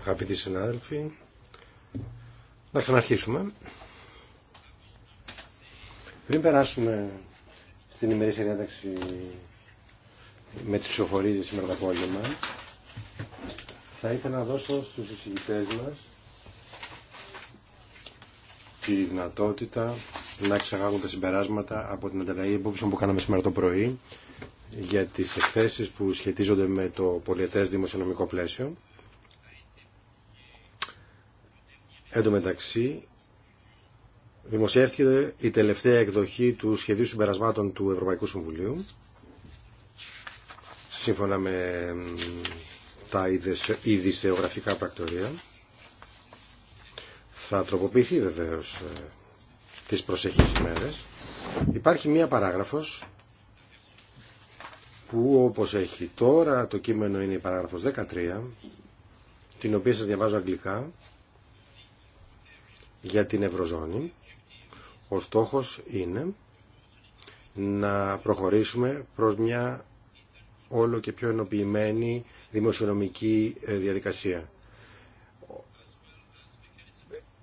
Αγαπητοί συνάδελφοι, να ξαναρχίσουμε. Πριν περάσουμε στην ημερήσια διάταξη με τις ψηφοφορίες σήμερα το απόγευμα, θα ήθελα να δώσω στους εισηγητές μας τη δυνατότητα να εξαγάγουν τα συμπεράσματα από την ανταλλαγή υπόψεων που κάναμε σήμερα το πρωί για τις εκθέσεις που σχετίζονται με το πολιετές δημοσιονομικό πλαίσιο. Εν τω μεταξύ, δημοσιεύτηκε η τελευταία εκδοχή του σχεδίου συμπερασμάτων του Ευρωπαϊκού Συμβουλίου, σύμφωνα με τα ειδησεογραφικά πρακτορία. Θα τροποποιηθεί βεβαίως ε, τις προσεχείς ημέρες. Υπάρχει μία παράγραφος που όπως έχει τώρα το κείμενο είναι η παράγραφος 13 την οποία σας διαβάζω αγγλικά για την Ευρωζώνη ο στόχος είναι να προχωρήσουμε προς μια όλο και πιο ενοποιημένη δημοσιονομική ε, διαδικασία.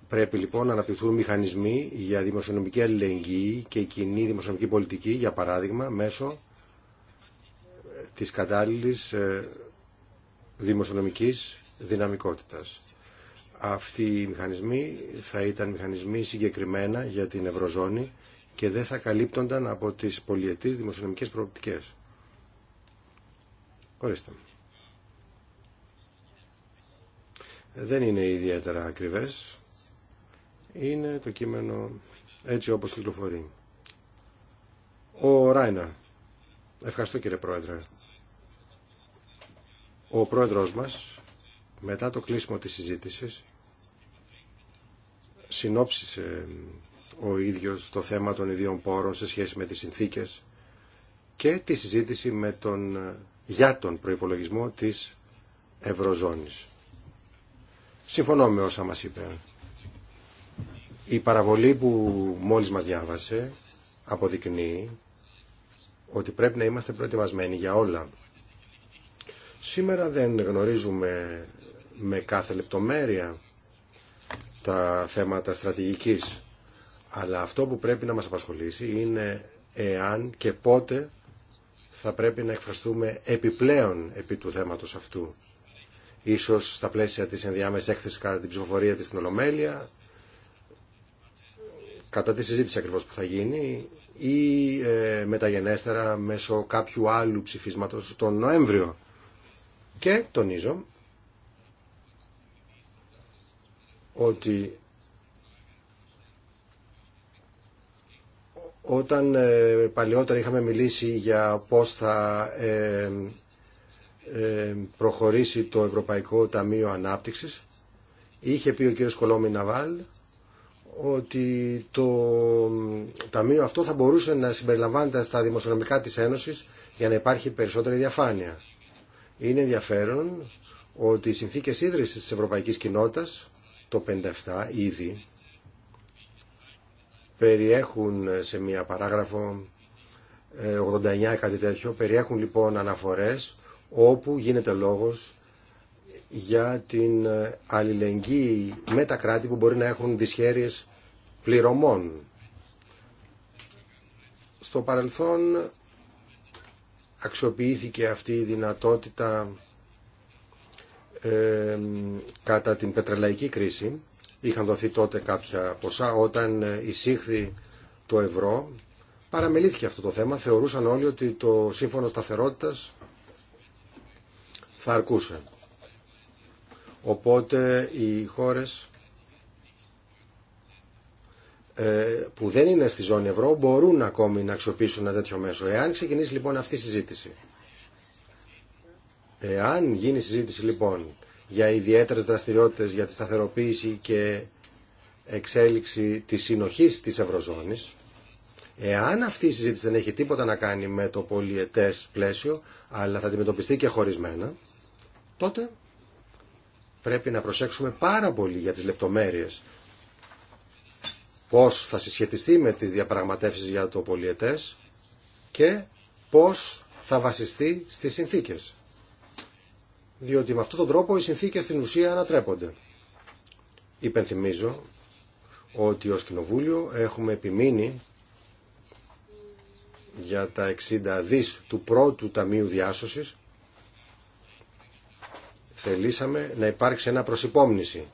Πρέπει λοιπόν να αναπτυχθούν μηχανισμοί για δημοσιονομική αλληλεγγύη και κοινή δημοσιονομική πολιτική, για παράδειγμα, μέσω της κατάλληλης ε, δημοσιονομικής δυναμικότητας. Αυτοί οι μηχανισμοί θα ήταν μηχανισμοί συγκεκριμένα για την Ευρωζώνη και δεν θα καλύπτονταν από τις πολιετές δημοσιονομικές προοπτικές. Ορίστε. Δεν είναι ιδιαίτερα ακριβές. Είναι το κείμενο έτσι όπως κυκλοφορεί. Ο Ράινα. Ευχαριστώ κύριε Πρόεδρε. Ο πρόεδρος μας, μετά το κλείσιμο της συζήτησης, συνόψισε ο ίδιος το θέμα των ιδίων πόρων σε σχέση με τις συνθήκες και τη συζήτηση με τον, για τον προϋπολογισμό της Ευρωζώνης. Συμφωνώ με όσα μας είπε. Η παραβολή που μόλις μας διάβασε αποδεικνύει ότι πρέπει να είμαστε προετοιμασμένοι για όλα. Σήμερα δεν γνωρίζουμε με κάθε λεπτομέρεια τα θέματα στρατηγικής, αλλά αυτό που πρέπει να μας απασχολήσει είναι εάν και πότε θα πρέπει να εκφραστούμε επιπλέον επί του θέματος αυτού. Ίσως στα πλαίσια της ενδιάμεσης έκθεσης κατά την ψηφοφορία της στην Ολομέλεια, κατά τη συζήτηση ακριβώς που θα γίνει, ή ε, μεταγενέστερα μέσω κάποιου άλλου ψηφίσματος τον Νοέμβριο. Και τονίζω ότι όταν ε, παλιότερα είχαμε μιλήσει για πώς θα ε, ε, προχωρήσει το Ευρωπαϊκό Ταμείο Ανάπτυξης, είχε πει ο κύριος Κολόμι Ναβάλ ότι το ταμείο αυτό θα μπορούσε να συμπεριλαμβάνεται στα δημοσιονομικά της Ένωσης για να υπάρχει περισσότερη διαφάνεια. Είναι ενδιαφέρον ότι οι συνθήκες ίδρυσης της Ευρωπαϊκής Κοινότητας το 57 ήδη περιέχουν σε μία παράγραφο 89 ε, κάτι τέτοιο, περιέχουν λοιπόν αναφορές όπου γίνεται λόγος για την ε, αλληλεγγύη με τα κράτη που μπορεί να έχουν δυσχέρειες πληρωμών. Στο παρελθόν αξιοποιήθηκε αυτή η δυνατότητα κατά την πετρελαϊκή κρίση. Είχαν δοθεί τότε κάποια ποσά. Όταν ε, εισήχθη το ευρώ παραμελήθηκε αυτό το θέμα. Θεωρούσαν όλοι ότι το σύμφωνο σταθερότητας θα αρκούσε. Οπότε οι χώρες ε, που δεν είναι στη ζώνη ευρώ μπορούν ακόμη να αξιοποιήσουν ένα τέτοιο μέσο. Εάν ξεκινήσει λοιπόν αυτή η συζήτηση, εάν γίνει συζήτηση λοιπόν για ιδιαίτερε δραστηριότητες για τη σταθεροποίηση και εξέλιξη της συνοχής της Ευρωζώνης, εάν αυτή η συζήτηση δεν έχει τίποτα να κάνει με το πολιετέ πλαίσιο, αλλά θα αντιμετωπιστεί και χωρισμένα, τότε πρέπει να προσέξουμε πάρα πολύ για τις λεπτομέρειες πώς θα συσχετιστεί με τις διαπραγματεύσεις για το πολιετές και πώς θα βασιστεί στις συνθήκες. Διότι με αυτόν τον τρόπο οι συνθήκες στην ουσία ανατρέπονται. Υπενθυμίζω ότι ως Κοινοβούλιο έχουμε επιμείνει για τα 60 δις του πρώτου Ταμείου Διάσωσης θελήσαμε να υπάρξει ένα προσυπόμνηση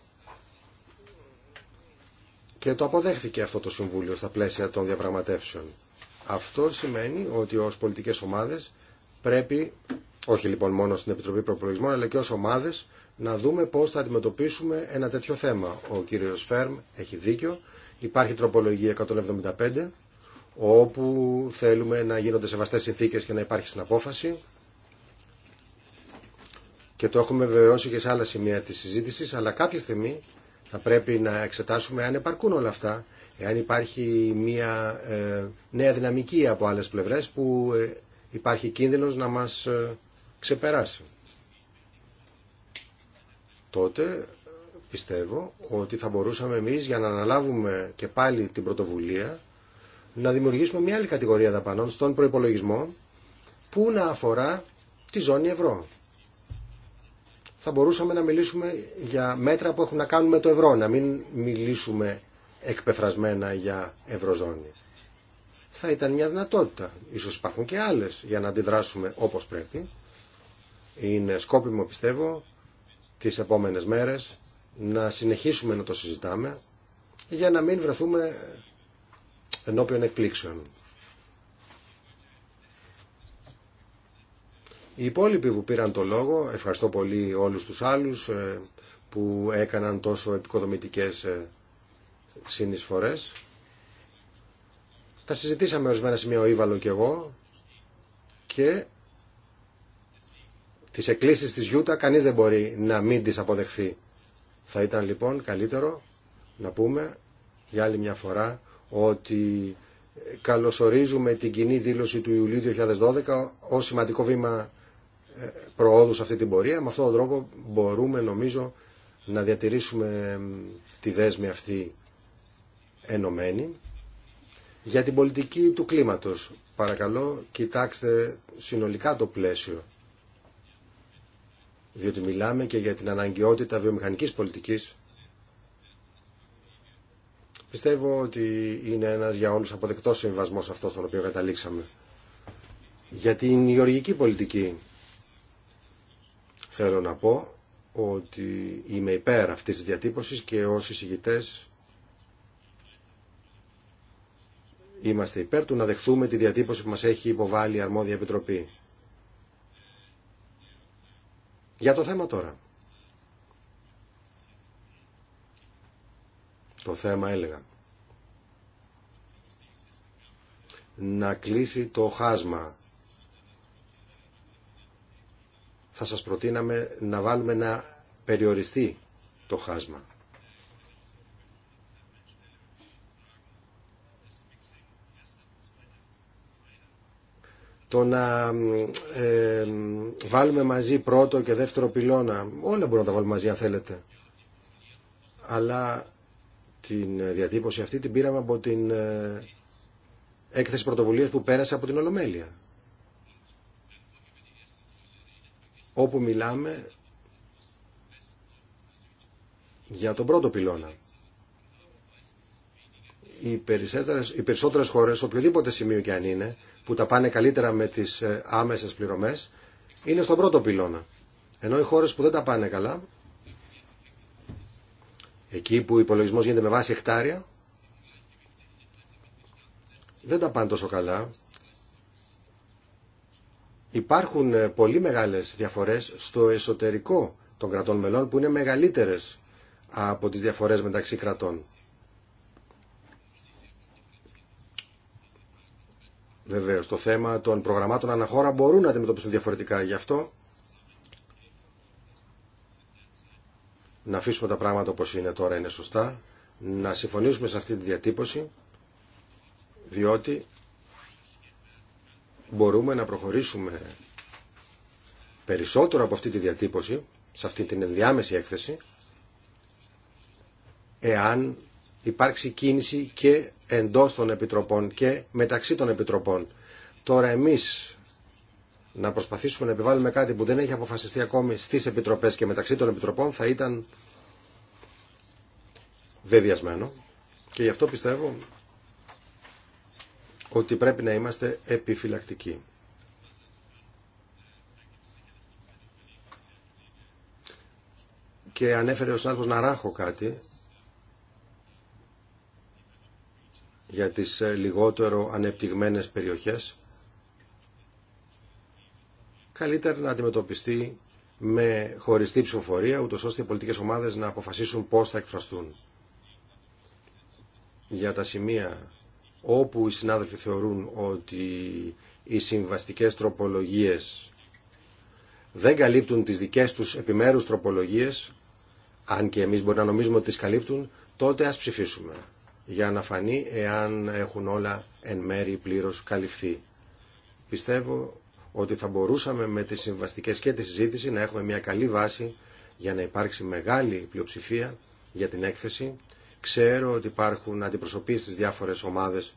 και το αποδέχθηκε αυτό το Συμβούλιο στα πλαίσια των διαπραγματεύσεων. Αυτό σημαίνει ότι ως πολιτικές ομάδες πρέπει, όχι λοιπόν μόνο στην Επιτροπή Προπολογισμών, αλλά και ως ομάδες, να δούμε πώς θα αντιμετωπίσουμε ένα τέτοιο θέμα. Ο κύριος Φέρμ έχει δίκιο. Υπάρχει τροπολογία 175, όπου θέλουμε να γίνονται σεβαστές συνθήκες και να υπάρχει συναπόφαση. Και το έχουμε βεβαιώσει και σε άλλα σημεία της συζήτησης, αλλά κάποια στιγμή θα πρέπει να εξετάσουμε αν επαρκούν όλα αυτά, εάν υπάρχει μια ε, νέα δυναμική από άλλες πλευρές που ε, υπάρχει κίνδυνος να μας ε, ξεπεράσει. Τότε πιστεύω ότι θα μπορούσαμε εμείς για να αναλάβουμε και πάλι την πρωτοβουλία να δημιουργήσουμε μια άλλη κατηγορία δαπανών στον προϋπολογισμό που να αφορά τη ζώνη ευρώ θα μπορούσαμε να μιλήσουμε για μέτρα που έχουν να κάνουν με το ευρώ, να μην μιλήσουμε εκπεφρασμένα για ευρωζώνη. Θα ήταν μια δυνατότητα. Ίσως υπάρχουν και άλλες για να αντιδράσουμε όπως πρέπει. Είναι σκόπιμο πιστεύω τις επόμενες μέρες να συνεχίσουμε να το συζητάμε για να μην βρεθούμε ενώπιον εκπλήξεων. Οι υπόλοιποι που πήραν το λόγο, ευχαριστώ πολύ όλους τους άλλους ε, που έκαναν τόσο επικοδομητικές ε, συνεισφορές. Τα συζητήσαμε ορισμένα σημεία ο Ήβαλο και εγώ και τις εκκλήσεις της Γιούτα κανείς δεν μπορεί να μην τις αποδεχθεί. Θα ήταν λοιπόν καλύτερο να πούμε για άλλη μια φορά ότι ε, καλωσορίζουμε την κοινή δήλωση του Ιουλίου 2012 ως σημαντικό βήμα προόδου σε αυτή την πορεία. Με αυτόν τον τρόπο μπορούμε νομίζω να διατηρήσουμε τη δέσμη αυτή ενωμένη. Για την πολιτική του κλίματος, παρακαλώ, κοιτάξτε συνολικά το πλαίσιο. Διότι μιλάμε και για την αναγκαιότητα βιομηχανικής πολιτικής. Πιστεύω ότι είναι ένας για όλους αποδεκτός συμβασμός αυτό τον οποίο καταλήξαμε. Για την γεωργική πολιτική Θέλω να πω ότι είμαι υπέρ αυτής της διατύπωσης και ως εισηγητές είμαστε υπέρ του να δεχθούμε τη διατύπωση που μας έχει υποβάλει η αρμόδια επιτροπή. Για το θέμα τώρα. Το θέμα έλεγα. Να κλείσει το χάσμα θα σας προτείναμε να βάλουμε να περιοριστεί το χάσμα. Το να ε, βάλουμε μαζί πρώτο και δεύτερο πυλώνα, όλα μπορούμε να τα βάλουμε μαζί αν θέλετε. Αλλά την ε, διατύπωση αυτή την πήραμε από την ε, έκθεση πρωτοβουλίας που πέρασε από την Ολομέλεια. όπου μιλάμε για τον πρώτο πυλώνα. Οι περισσότερες, οι περισσότερες χώρες, οποιοδήποτε σημείο και αν είναι, που τα πάνε καλύτερα με τις ε, άμεσες πληρωμές, είναι στον πρώτο πυλώνα. Ενώ οι χώρες που δεν τα πάνε καλά, εκεί που ο υπολογισμό γίνεται με βάση εκτάρια, δεν τα πάνε τόσο καλά υπάρχουν ε, πολύ μεγάλες διαφορές στο εσωτερικό των κρατών μελών που είναι μεγαλύτερες από τις διαφορές μεταξύ κρατών. Βεβαίως, το θέμα των προγραμμάτων αναχώρα μπορούν να αντιμετωπιστούν διαφορετικά. Γι' αυτό να αφήσουμε τα πράγματα όπως είναι τώρα είναι σωστά, να συμφωνήσουμε σε αυτή τη διατύπωση, διότι μπορούμε να προχωρήσουμε περισσότερο από αυτή τη διατύπωση, σε αυτή την ενδιάμεση έκθεση, εάν υπάρξει κίνηση και εντός των επιτροπών και μεταξύ των επιτροπών. Τώρα εμείς να προσπαθήσουμε να επιβάλλουμε κάτι που δεν έχει αποφασιστεί ακόμη στις επιτροπές και μεταξύ των επιτροπών θα ήταν βεβαιασμένο και γι' αυτό πιστεύω ότι πρέπει να είμαστε επιφυλακτικοί. Και ανέφερε ο να ράχω κάτι για τις ε, λιγότερο ανεπτυγμένες περιοχές. Καλύτερα να αντιμετωπιστεί με χωριστή ψηφοφορία, ούτω ώστε οι πολιτικές ομάδες να αποφασίσουν πώς θα εκφραστούν. Για τα σημεία όπου οι συνάδελφοι θεωρούν ότι οι συμβαστικές τροπολογίες δεν καλύπτουν τις δικές τους επιμέρους τροπολογίες, αν και εμείς μπορεί να νομίζουμε ότι τις καλύπτουν, τότε ας ψηφίσουμε για να φανεί εάν έχουν όλα εν μέρη πλήρως καλυφθεί. Πιστεύω ότι θα μπορούσαμε με τις συμβαστικές και τη συζήτηση να έχουμε μια καλή βάση για να υπάρξει μεγάλη πλειοψηφία για την έκθεση Ξέρω ότι υπάρχουν αντιπροσωπείς στις διάφορες ομάδες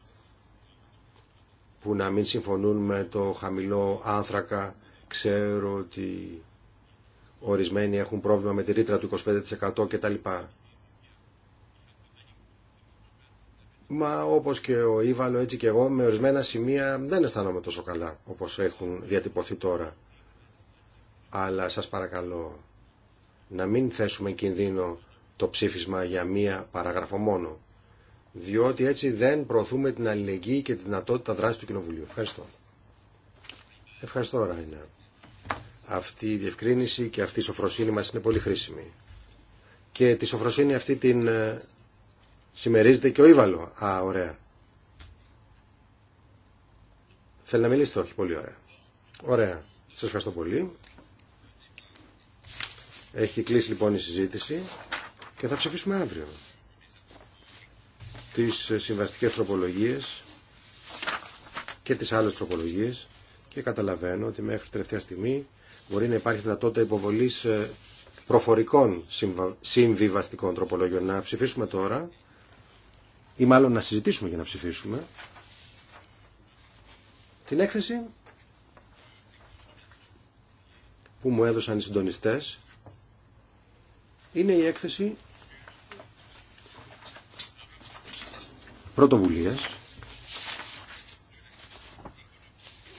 που να μην συμφωνούν με το χαμηλό άνθρακα. Ξέρω ότι ορισμένοι έχουν πρόβλημα με τη ρήτρα του 25% κτλ. Μα όπως και ο Ήβαλο έτσι και εγώ με ορισμένα σημεία δεν αισθάνομαι τόσο καλά όπως έχουν διατυπωθεί τώρα. Αλλά σας παρακαλώ να μην θέσουμε κινδύνο το ψήφισμα για μία παράγραφο μόνο. Διότι έτσι δεν προωθούμε την αλληλεγγύη και τη δυνατότητα δράση του Κοινοβουλίου. Ευχαριστώ. Ευχαριστώ, Ράινα. Αυτή η διευκρίνηση και αυτή η σοφροσύνη μας είναι πολύ χρήσιμη. Και τη σοφροσύνη αυτή την ε, συμμερίζεται και ο Ήβαλο. Α, ωραία. Θέλει να μιλήσετε, όχι, πολύ ωραία. Ωραία. Σας ευχαριστώ πολύ. Έχει κλείσει λοιπόν η συζήτηση και θα ψηφίσουμε αύριο τις συμβαστικές τροπολογίες και τις άλλες τροπολογίες και καταλαβαίνω ότι μέχρι τελευταία στιγμή μπορεί να υπάρχει δυνατότητα υποβολής ε, προφορικών συμβιβαστικών τροπολογιών. Να ψηφίσουμε τώρα ή μάλλον να συζητήσουμε για να ψηφίσουμε την έκθεση που μου έδωσαν οι συντονιστές είναι η έκθεση πρωτοβουλίας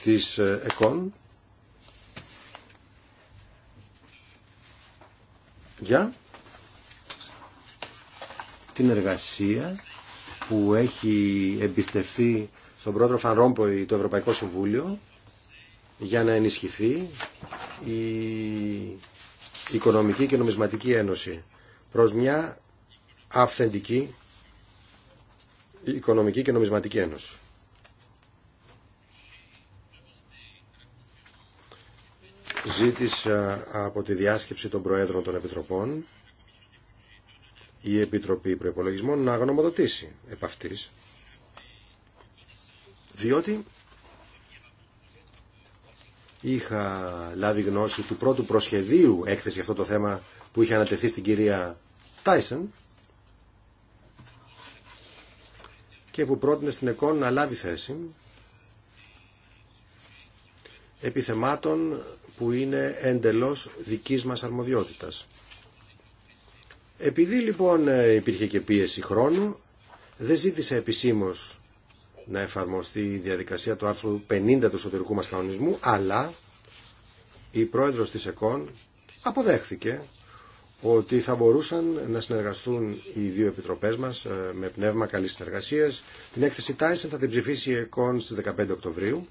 της ε, ΕΚΟΝ για την εργασία που έχει εμπιστευτεί στον πρόεδρο Φανρόμποη το Ευρωπαϊκό Συμβούλιο για να ενισχυθεί η Οικονομική και Νομισματική Ένωση προς μια αυθεντική Οικονομική και Νομισματική Ένωση. Ζήτησα από τη διάσκεψη των Προέδρων των Επιτροπών η Επιτροπή Προπολογισμών να γνωμοδοτήσει επ' αυτής, διότι είχα λάβει γνώση του πρώτου προσχεδίου έκθεση για αυτό το θέμα που είχε ανατεθεί στην κυρία Τάισεν και που πρότεινε στην ΕΚΟΝ να λάβει θέση θεμάτων που είναι εντελώς δικής μας αρμοδιότητας. Επειδή λοιπόν υπήρχε και πίεση χρόνου, δεν ζήτησε επισήμως να εφαρμοστεί η διαδικασία του άρθρου 50 του εσωτερικού μας κανονισμού, αλλά η πρόεδρος της ΕΚΟΝ αποδέχθηκε ότι θα μπορούσαν να συνεργαστούν οι δύο επιτροπές μας ε, με πνεύμα καλής συνεργασίας. Την έκθεση Tyson θα την ψηφίσει η ΕΚΟΝ στις 15 Οκτωβρίου.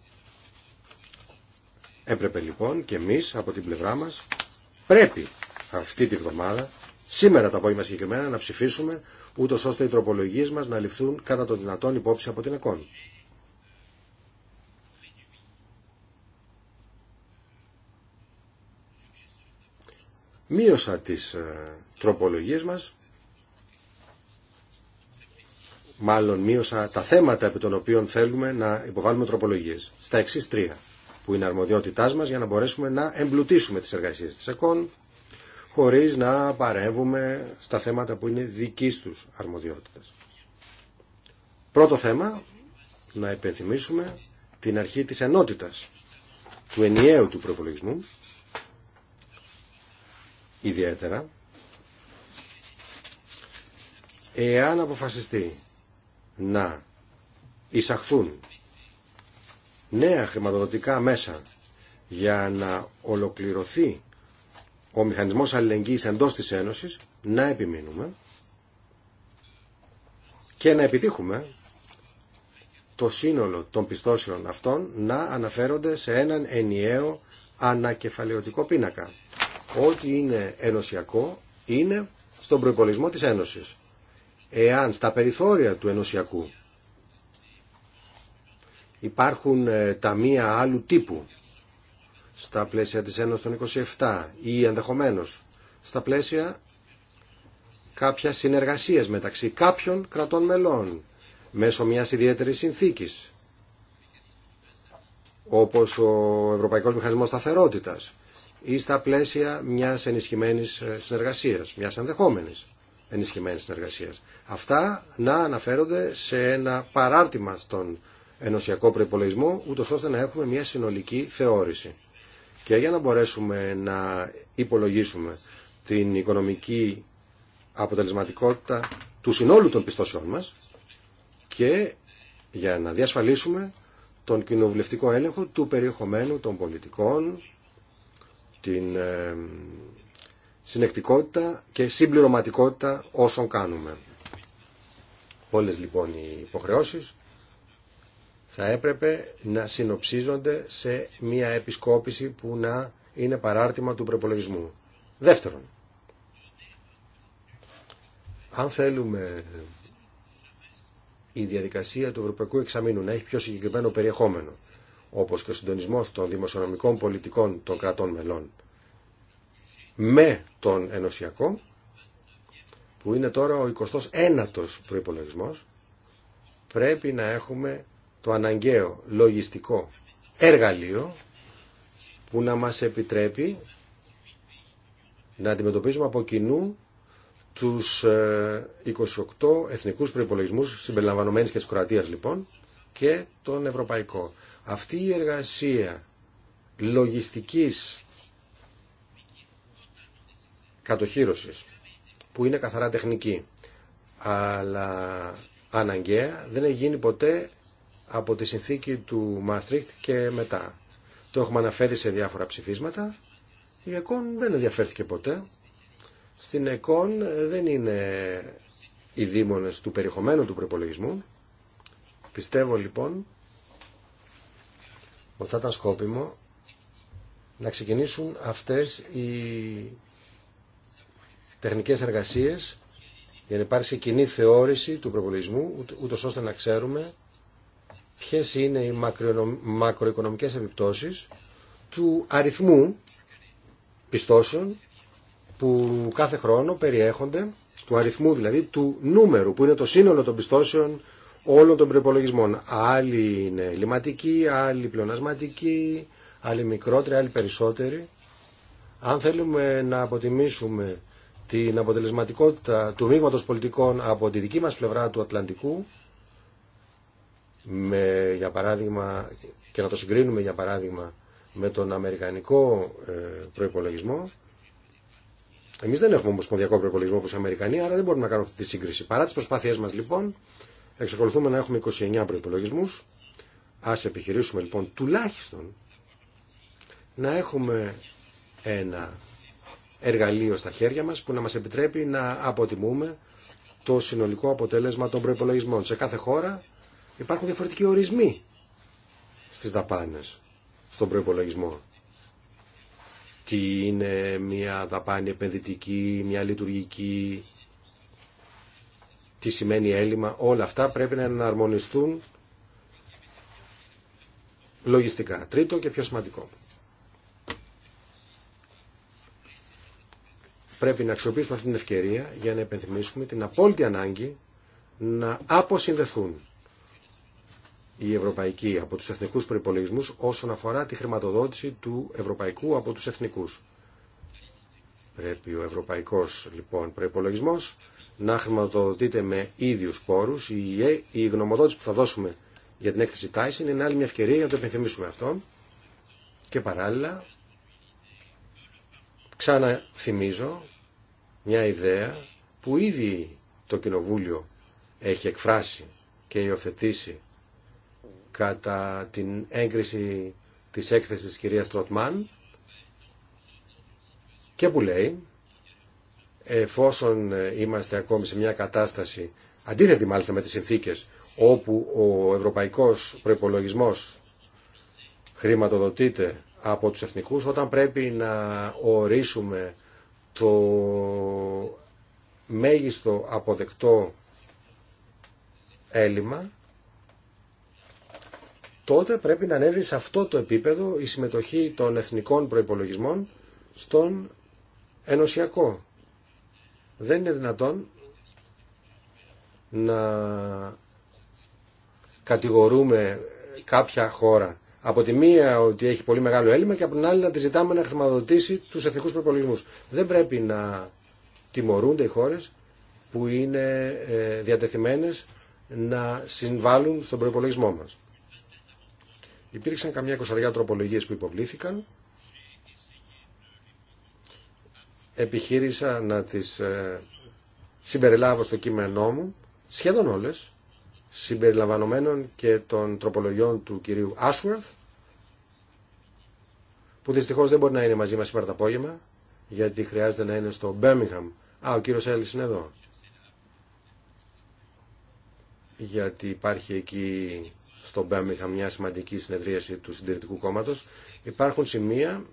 Έπρεπε λοιπόν και εμείς από την πλευρά μας πρέπει αυτή τη βδομάδα, σήμερα το απόγευμα συγκεκριμένα, να ψηφίσουμε ούτως ώστε οι τροπολογίες μας να ληφθούν κατά το δυνατόν υπόψη από την ΕΚΟΝ. μείωσα τις ε, τροπολογίες μας, μάλλον μείωσα τα θέματα επί των οποίων θέλουμε να υποβάλουμε τροπολογίες, στα εξή τρία, που είναι αρμοδιότητάς μας για να μπορέσουμε να εμπλουτίσουμε τις εργασίες της ΕΚΟΝ, χωρίς να παρέμβουμε στα θέματα που είναι δικής τους αρμοδιότητας. Πρώτο θέμα, να υπενθυμίσουμε την αρχή της ενότητας του ενιαίου του προπολογισμού ιδιαίτερα εάν αποφασιστεί να εισαχθούν νέα χρηματοδοτικά μέσα για να ολοκληρωθεί ο μηχανισμός αλληλεγγύης εντός της Ένωσης να επιμείνουμε και να επιτύχουμε το σύνολο των πιστώσεων αυτών να αναφέρονται σε έναν ενιαίο ανακεφαλαιωτικό πίνακα Ό,τι είναι ενωσιακό είναι στον προϋπολογισμό της Ένωσης. Εάν στα περιθώρια του ενωσιακού υπάρχουν ε, μία άλλου τύπου στα πλαίσια της Ένωσης των 27 ή ενδεχομένω στα πλαίσια κάποια συνεργασίες μεταξύ κάποιων κρατών μελών μέσω μιας ιδιαίτερης συνθήκης όπως ο Ευρωπαϊκός Μηχανισμός Σταθερότητας ή στα πλαίσια μιας ενισχυμένης ε, συνεργασίας, μιας ενδεχόμενη ενισχυμένης συνεργασίας. Αυτά να αναφέρονται σε ένα παράρτημα στον ενωσιακό προπολογισμό, ούτω ώστε να έχουμε μια συνολική θεώρηση. Και για να μπορέσουμε να υπολογίσουμε την οικονομική αποτελεσματικότητα του συνόλου των πιστώσεών μας και για να διασφαλίσουμε τον κοινοβουλευτικό έλεγχο του περιεχομένου των πολιτικών την ε, συνεκτικότητα και συμπληρωματικότητα όσων κάνουμε. Όλες λοιπόν οι υποχρεώσεις θα έπρεπε να συνοψίζονται σε μια επισκόπηση που να είναι παράρτημα του προπολογισμού. Δεύτερον, αν θέλουμε η διαδικασία του Ευρωπαϊκού Εξαμήνου να έχει πιο συγκεκριμένο περιεχόμενο όπως και ο συντονισμός των δημοσιονομικών πολιτικών των κρατών μελών με τον ενωσιακό, που είναι τώρα ο 29ος προϋπολογισμός, πρέπει να έχουμε το αναγκαίο λογιστικό εργαλείο που να μας επιτρέπει να αντιμετωπίζουμε από κοινού τους 28 ε, εθνικούς προϋπολογισμούς συμπεριλαμβανομένης και της Κροατίας λοιπόν και τον ευρωπαϊκό. Αυτή η εργασία λογιστικής κατοχήρωσης που είναι καθαρά τεχνική αλλά αναγκαία δεν έχει γίνει ποτέ από τη συνθήκη του Μάστριχτ και μετά. Το έχουμε αναφέρει σε διάφορα ψηφίσματα. Η ΕΚΟΝ δεν ενδιαφέρθηκε ποτέ. Στην ΕΚΟΝ δεν είναι οι δήμονες του περιεχομένου του προπολογισμού. Πιστεύω λοιπόν ότι θα ήταν σκόπιμο να ξεκινήσουν αυτές οι τεχνικές εργασίες για να υπάρξει κοινή θεώρηση του προβολισμού ούτως ώστε να ξέρουμε ποιες είναι οι μακροοικονομικές επιπτώσεις του αριθμού πιστώσεων που κάθε χρόνο περιέχονται, του αριθμού δηλαδή του νούμερου που είναι το σύνολο των πιστώσεων όλων των προπολογισμών. Άλλοι είναι λιματικοί, άλλοι πλεονασματικοί, άλλοι μικρότεροι, άλλοι περισσότεροι. Αν θέλουμε να αποτιμήσουμε την αποτελεσματικότητα του μείγματος πολιτικών από τη δική μας πλευρά του Ατλαντικού, με, για παράδειγμα, και να το συγκρίνουμε για παράδειγμα με τον αμερικανικό ε, προϋπολογισμό, Εμεί δεν έχουμε ομοσπονδιακό προπολογισμό όπως οι Αμερικανοί, άρα δεν μπορούμε να κάνουμε αυτή τη σύγκριση. Παρά τις προσπάθειές μα λοιπόν, Εξακολουθούμε να έχουμε 29 προπολογισμού, α επιχειρήσουμε λοιπόν τουλάχιστον να έχουμε ένα εργαλείο στα χέρια μας που να μας επιτρέπει να αποτιμούμε το συνολικό αποτέλεσμα των προϋπολογισμών. Σε κάθε χώρα υπάρχουν διαφορετικοί ορισμοί στις δαπάνες, στον προϋπολογισμό. Τι είναι μια δαπάνη επενδυτική, μια λειτουργική, τι σημαίνει έλλειμμα, όλα αυτά πρέπει να εναρμονιστούν λογιστικά. Τρίτο και πιο σημαντικό. Πρέπει να αξιοποιήσουμε αυτή την ευκαιρία για να επενθυμίσουμε την απόλυτη ανάγκη να αποσυνδεθούν οι ευρωπαϊκοί από τους εθνικούς προϋπολογισμούς όσον αφορά τη χρηματοδότηση του ευρωπαϊκού από τους εθνικούς. Πρέπει ο ευρωπαϊκός λοιπόν προϋπολογισμός να χρηματοδοτείται με ίδιους πόρους. Η γνωμοδότηση που θα δώσουμε για την έκθεση Tyson είναι άλλη μια ευκαιρία για να το αυτό. Και παράλληλα, ξαναθυμίζω μια ιδέα που ήδη το Κοινοβούλιο έχει εκφράσει και υιοθετήσει κατά την έγκριση της έκθεσης της κυρίας Τροτμάν και που λέει εφόσον ε, είμαστε ακόμη σε μια κατάσταση αντίθετη μάλιστα με τις συνθήκες όπου ο ευρωπαϊκός προϋπολογισμός χρηματοδοτείται από τους εθνικούς όταν πρέπει να ορίσουμε το μέγιστο αποδεκτό έλλειμμα τότε πρέπει να ανέβει σε αυτό το επίπεδο η συμμετοχή των εθνικών προϋπολογισμών στον ενωσιακό δεν είναι δυνατόν να κατηγορούμε κάποια χώρα από τη μία ότι έχει πολύ μεγάλο έλλειμμα και από την άλλη να τη ζητάμε να χρηματοδοτήσει τους εθνικούς προπολογισμούς. Δεν πρέπει να τιμωρούνται οι χώρες που είναι ε, διατεθειμένες να συμβάλλουν στον προπολογισμό μας. Υπήρξαν καμιά κοσαριά τροπολογίες που υποβλήθηκαν επιχείρησα να τις ε, συμπεριλάβω στο κείμενό μου, σχεδόν όλες, συμπεριλαμβανομένων και των τροπολογιών του κυρίου Ashworth, που δυστυχώς δεν μπορεί να είναι μαζί μας σήμερα το απόγευμα, γιατί χρειάζεται να είναι στο Birmingham. Α, ο κύριος Έλλης είναι εδώ. Γιατί υπάρχει εκεί στο Birmingham μια σημαντική συνεδρίαση του συντηρητικού κόμματος. Υπάρχουν σημεία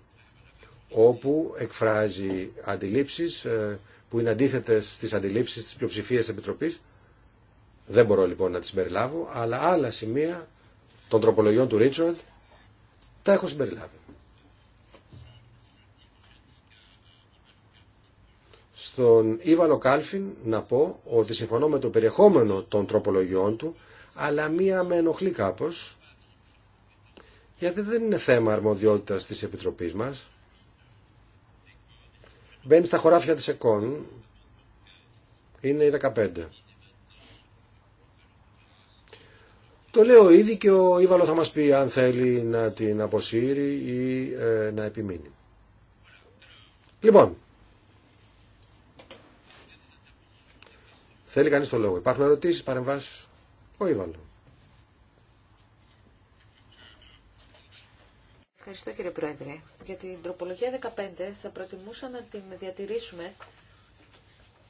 όπου εκφράζει αντιλήψεις ε, που είναι αντίθετες στις αντιλήψεις της πλειοψηφίας Επιτροπής. Δεν μπορώ λοιπόν να τις συμπεριλάβω, αλλά άλλα σημεία των τροπολογιών του Ρίτσορντ τα έχω συμπεριλάβει. Στον Ήβαλο Κάλφιν να πω ότι συμφωνώ με το περιεχόμενο των τροπολογιών του, αλλά μία με ενοχλεί κάπως, γιατί δεν είναι θέμα αρμοδιότητας της Επιτροπής μας, Μπαίνει στα χωράφια της ΕΚΟΝ. Είναι η 15. Το λέω ήδη και ο Ήβαλο θα μας πει αν θέλει να την αποσύρει ή ε, να επιμείνει. Λοιπόν, θέλει κανείς το λόγο. Υπάρχουν ερωτήσεις, παρεμβάσεις. Ο Ήβαλο. Ευχαριστώ κύριε Πρόεδρε. Για την τροπολογία 15 θα προτιμούσα να την διατηρήσουμε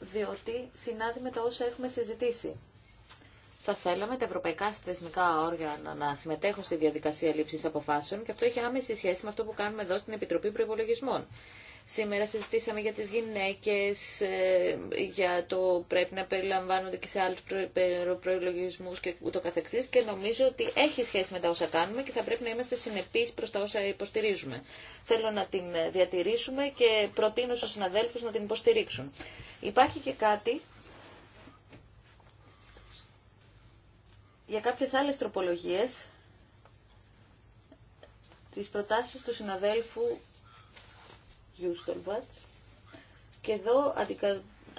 διότι συνάδει με τα όσα έχουμε συζητήσει. Θα θέλαμε τα ευρωπαϊκά θεσμικά όργανα να συμμετέχουν στη διαδικασία λήψη αποφάσεων και αυτό έχει άμεση σχέση με αυτό που κάνουμε εδώ στην Επιτροπή Προπολογισμών. Σήμερα συζητήσαμε για τις γυναίκες, ε, για το πρέπει να περιλαμβάνονται και σε άλλους προϋπολογισμούς και ούτω καθεξής και νομίζω ότι έχει σχέση με τα όσα κάνουμε και θα πρέπει να είμαστε συνεπείς προς τα όσα υποστηρίζουμε. Θέλω να την διατηρήσουμε και προτείνω στους συναδέλφους να την υποστηρίξουν. Υπάρχει και κάτι για κάποιες άλλες τροπολογίες τις προτάσεις του συναδέλφου και εδώ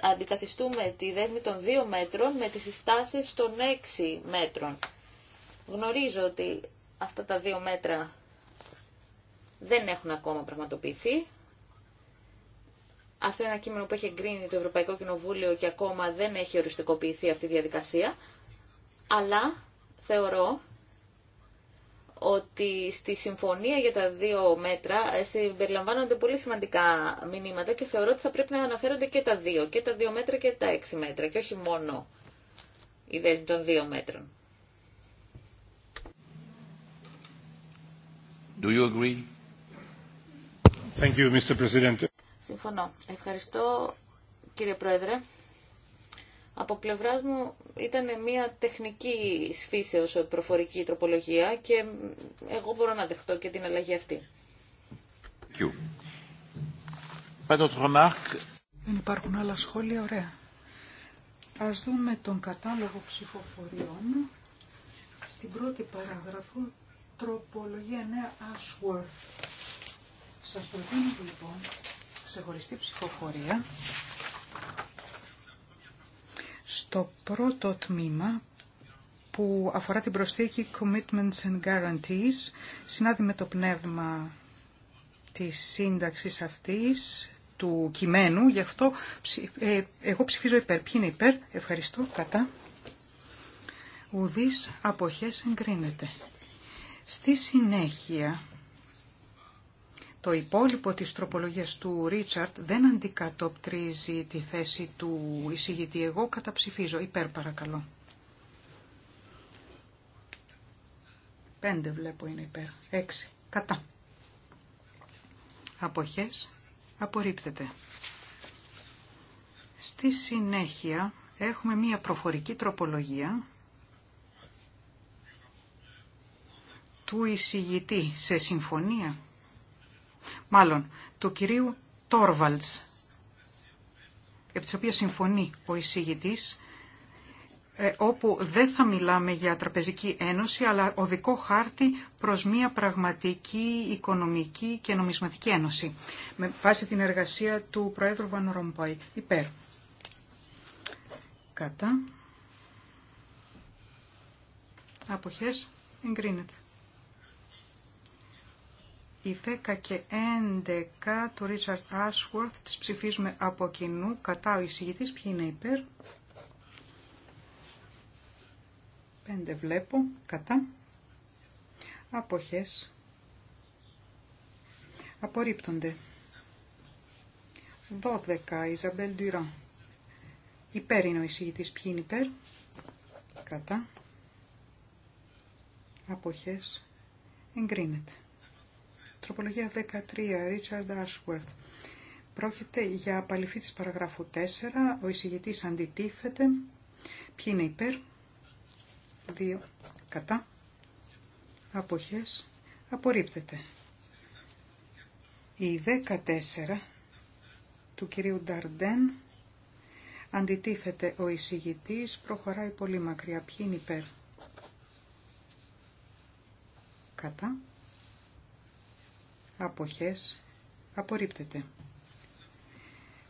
αντικαθιστούμε τη δέσμη των 2 μέτρων με τις συστάσεις των 6 μέτρων. Γνωρίζω ότι αυτά τα δύο μέτρα δεν έχουν ακόμα πραγματοποιηθεί. Αυτό είναι ένα κείμενο που έχει εγκρίνει το Ευρωπαϊκό Κοινοβούλιο και ακόμα δεν έχει οριστικοποιηθεί αυτή η διαδικασία. Αλλά θεωρώ ότι στη συμφωνία για τα δύο μέτρα ε, συμπεριλαμβάνονται πολύ σημαντικά μηνύματα και θεωρώ ότι θα πρέπει να αναφέρονται και τα δύο, και τα δύο μέτρα και τα έξι μέτρα και όχι μόνο η δέσμη των δύο μέτρων. Do you agree? Thank you, Mr. President. Συμφωνώ. Ευχαριστώ, κύριε Πρόεδρε. Από πλευρά μου ήταν μια τεχνική ως προφορική τροπολογία και εγώ μπορώ να δεχτώ και την αλλαγή αυτή. Δεν υπάρχουν άλλα σχόλια, ωραία. Ας δούμε τον κατάλογο ψηφοφοριών. Στην πρώτη παράγραφο, τροπολογία νέα Ashworth. Σας προτείνω λοιπόν ξεχωριστή ψηφοφορία στο πρώτο τμήμα που αφορά την προσθήκη Commitments and Guarantees, συνάδει με το πνεύμα της σύνταξης αυτής, του κειμένου, γι' αυτό ε, εγώ ψηφίζω υπέρ. Ποιοι είναι υπέρ, ευχαριστώ, κατά. Ουδής αποχές εγκρίνεται. Στη συνέχεια το υπόλοιπο της τροπολογίας του Ρίτσαρτ δεν αντικατοπτρίζει τη θέση του εισηγητή. Εγώ καταψηφίζω. Υπέρ παρακαλώ. Πέντε βλέπω είναι υπέρ. Έξι. Κατά. Αποχές. Απορρίπτεται. Στη συνέχεια έχουμε μία προφορική τροπολογία του εισηγητή σε συμφωνία μάλλον του κυρίου Τόρβαλτς, επί της οποίας συμφωνεί ο εισηγητής, ε, όπου δεν θα μιλάμε για τραπεζική ένωση, αλλά οδικό χάρτη προς μια πραγματική οικονομική και νομισματική ένωση, με βάση την εργασία του Προέδρου Βαν Ρομπάι. Υπέρ. Κατά. Αποχές. Εγκρίνεται. Οι 10 και 11 του Richard Ashworth τις ψηφίζουμε από κοινού κατά ο εισηγητής. Ποιοι είναι υπέρ. 5 βλέπω κατά. Αποχές. Απορρίπτονται. 12 Ιζαμπέλ Ντουρά Υπέρ είναι ο εισηγητής. Ποιοι είναι υπέρ. Κατά. Αποχές. Εγκρίνεται. Τροπολογία 13, Richard Ashworth. Πρόκειται για απαληφή της παραγράφου 4. Ο εισηγητής αντιτίθεται. Ποιοι είναι υπέρ. Δύο. Κατά. Αποχές. Απορρίπτεται. Η 14 του κυρίου Νταρντέν αντιτίθεται ο εισηγητής, προχωράει πολύ μακριά. Ποιοι είναι υπέρ. Κατά αποχές απορρίπτεται.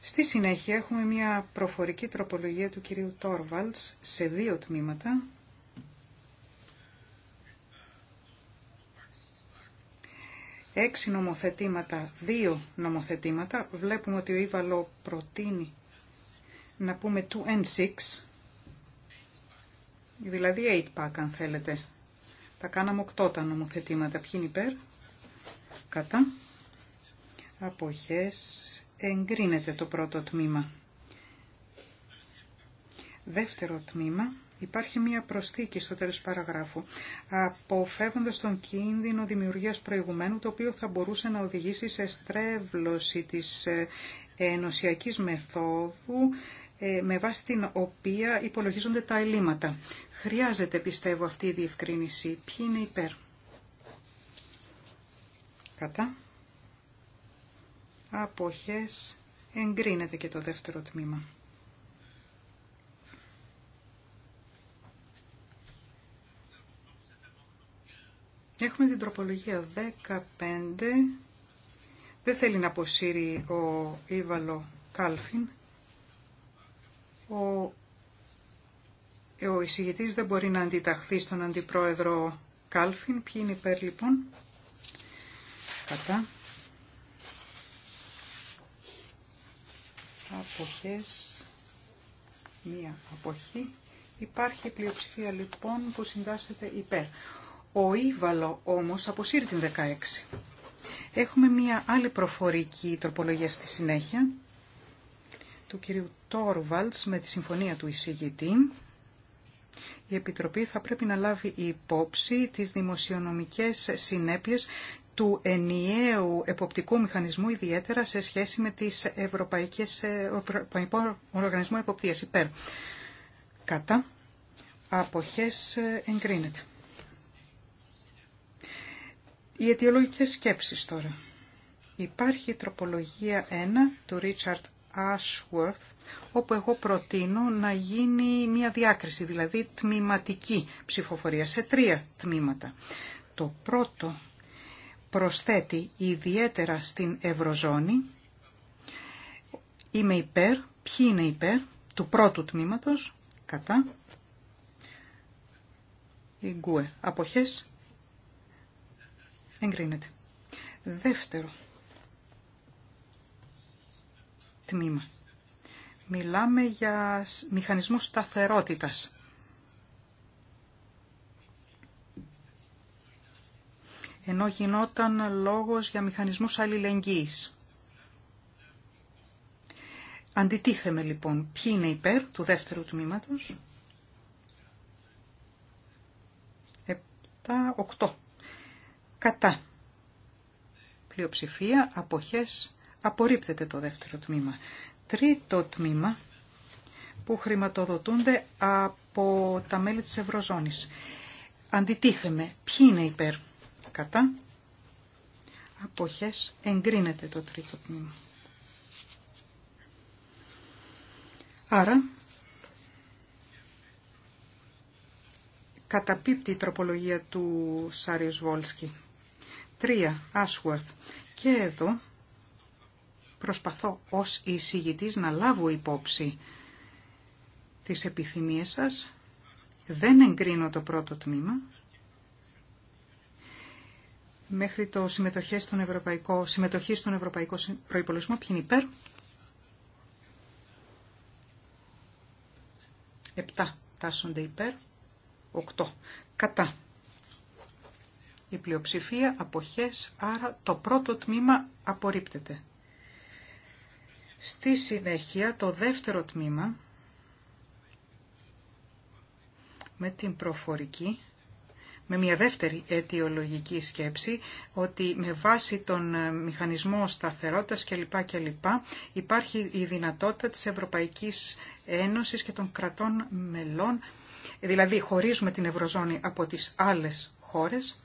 Στη συνέχεια έχουμε μια προφορική τροπολογία του κυρίου Τόρβαλτς σε δύο τμήματα. Έξι νομοθετήματα, δύο νομοθετήματα. Βλέπουμε ότι ο Ήβαλο προτείνει να πούμε 2N6, δηλαδή 8-pack αν θέλετε. Τα κάναμε 8 τα νομοθετήματα. Ποιοι είναι υπέρ κατά αποχές εγκρίνεται το πρώτο τμήμα. Δεύτερο τμήμα υπάρχει μία προσθήκη στο τέλος παραγράφου, αποφεύγοντας τον κίνδυνο δημιουργίας προηγουμένου, το οποίο θα μπορούσε να οδηγήσει σε στρέβλωση της ε, ενωσιακής μεθόδου, ε, με βάση την οποία υπολογίζονται τα ελλείμματα. Χρειάζεται, πιστεύω, αυτή η διευκρίνηση. Ποιοι είναι υπέρ κατά αποχές εγκρίνεται και το δεύτερο τμήμα. Έχουμε την τροπολογία 15. Δεν θέλει να αποσύρει ο Ήβαλο Κάλφιν. Ο, ε, ο εισηγητής δεν μπορεί να αντιταχθεί στον αντιπρόεδρο Κάλφιν. Ποιοι είναι υπέρ λοιπόν κατά αποχές μία αποχή υπάρχει πλειοψηφία λοιπόν που συντάσσεται υπέρ ο Ήβαλο όμως αποσύρει την 16 έχουμε μία άλλη προφορική τροπολογία στη συνέχεια του κυρίου Τόρβαλτς με τη συμφωνία του εισηγητή η Επιτροπή θα πρέπει να λάβει υπόψη τις δημοσιονομικές συνέπειες του ενιαίου εποπτικού μηχανισμού, ιδιαίτερα σε σχέση με τις Ευρωπαϊκές ε, Ευρωπαϊκό Οργανισμό Εποπτείας υπέρ. Κατά αποχές ε, εγκρίνεται. Οι αιτιολογικές σκέψεις τώρα. Υπάρχει η τροπολογία 1 του Richard Ashworth, όπου εγώ προτείνω να γίνει μια διάκριση, δηλαδή τμηματική ψηφοφορία σε τρία τμήματα. Το πρώτο προσθέτει ιδιαίτερα στην Ευρωζώνη. Είμαι υπέρ, ποιοι είναι υπέρ, του πρώτου τμήματος, κατά, η γκουε, αποχές, εγκρίνεται. Δεύτερο τμήμα. Μιλάμε για μηχανισμό σταθερότητας. ενώ γινόταν λόγος για μηχανισμούς αλληλεγγύης. Αντιτίθεμε λοιπόν ποιοι είναι υπέρ του δεύτερου τμήματος. 7-8. Κατά. Πλειοψηφία, αποχές, απορρίπτεται το δεύτερο τμήμα. Τρίτο τμήμα που χρηματοδοτούνται από τα μέλη της Ευρωζώνης. Αντιτίθεμε ποιοι είναι υπέρ κατά αποχές εγκρίνεται το τρίτο τμήμα. Άρα καταπίπτει η τροπολογία του Σάριος Βόλσκι. Τρία, Ashworth. Και εδώ προσπαθώ ως εισηγητής να λάβω υπόψη τις επιθυμίες σας. Δεν εγκρίνω το πρώτο τμήμα, μέχρι το στον ευρωπαϊκό, συμμετοχή στον ευρωπαϊκό προϋπολογισμό. Ποιοι είναι υπέρ. Επτά τάσσονται υπέρ. Οκτώ κατά. Η πλειοψηφία αποχές, άρα το πρώτο τμήμα απορρίπτεται. Στη συνέχεια το δεύτερο τμήμα με την προφορική με μια δεύτερη αιτιολογική σκέψη ότι με βάση τον ε, μηχανισμό σταθερότητας κλπ. κλπ. υπάρχει η δυνατότητα της Ευρωπαϊκής Ένωσης και των κρατών μελών, δηλαδή χωρίζουμε την Ευρωζώνη από τις άλλες χώρες,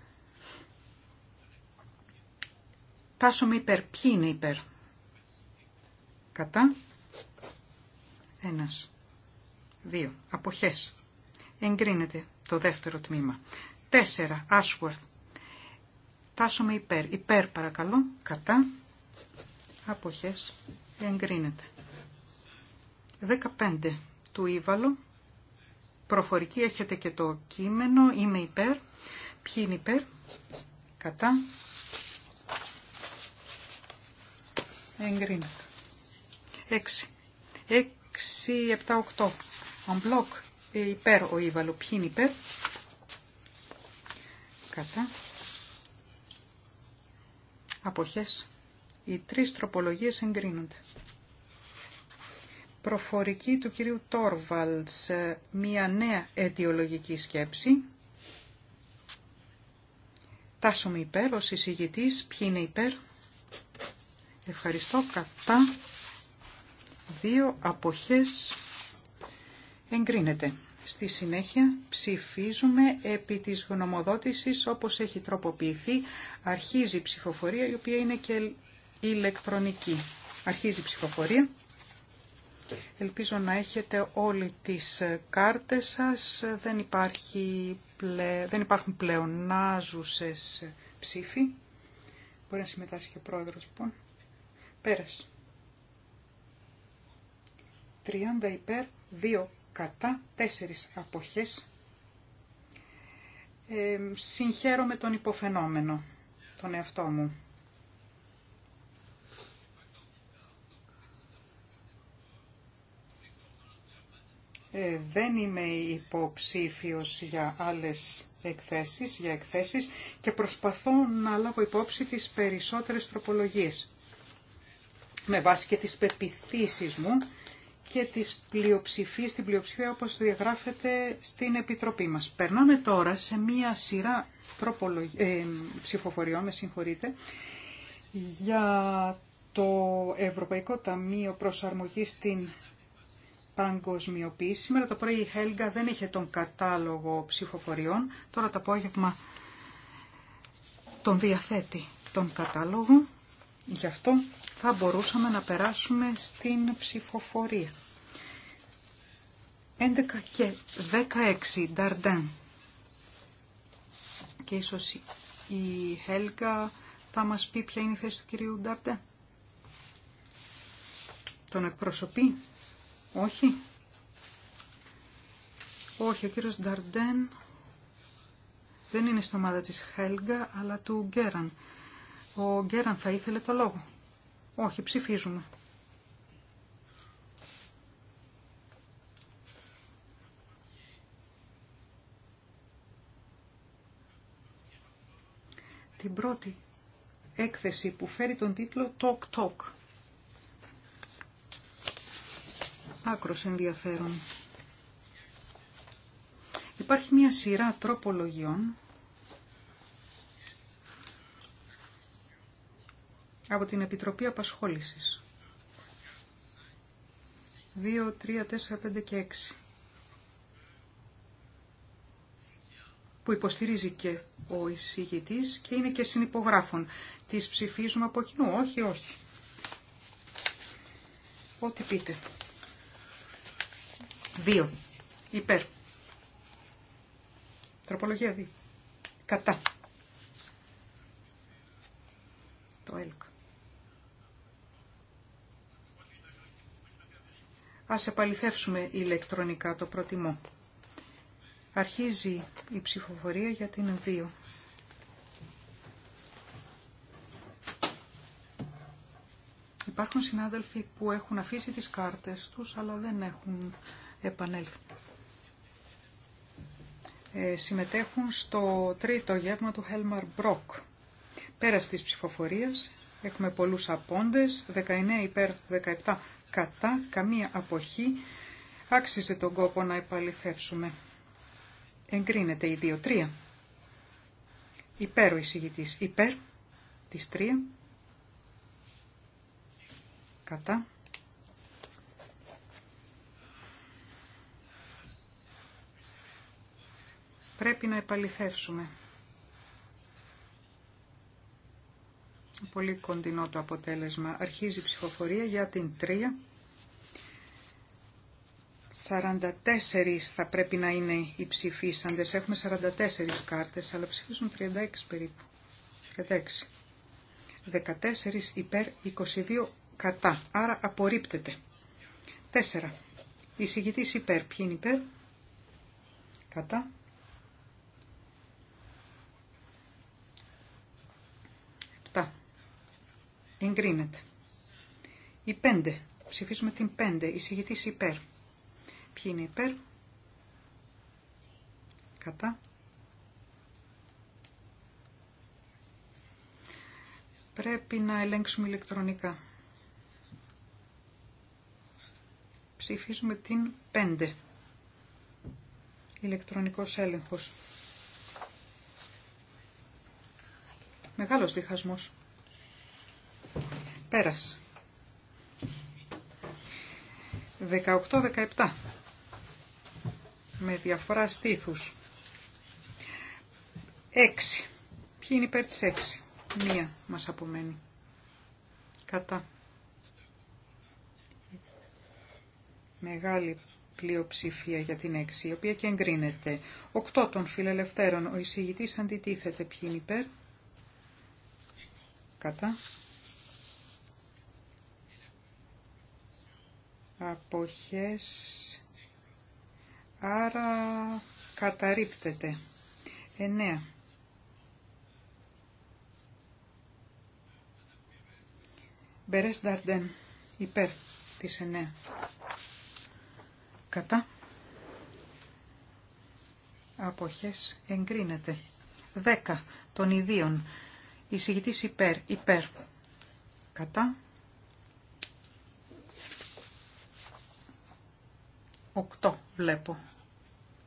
τάσσομαι υπέρ. Ποιοι είναι υπέρ. Κατά. Ένας. Δύο. Αποχές. Εγκρίνεται το δεύτερο τμήμα. 4. Ashworth. Τάσομαι υπέρ. Υπέρ παρακαλώ. Κατά. Αποχές. Εγκρίνεται. 15. Του Ήβαλο. Προφορική έχετε και το κείμενο. Είμαι υπέρ. Ποιοι είναι υπέρ. Κατά. Εγκρίνεται. 6. 6, 7, 8. On block. Υπέρ ο Ήβαλο. Ποιοι είναι υπέρ κατά αποχές οι τρεις τροπολογίες εγκρίνονται. Προφορική του κυρίου Τόρβαλτς, ε, μια νέα αιτιολογική σκέψη. Τάσομαι υπέρ, ως εισηγητής, ποιοι είναι υπέρ. Ευχαριστώ, κατά δύο αποχές εγκρίνεται. Στη συνέχεια ψηφίζουμε επί της γνωμοδότησης όπως έχει τροποποιηθεί. Αρχίζει η ψηφοφορία η οποία είναι και ηλεκτρονική. Αρχίζει η ψηφοφορία. Ελπίζω να έχετε όλοι τις κάρτες σας. Δεν, υπάρχει πλε... Δεν υπάρχουν πλεονάζουσες ψήφοι. Μπορεί να συμμετάσχει και ο πρόεδρος λοιπόν. Πέρασε. 30 υπέρ, 2 κατά, τέσσερις αποχές. Ε, συγχαίρω με τον υποφαινόμενο, τον εαυτό μου. Ε, δεν είμαι υποψήφιος για άλλες εκθέσεις, για εκθέσεις και προσπαθώ να λάβω υπόψη τις περισσότερες τροπολογίες. Με βάση και τις πεπιθήσεις μου και της πλειοψηφίας, την πλειοψηφία όπως διαγράφεται στην Επιτροπή μας. Περνάμε τώρα σε μία σειρά ε, ψηφοφοριών, με συγχωρείτε, για το Ευρωπαϊκό Ταμείο Προσαρμογής στην Παγκοσμιοποίηση. Σήμερα το πρωί η Χέλγα δεν είχε τον κατάλογο ψηφοφοριών, τώρα το απόγευμα τον διαθέτει τον κατάλογο, γι' αυτό θα μπορούσαμε να περάσουμε στην ψηφοφορία. 11 και 16, Νταρντέν. Και ίσως η Χέλγα θα μας πει ποια είναι η θέση του κυρίου Νταρντέν. Τον εκπροσωπεί, όχι. Όχι, ο κύριος Νταρντέν δεν είναι στην ομάδα της Χέλγα, αλλά του Γκέραν. Ο Γκέραν θα ήθελε το λόγο. Όχι, ψηφίζουμε. Την πρώτη έκθεση που φέρει τον τίτλο Talk Talk. Άκρος ενδιαφέρον. Υπάρχει μια σειρά τροπολογιών από την Επιτροπή Απασχόλησης. 2, 3, 4, 5 και 6. Που υποστηρίζει και ο εισηγητής και είναι και συνυπογράφων. Τις ψηφίζουμε από κοινού. Όχι, όχι. Ό,τι πείτε. 2. Υπέρ. Τροπολογία 2. Κατά. Το έλκο. Ας επαληθεύσουμε ηλεκτρονικά το προτιμώ. Αρχίζει η ψηφοφορία για την 2. Υπάρχουν συνάδελφοι που έχουν αφήσει τις κάρτες τους, αλλά δεν έχουν επανέλθει. Ε, συμμετέχουν στο τρίτο γεύμα του Helmar Brock. Πέρα της ψηφοφορίας έχουμε πολλούς απόντες, 19 υπέρ 17 κατά, καμία αποχή, άξιζε τον κόπο να επαληθεύσουμε. Εγκρίνεται η 2-3. Υπέρ ο εισηγητής. Υπέρ της 3. Κατά. Πρέπει να επαληθεύσουμε. Πολύ κοντινό το αποτέλεσμα. Αρχίζει η ψηφοφορία για την 3. 44 θα πρέπει να είναι οι ψηφίσαντες. Έχουμε 44 κάρτες, αλλά ψηφίζουν 36 περίπου. 36. 14 υπέρ, 22 κατά. Άρα απορρίπτεται. 4. Εισηγητής υπέρ. Ποιοι είναι υπέρ. Κατά. Εγκρίνεται. Η πέντε. Ψηφίζουμε την 5. συγητής υπέρ. Ποιοι είναι υπέρ. Κατά. Πρέπει να ελέγξουμε ηλεκτρονικά. Ψηφίζουμε την 5. Ηλεκτρονικός έλεγχος. Μεγάλος διχασμός περασε 18 18-17 με διαφορά στήθους. 6. Ποιοι είναι υπέρ της 6. Μία μας απομένει. Κατά. Μεγάλη πλειοψηφία για την 6, η οποία και εγκρίνεται. 8 των φιλελευθέρων. Ο εισηγητής αντιτίθεται. Ποιοι είναι υπέρ. Κατά. αποχές άρα καταρρύπτεται 9 Μπερές Νταρντέν υπέρ της 9 κατά αποχές εγκρίνεται 10 των ιδίων εισηγητής υπέρ υπέρ κατά 8 βλέπω.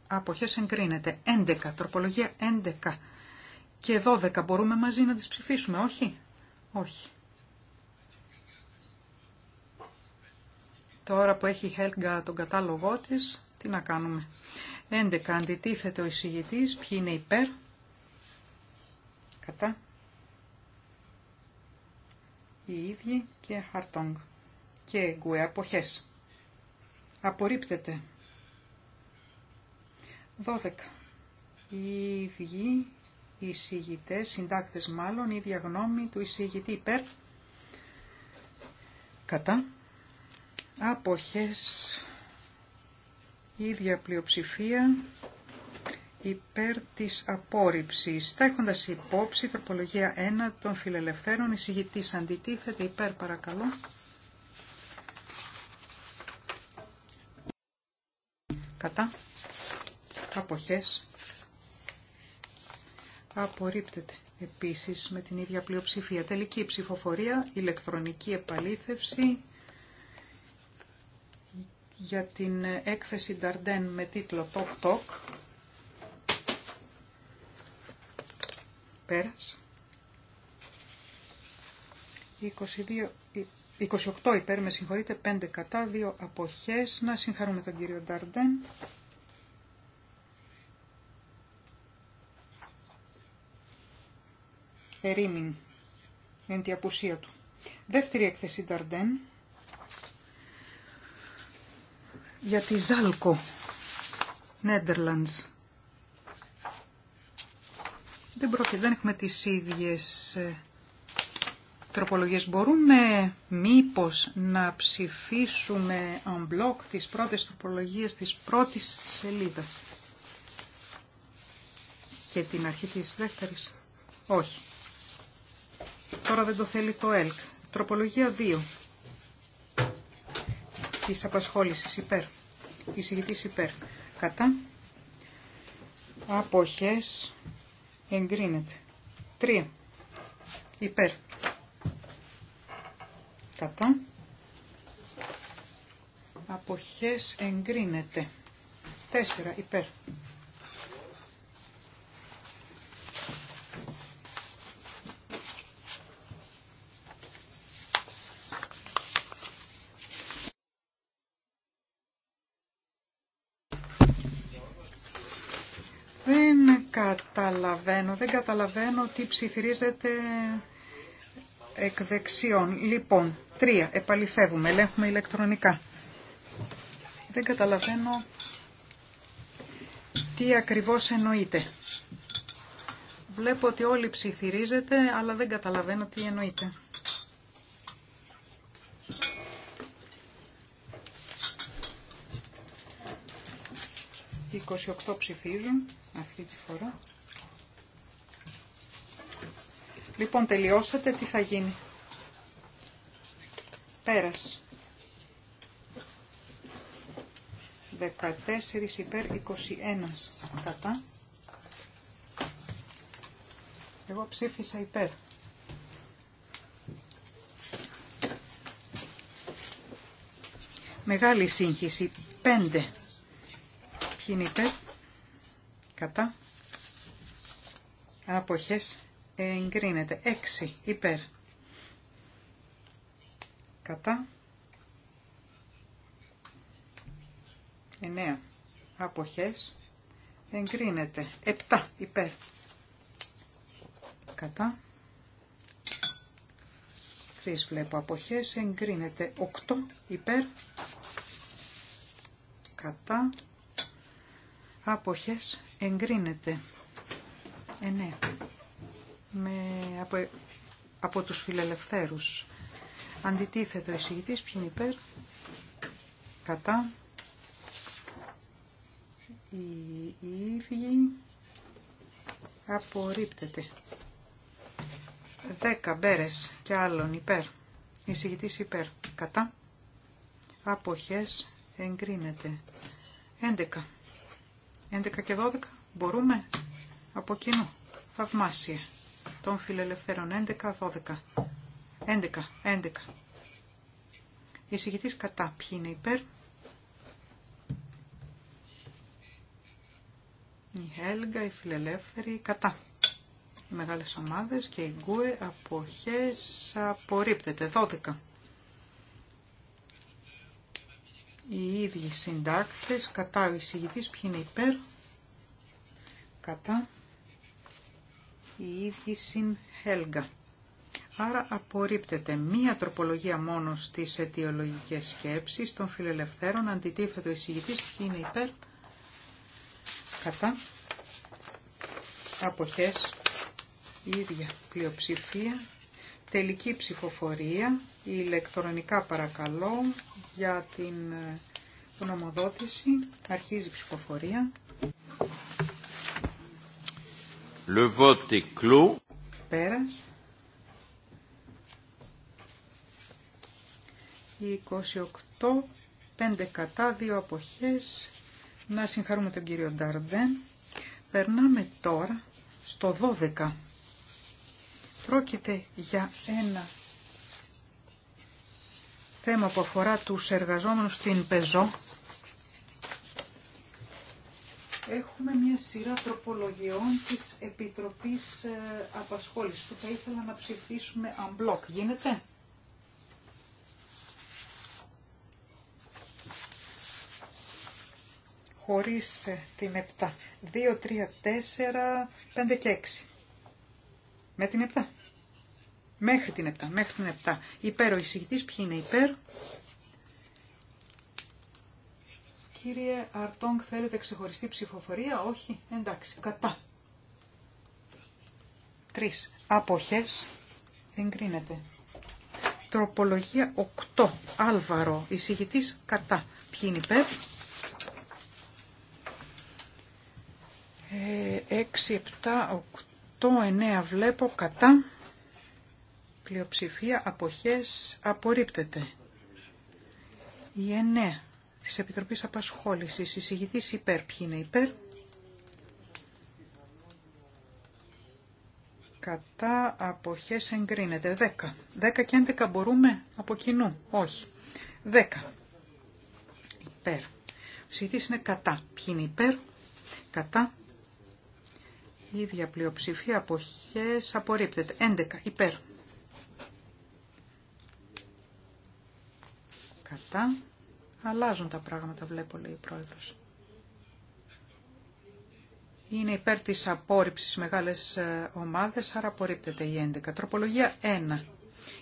Αποχές εγκρίνεται. 11. Τροπολογία 11. Και 12. Μπορούμε μαζί να τις ψηφίσουμε, όχι. Όχι. Τώρα που έχει η Χέλγκα τον κατάλογό της, τι να κάνουμε. 11. Αντιτίθεται ο εισηγητής. Ποιοι είναι υπέρ. Κατά. Οι ίδιοι και Χαρτόγκ. Και γκουέ αποχές. Απορρίπτεται. 12. Οι ίδιοι εισηγητέ, συντάκτε μάλλον, η ίδια γνώμη του εισηγητή υπέρ. Κατά. Αποχές. Η ίδια πλειοψηφία υπέρ της απόρριψη. Τα έχοντα υπόψη, τροπολογία 1 των φιλελευθέρων, εισηγητή αντιτίθεται, υπέρ παρακαλώ. κατά αποχές απορρίπτεται. Επίσης με την ίδια πλειοψηφία. Τελική ψηφοφορία, ηλεκτρονική επαλήθευση για την έκθεση Νταρντέν με τίτλο Τοκ Τοκ. Πέρας. 22 28 υπέρ, με συγχωρείτε, 5 κατά, 2 αποχές. Να συγχαρούμε τον κύριο Νταρντέν. Ερήμην, εν τη απουσία του. Δεύτερη έκθεση Νταρντέν για τη Ζάλκο, Νέντερλανδς. Δεν πρόκειται, δεν έχουμε τις ίδιες ε, τροπολογίες. Μπορούμε μήπως να ψηφίσουμε en bloc τις πρώτες τροπολογίες της πρώτης σελίδας και την αρχή της δεύτερης. Όχι. Τώρα δεν το θέλει το ΕΛΚ. Τροπολογία 2 της απασχόλησης υπέρ. Εισηγητής υπέρ. Κατά. Αποχές εγκρίνεται. 3. Υπέρ κατά αποχές εγκρίνεται Τέσσερα υπέρ Δεν καταλαβαίνω, δεν καταλαβαίνω τι ψιθυρίζεται εκ δεξιών. Λοιπόν, τρία, επαληθεύουμε, ελέγχουμε ηλεκτρονικά. Δεν καταλαβαίνω τι ακριβώς εννοείται. Βλέπω ότι όλοι ψιθυρίζετε, αλλά δεν καταλαβαίνω τι εννοείται. 28 ψηφίζουν αυτή τη φορά. Λοιπόν, τελειώσατε, τι θα γίνει. Πέρας. 14 υπέρ 21 κατά. Εγώ ψήφισα υπέρ. Μεγάλη σύγχυση. 5. Ποιοι είναι υπέρ. Κατά. Αποχές εγκρίνεται. 6 υπέρ. Κατά. 9 αποχές. Εγκρίνεται. 7 υπέρ. Κατά. 3 βλέπω αποχές. Εγκρίνεται. 8 υπέρ. Κατά. Αποχές. Εγκρίνεται. 9 με, από, από τους φιλελευθέρους. Αντιτίθετο εισηγητής, ποιοι είναι υπέρ, κατά, οι ίδιοι απορρίπτεται. δέκα μπέρες και άλλων υπέρ. Εισηγητής υπέρ. Κατά. Αποχές εγκρίνεται. έντεκα έντεκα και δώδεκα μπορούμε από κοινού. Θαυμάσια των φιλελευθέρων. 11, 12. 11, 11. Εισηγητή κατά. Ποιοι είναι υπέρ. Η έλγα, η φιλελεύθερη κατά. Οι μεγάλες ομάδες και η Γκουε αποχές απορρίπτεται. 12. Οι ίδιοι συντάκτες κατά. Ο εισηγητής ποιοι είναι υπέρ. Κατά η ίδια συν Χέλγα. Άρα απορρίπτεται μία τροπολογία μόνο στις αιτιολογικές σκέψεις των φιλελευθέρων, αντιτίθετο εισηγητής, ποιοι είναι υπέρ, κατά, αποχές, η ίδια πλειοψηφία, τελική ψηφοφορία, η ηλεκτρονικά παρακαλώ για την ε, γνωμοδότηση, αρχίζει η ψηφοφορία. Le vote est clos. Πέρας. 28, 5 κατά, 2 αποχές. Να συγχαρούμε τον κύριο Νταρντέν. Περνάμε τώρα στο 12. Πρόκειται για ένα θέμα που αφορά τους εργαζόμενους στην ΠΕΖΟ Έχουμε μια σειρά τροπολογιών της Επιτροπής ε, Απασχόλησης που θα ήθελα να ψηφίσουμε unblock. Γίνεται? Χωρίς ε, την 7. 2, 3, 4, 5 και 6. Με την 7. Μέχρι την 7. Μέχρι την 7. Υπέρ ο εισηγητής. Ποιοι είναι υπέρ. Κύριε Αρτόγκ, θέλετε ξεχωριστή ψηφοφορία, όχι, εντάξει, κατά. Τρεις. Αποχές. Εγκρίνεται. Τροπολογία 8. Άλβαρο. Εισηγητής κατά. Ποιοι είναι υπέρ. 6, 7, 8, 9 βλέπω κατά. Πλειοψηφία αποχές απορρίπτεται. Η 9 της Επιτροπής Απασχόλησης. Εισηγητής υπέρ. Ποιοι είναι υπέρ. Κατά αποχές εγκρίνεται. 10. 10 και 11 μπορούμε από κοινού. Όχι. 10. Υπέρ. Ο είναι κατά. Ποιοι είναι υπέρ. Κατά. Η ίδια πλειοψηφία αποχές απορρίπτεται. 11. Υπέρ. Κατά Αλλάζουν τα πράγματα, βλέπω, λέει η πρόεδρος. Είναι υπέρ της απόρριψης μεγάλες ε, ομάδες, άρα απορρίπτεται η 11. Τροπολογία 1.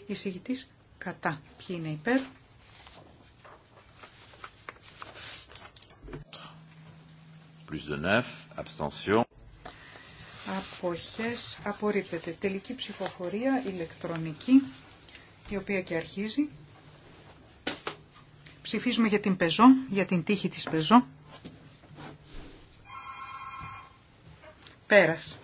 Εισηγητής κατά. Ποιοι είναι υπέρ. Plus de Αποχές απορρίπτεται. Τελική ψηφοφορία ηλεκτρονική, η οποία και αρχίζει. Ψηφίζουμε για την πεζό, για την τύχη της πεζό. Πέρας.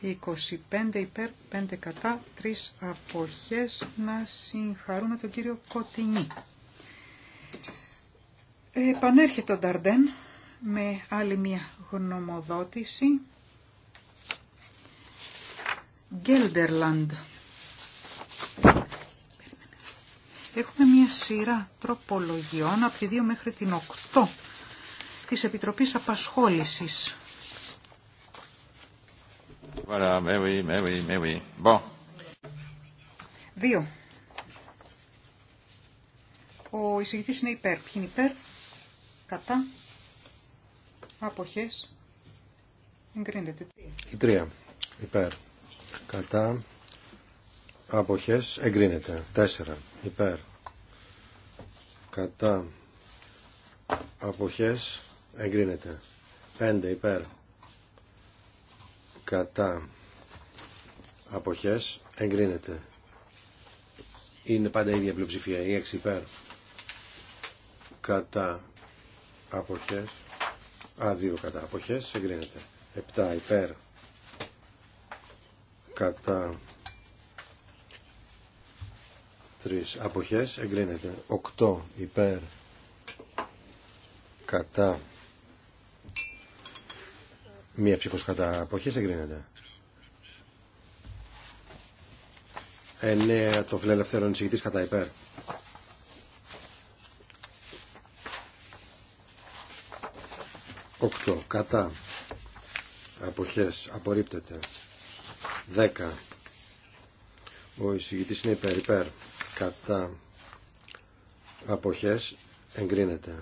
25 υπέρ, 5 κατά, 3 αποχές. Να συγχαρούμε τον κύριο Κοτινή. Επανέρχεται ο Νταρντέν με άλλη μια γνωμοδότηση. Γκέλντερλαντ. Έχουμε μια σειρά τροπολογιών από τη 2 μέχρι την 8 της Επιτροπής Απασχόλησης. Voilà, mais oui, mais oui, mais oui. Bon. Δύο. Ο εισηγητής είναι υπέρ. Ποιοι είναι υπέρ, κατά, αποχές, εγκρίνεται. Η τρία. Υπέρ. Κατά, αποχές εγκρίνεται τέσσερα υπέρ κατά αποχές εγκρίνεται 5 υπέρ κατά αποχές εγκρίνεται είναι πάντα η ίδια πλειοψηφία η 6 υπέρ κατά αποχές α, δύο κατά αποχές εγκρίνεται επτά υπέρ κατά Τρεις αποχές εγκρίνεται Οκτώ υπέρ κατά μία ψήφος κατά αποχές εγκρίνεται Εννέα το φιλελευθέρων εισηγητής κατά υπέρ Οκτώ. Κατά. Αποχές. Απορρίπτεται. Δέκα. Ο εισηγητής είναι υπέρ. Υπέρ κατά αποχές εγκρίνεται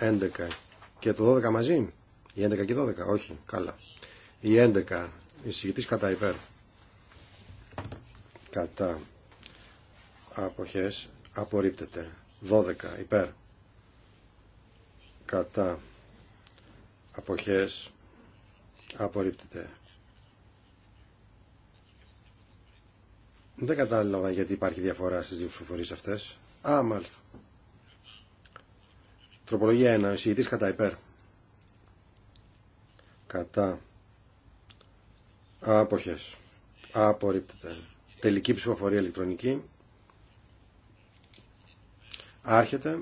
11 και το 12 μαζί η 11 και 12 όχι καλά η 11 εισηγητής κατά υπέρ κατά αποχές απορρίπτεται 12 υπέρ κατά αποχές απορρίπτεται Δεν κατάλαβα γιατί υπάρχει διαφορά στις δύο ψηφοφορίες αυτές. Α, μάλιστα. Τροπολογία 1. Ο εισηγητής κατά υπέρ. Κατά. Άποχες. Απορρίπτεται. Τελική ψηφοφορία ηλεκτρονική. Άρχεται.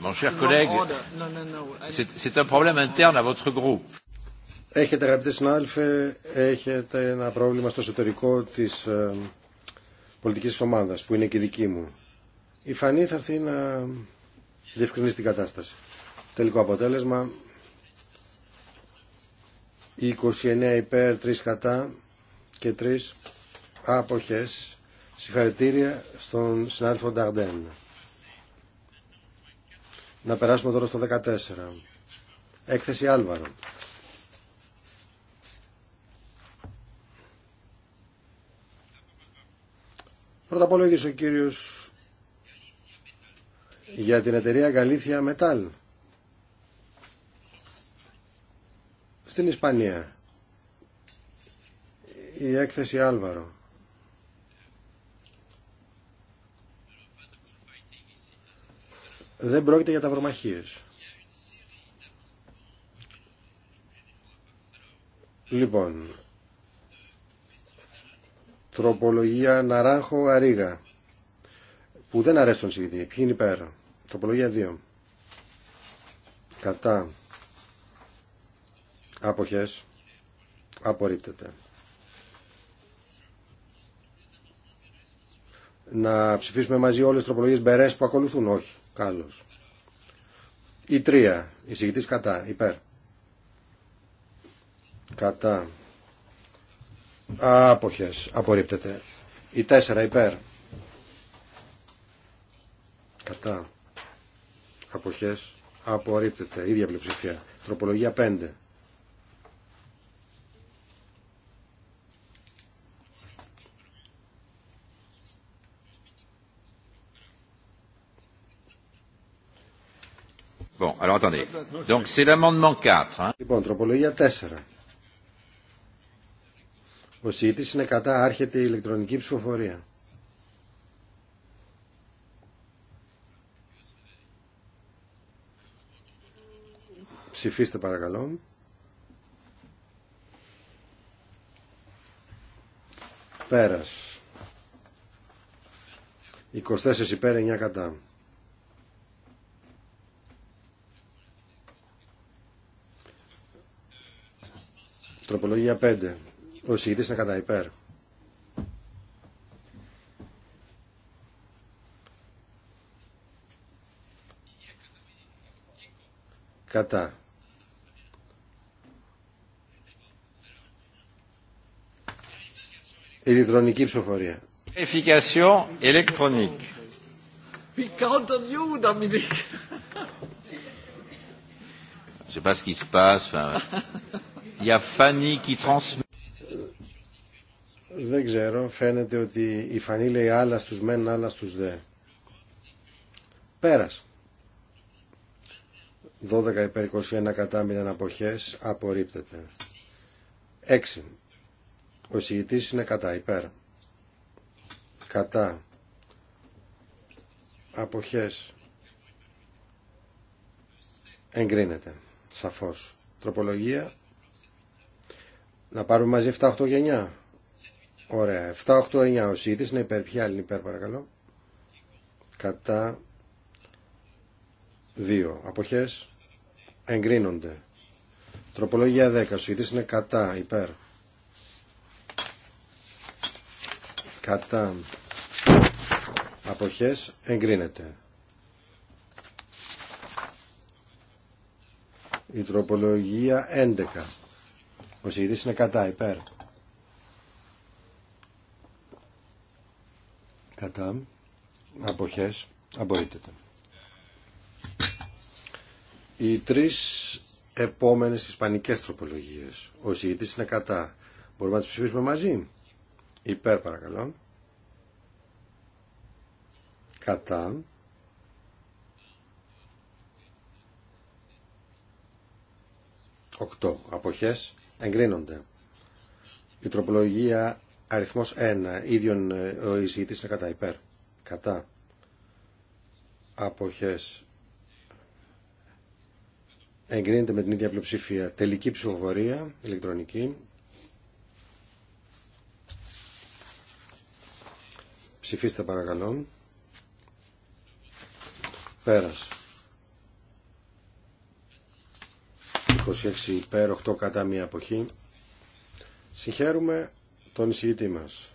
Mon cher collègue, c'est un problème interne à votre groupe. Έχετε αγαπητέ συνάδελφε, έχετε ένα πρόβλημα στο εσωτερικό της ε, πολιτικής ομάδας που είναι και δική μου. Η Φανή θα έρθει να διευκρινίσει την κατάσταση. Τελικό αποτέλεσμα, 29 υπέρ, 3 κατά και 3 αποχές. Συγχαρητήρια στον συνάδελφο Νταρντέν. Να περάσουμε τώρα στο 14. Έκθεση Άλβαρο. Πρώτα απ' όλα ο κύριος για την εταιρεία Γαλήθεια Μετάλ στην Ισπανία. Η έκθεση Άλβαρο. δεν πρόκειται για ταυρομαχίες. Λοιπόν, τροπολογία Ναράχο Αρίγα, που δεν αρέσει τον συγκεκριτή. Ποιοι είναι πέρα. Τροπολογία 2. Κατά. Άποχες. Απορρίπτεται. Να ψηφίσουμε μαζί όλες τις τροπολογίες Μπερές που ακολουθούν. Όχι. Καλώ. Η τρία. Εισηγητής κατά. Υπέρ. Κατά. Άποχες. Απορρίπτεται. Η τέσσερα. Υπέρ. Κατά. Αποχές. Απορρίπτεται. Ίδια πλειοψηφία. Τροπολογία 5. Bon, alors attendez. Donc c'est l'amendement 4. Hein. Λοιπόν, τροπολογία 4. Ο συγητής είναι κατά, άρχεται η ηλεκτρονική ψηφοφορία. Ψηφίστε παρακαλώ. Πέρας. 24 υπέρ 9 κατά. Τροπολογία 5. Ο εισηγητή είναι κατά υπέρ. Κατά. Ηλεκτρονική ψηφοφορία. Εφικασιό ηλεκτρονική. We count on you, Dominique. Je sais pas ce qui se passe. Enfin... Για Fanny Δεν ξέρω, φαίνεται ότι η Φανή λέει άλλα στους μεν, άλλα στους δε. Πέρας. 12 υπέρ 21 κατά 0 αποχές, απορρίπτεται. 6. Ο συγητής είναι κατά, υπέρ. Κατά. Αποχές. Εγκρίνεται, σαφώς. Τροπολογία να πάρουμε μαζί 7, 8 και 9. Ωραία. 7, 8, 9 ο ΣΥΤΙΣ είναι υπέρ. Ποια άλλη είναι υπέρ παρακαλώ. Κατά 2. Αποχές εγκρίνονται. Τροπολογία 10. Ο ΣΥΤΙΣ είναι κατά υπέρ. Κατά αποχές εγκρίνεται. Η τροπολογία 11. Ο συγητής είναι κατά, υπέρ. Κατά. Αποχές. Απορρίπτεται. Οι τρεις επόμενες ισπανικές τροπολογίες. Ο συγητής είναι κατά. Μπορούμε να τις ψηφίσουμε μαζί. Υπέρ παρακαλώ. Κατά. Οκτώ. Αποχές εγκρίνονται. Η τροπολογία αριθμός 1, ίδιον ε, ο εισηγητής είναι κατά υπέρ. Κατά. Αποχές. Εγκρίνεται με την ίδια πλειοψηφία. Τελική ψηφοφορία, ηλεκτρονική. Ψηφίστε παρακαλώ. Πέρασε. 26 υπέρ 8 κατά μία εποχή. Συγχαίρουμε τον εισηγητή μας.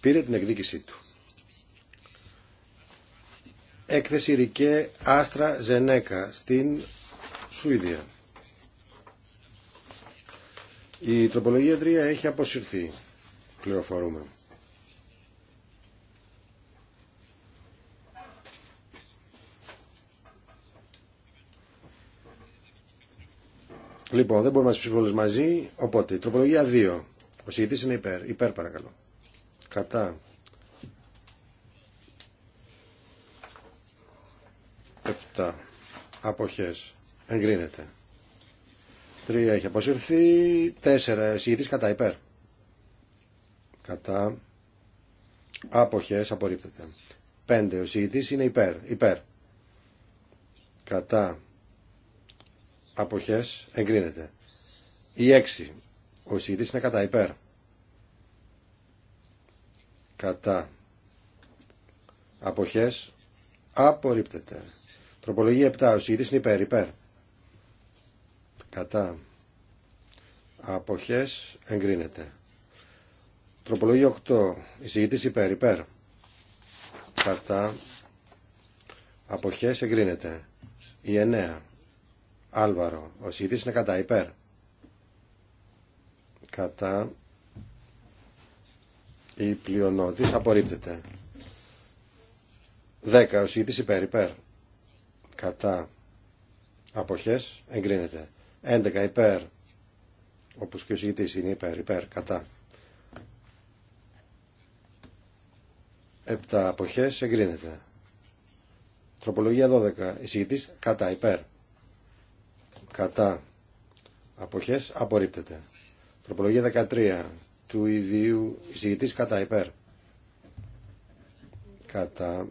Πήρε την εκδίκησή του. Έκθεση Ρικέ Άστρα Ζενέκα στην Σουηδία. Η τροπολογία 3 έχει αποσυρθεί, πληροφορούμε. Λοιπόν, δεν μπορούμε να τις ψηφίσουμε μαζί, οπότε τροπολογία 2. Ο συγητής είναι υπέρ. Υπέρ παρακαλώ. Κατά. Επτά. Αποχέ. Εγκρίνεται. 3. έχει αποσυρθεί. Τέσσερα. Συγητής κατά. Υπέρ. Κατά. Αποχέ, Απορρίπτεται. 5. Ο είναι υπέρ. Υπέρ. Κατά αποχές εγκρίνεται. Η 6. Ο εισηγητής είναι κατά υπέρ. Κατά αποχές απορρίπτεται. Τροπολογία 7. Ο εισηγητής είναι υπέρ. Υπέρ. Κατά αποχές εγκρίνεται. Τροπολογία 8. Εισηγητής υπέρ. Υπέρ. Κατά αποχές εγκρίνεται. Η 9. Άλβαρο. Ο Σιδής είναι κατά. Υπέρ. Κατά. Η πλειονότης απορρίπτεται. Δέκα, Ο Σιδής υπέρ. Υπέρ. Κατά. Αποχές. Εγκρίνεται. Έντεκα, Υπέρ. Όπως και ο Σιδής είναι υπέρ. Υπέρ. Κατά. Επτά Αποχές. Εγκρίνεται. Τροπολογία 12. Εισηγητής κατά. Υπέρ κατά αποχές απορρίπτεται. Τροπολογία 13 του ιδίου εισηγητής κατά υπέρ. Κατά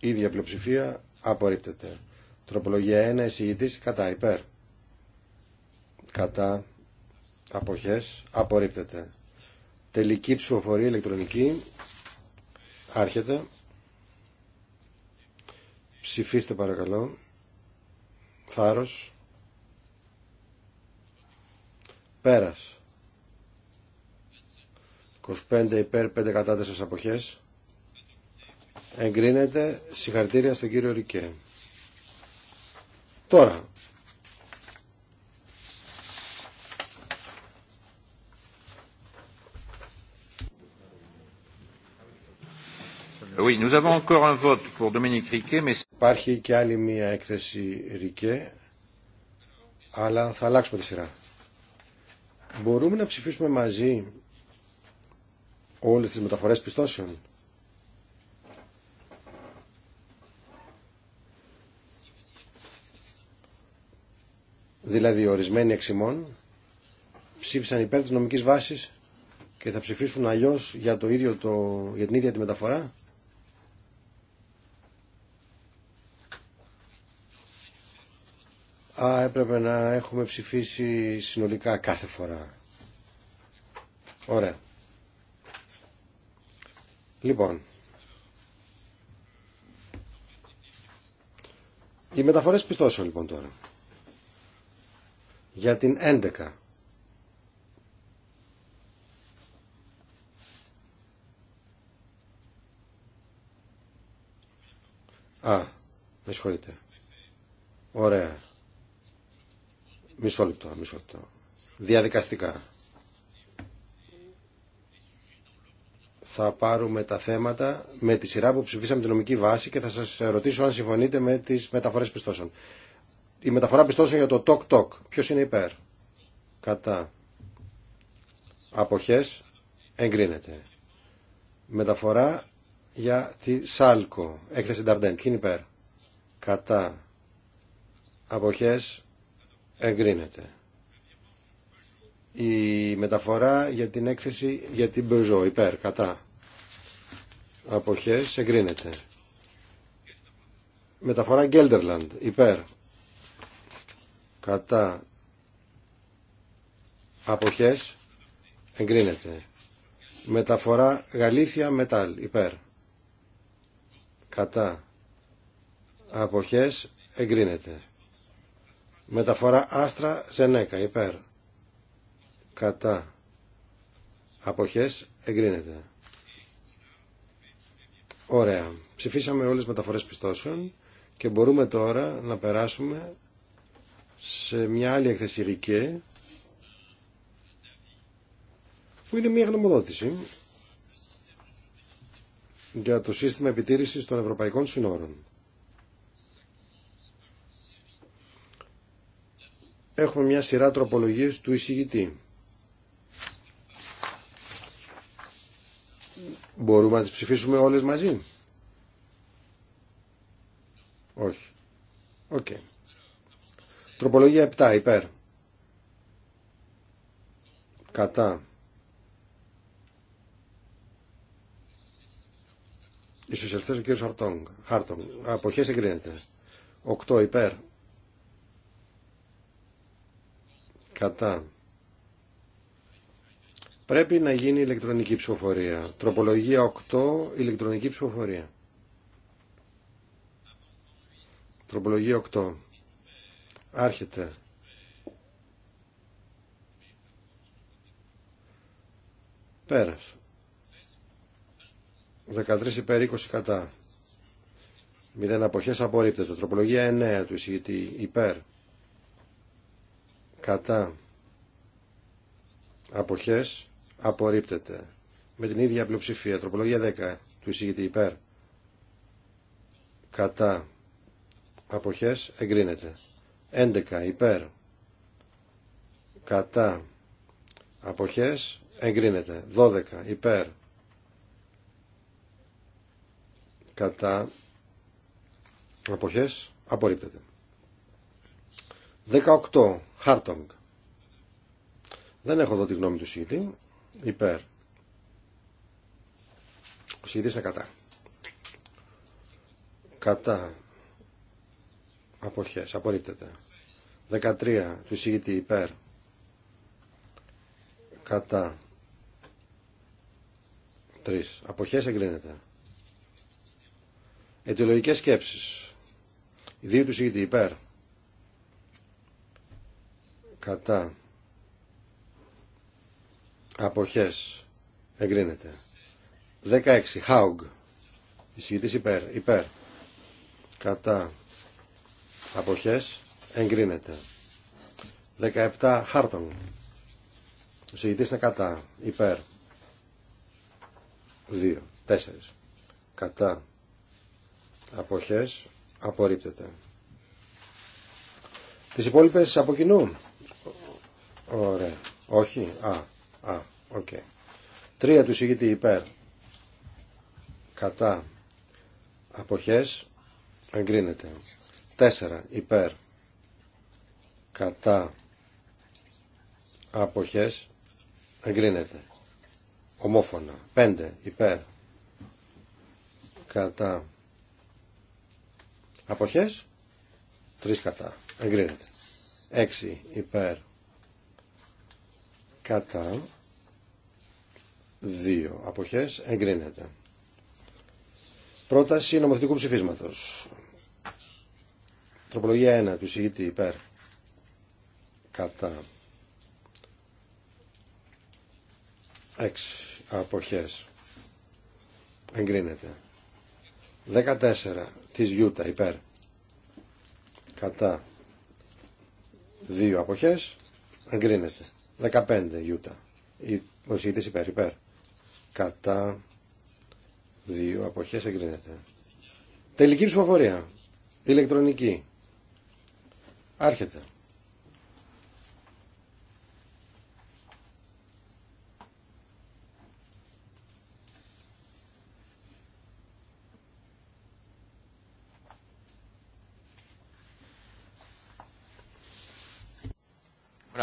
ίδια πλειοψηφία απορρίπτεται. Τροπολογία 1 εισηγητής κατά υπέρ. Κατά αποχές απορρίπτεται. Τελική ψηφοφορία ηλεκτρονική άρχεται. Ψηφίστε παρακαλώ. Θάρρος. Πέρας. 25 υπέρ 5 κατά 4 αποχές. Εγκρίνεται. Συγχαρητήρια στον κύριο Ρικέ. Τώρα. Υπάρχει και άλλη μία έκθεση Ρικέ, αλλά θα αλλάξουμε τη σειρά. Μπορούμε να ψηφίσουμε μαζί όλες τις μεταφορές πιστώσεων. Δηλαδή ορισμένοι εξημών ψήφισαν υπέρ της νομικής βάσης και θα ψηφίσουν αλλιώς για, το ίδιο το, για την ίδια τη μεταφορά. Α, έπρεπε να έχουμε ψηφίσει συνολικά κάθε φορά. Ωραία. Λοιπόν. Οι μεταφορές πιστώσεων λοιπόν τώρα. Για την 11. Α, με συγχωρείτε. Ωραία. Μισό λεπτό, μισό λεπτό. Διαδικαστικά. Θα πάρουμε τα θέματα με τη σειρά που ψηφίσαμε την νομική βάση και θα σας ρωτήσω αν συμφωνείτε με τις μεταφορές πιστώσεων. Η μεταφορά πιστώσεων για το τοκ τοκ. Ποιος είναι υπέρ. Κατά. Αποχές. Εγκρίνεται. Μεταφορά για τη Σάλκο. Έκθεση Νταρντέν. Ποιοι είναι υπέρ. Κατά. Αποχές εγκρίνεται. Η μεταφορά για την έκθεση για την Μπεζό, υπέρ, κατά. Αποχές, εγκρίνεται. Μεταφορά Gelderland, υπέρ. Κατά. Αποχές, εγκρίνεται. Μεταφορά Γαλήθια Μετάλ, υπέρ. Κατά. Αποχές, εγκρίνεται. Μεταφορά άστρα ζενέκα υπέρ. Κατά. Αποχές εγκρίνεται. Ωραία. Ψηφίσαμε όλες τις μεταφορές πιστώσεων και μπορούμε τώρα να περάσουμε σε μια άλλη ρικέ που είναι μια γνωμοδότηση για το σύστημα επιτήρησης των ευρωπαϊκών συνόρων. Έχουμε μια σειρά τροπολογίες του εισηγητή. Μπορούμε να τις ψηφίσουμε όλες μαζί. Όχι. Οκ. Okay. Τροπολογία 7 υπέρ. Κατά. Οι ο κύριος Χάρτον. Αποχές εγκρίνεται. 8 υπέρ. Κατά. Πρέπει να γίνει ηλεκτρονική ψηφοφορία. Τροπολογία 8, ηλεκτρονική ψηφοφορία. Τροπολογία 8. Άρχεται. Πέρας. 13 υπέρ 20 κατά. 0 αποχές απορρίπτεται. Τροπολογία 9 του εισηγητή υπέρ κατά αποχές απορρίπτεται με την ίδια πλειοψηφία τροπολογία 10 του εισηγητή υπέρ κατά αποχές εγκρίνεται 11 υπέρ κατά αποχές εγκρίνεται 12 υπέρ κατά αποχές απορρίπτεται 18. Χάρτονγκ. Δεν έχω εδώ τη γνώμη του συγητή. Υπέρ. Ο είναι κατά. Κατά. Αποχές. Απορρίπτεται. 13. Του συγητή υπέρ. Κατά. 3. Αποχές εγκρίνεται. Αιτιολογικές σκέψεις. Δύο του συγητή υπέρ κατά αποχές εγκρίνεται 16 χάουγ, εισηγητής υπέρ υπέρ κατά αποχές εγκρίνεται 17 Χάρτον εισηγητής είναι κατά υπέρ 2 4 κατά αποχές απορρίπτεται τις υπόλοιπες από κοινού Ωραία. Όχι. Α, α, οκ. Okay. Τρία του ηγείται υπέρ. Κατά. Αποχές. Εγκρίνεται. Τέσσερα υπέρ. Κατά. Αποχές. Εγκρίνεται. Ομόφωνα. Πέντε υπέρ. Κατά. Αποχές. Τρεις κατά. Εγκρίνεται. Έξι υπέρ κατά δύο αποχές εγκρίνεται. Πρόταση νομοθετικού ψηφίσματος. Τροπολογία 1 του ΣΥγητή υπέρ κατά 6 αποχές εγκρίνεται. 14 της Γιούτα υπέρ κατά δύο αποχές εγκρίνεται. 15 Ιούτα. Ο εισηγητής υπέρ, υπέρ. Κατά δύο αποχέ εγκρίνεται. Τελική ψηφοφορία. Ηλεκτρονική. Άρχεται.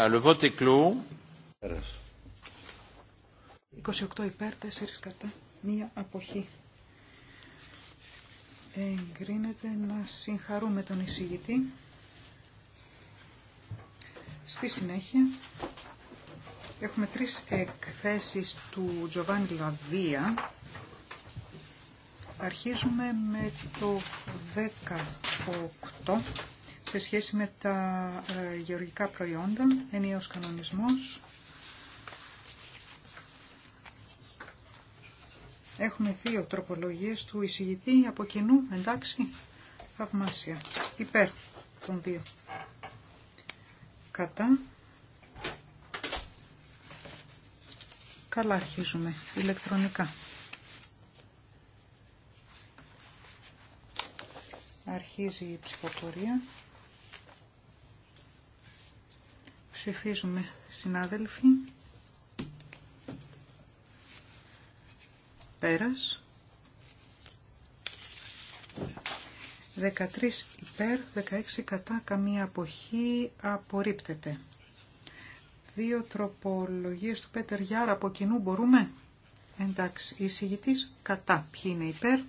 28 ah, υπέρ, 4 κατά, μία αποχή. Εγκρίνεται να συγχαρούμε τον εισηγητή. Στη συνέχεια έχουμε τρεις εκθέσεις του Τζοβάνι Λαβία. Αρχίζουμε με το 18 σε σχέση με τα ε, γεωργικά προϊόντα, ενίος κανονισμός. Έχουμε δύο τροπολογίες του εισηγητή από κοινού, εντάξει, θαυμάσια, υπέρ των δύο. Κατά. Καλά αρχίζουμε ηλεκτρονικά. Αρχίζει η ψηφοφορία. Ψηφίζουμε, συνάδελφοι. Πέρας. 13 υπέρ, 16 κατά, καμία αποχή απορρίπτεται. Δύο τροπολογίες του Πέτερ Γιάρα από κοινού μπορούμε. Εντάξει, εισηγητής κατά. Ποιοι είναι υπέρ.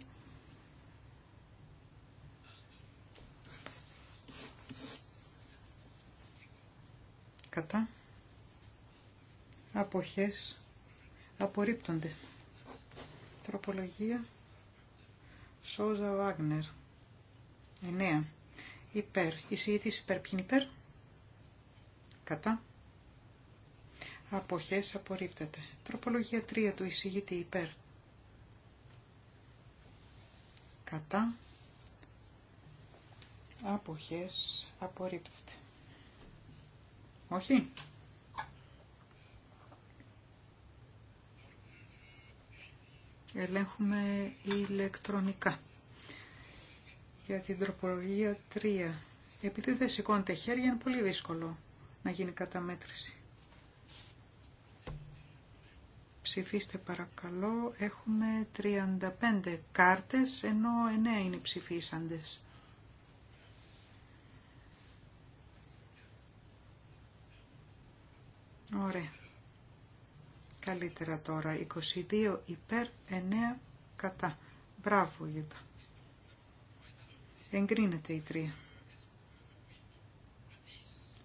κατά αποχές απορρίπτονται. Τροπολογία Σόζα Βάγνερ 9. Υπέρ. συγητης υπέρ. υπέρ. Κατά. Αποχές απορρίπτεται. Τροπολογία 3 του εισηγητή υπέρ. Κατά. Αποχές απορρίπτεται. Όχι. Ελέγχουμε ηλεκτρονικά. Για την τροπολογία 3. Επειδή δεν σηκώνεται χέρια είναι πολύ δύσκολο να γίνει καταμέτρηση. Ψηφίστε παρακαλώ. Έχουμε 35 κάρτες, ενώ 9 είναι οι ψηφίσαντες. Ωραία. Καλύτερα τώρα. 22 υπέρ, 9 κατά. Μπράβο, Γιούτα. Εγκρίνεται η 3.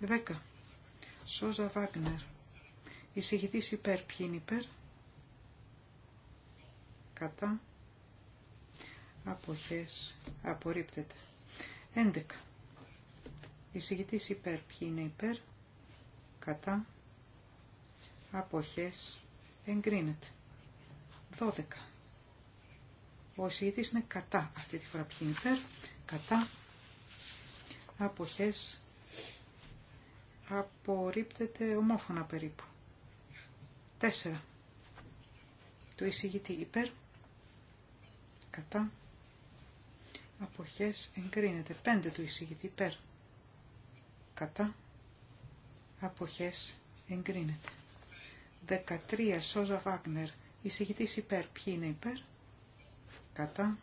10. Σόζα Βάγνερ. Εισηγητής υπέρ. Ποιοι είναι υπέρ. Κατά. Αποχές. Απορρίπτεται. 11. Εισηγητής υπέρ. Ποιοι είναι υπέρ. Κατά αποχές εγκρίνεται. 12. Ο εισηγητής είναι κατά αυτή τη φορά ποιοι είναι υπέρ, κατά αποχές απορρίπτεται ομόφωνα περίπου. 4. Το εισηγητή υπέρ, κατά αποχές εγκρίνεται. 5. Το εισηγητή υπέρ, κατά αποχές εγκρίνεται. 13 Σόζα Βάγνερ. Εισηγητής υπέρ. Ποιοι είναι υπέρ. Κατά.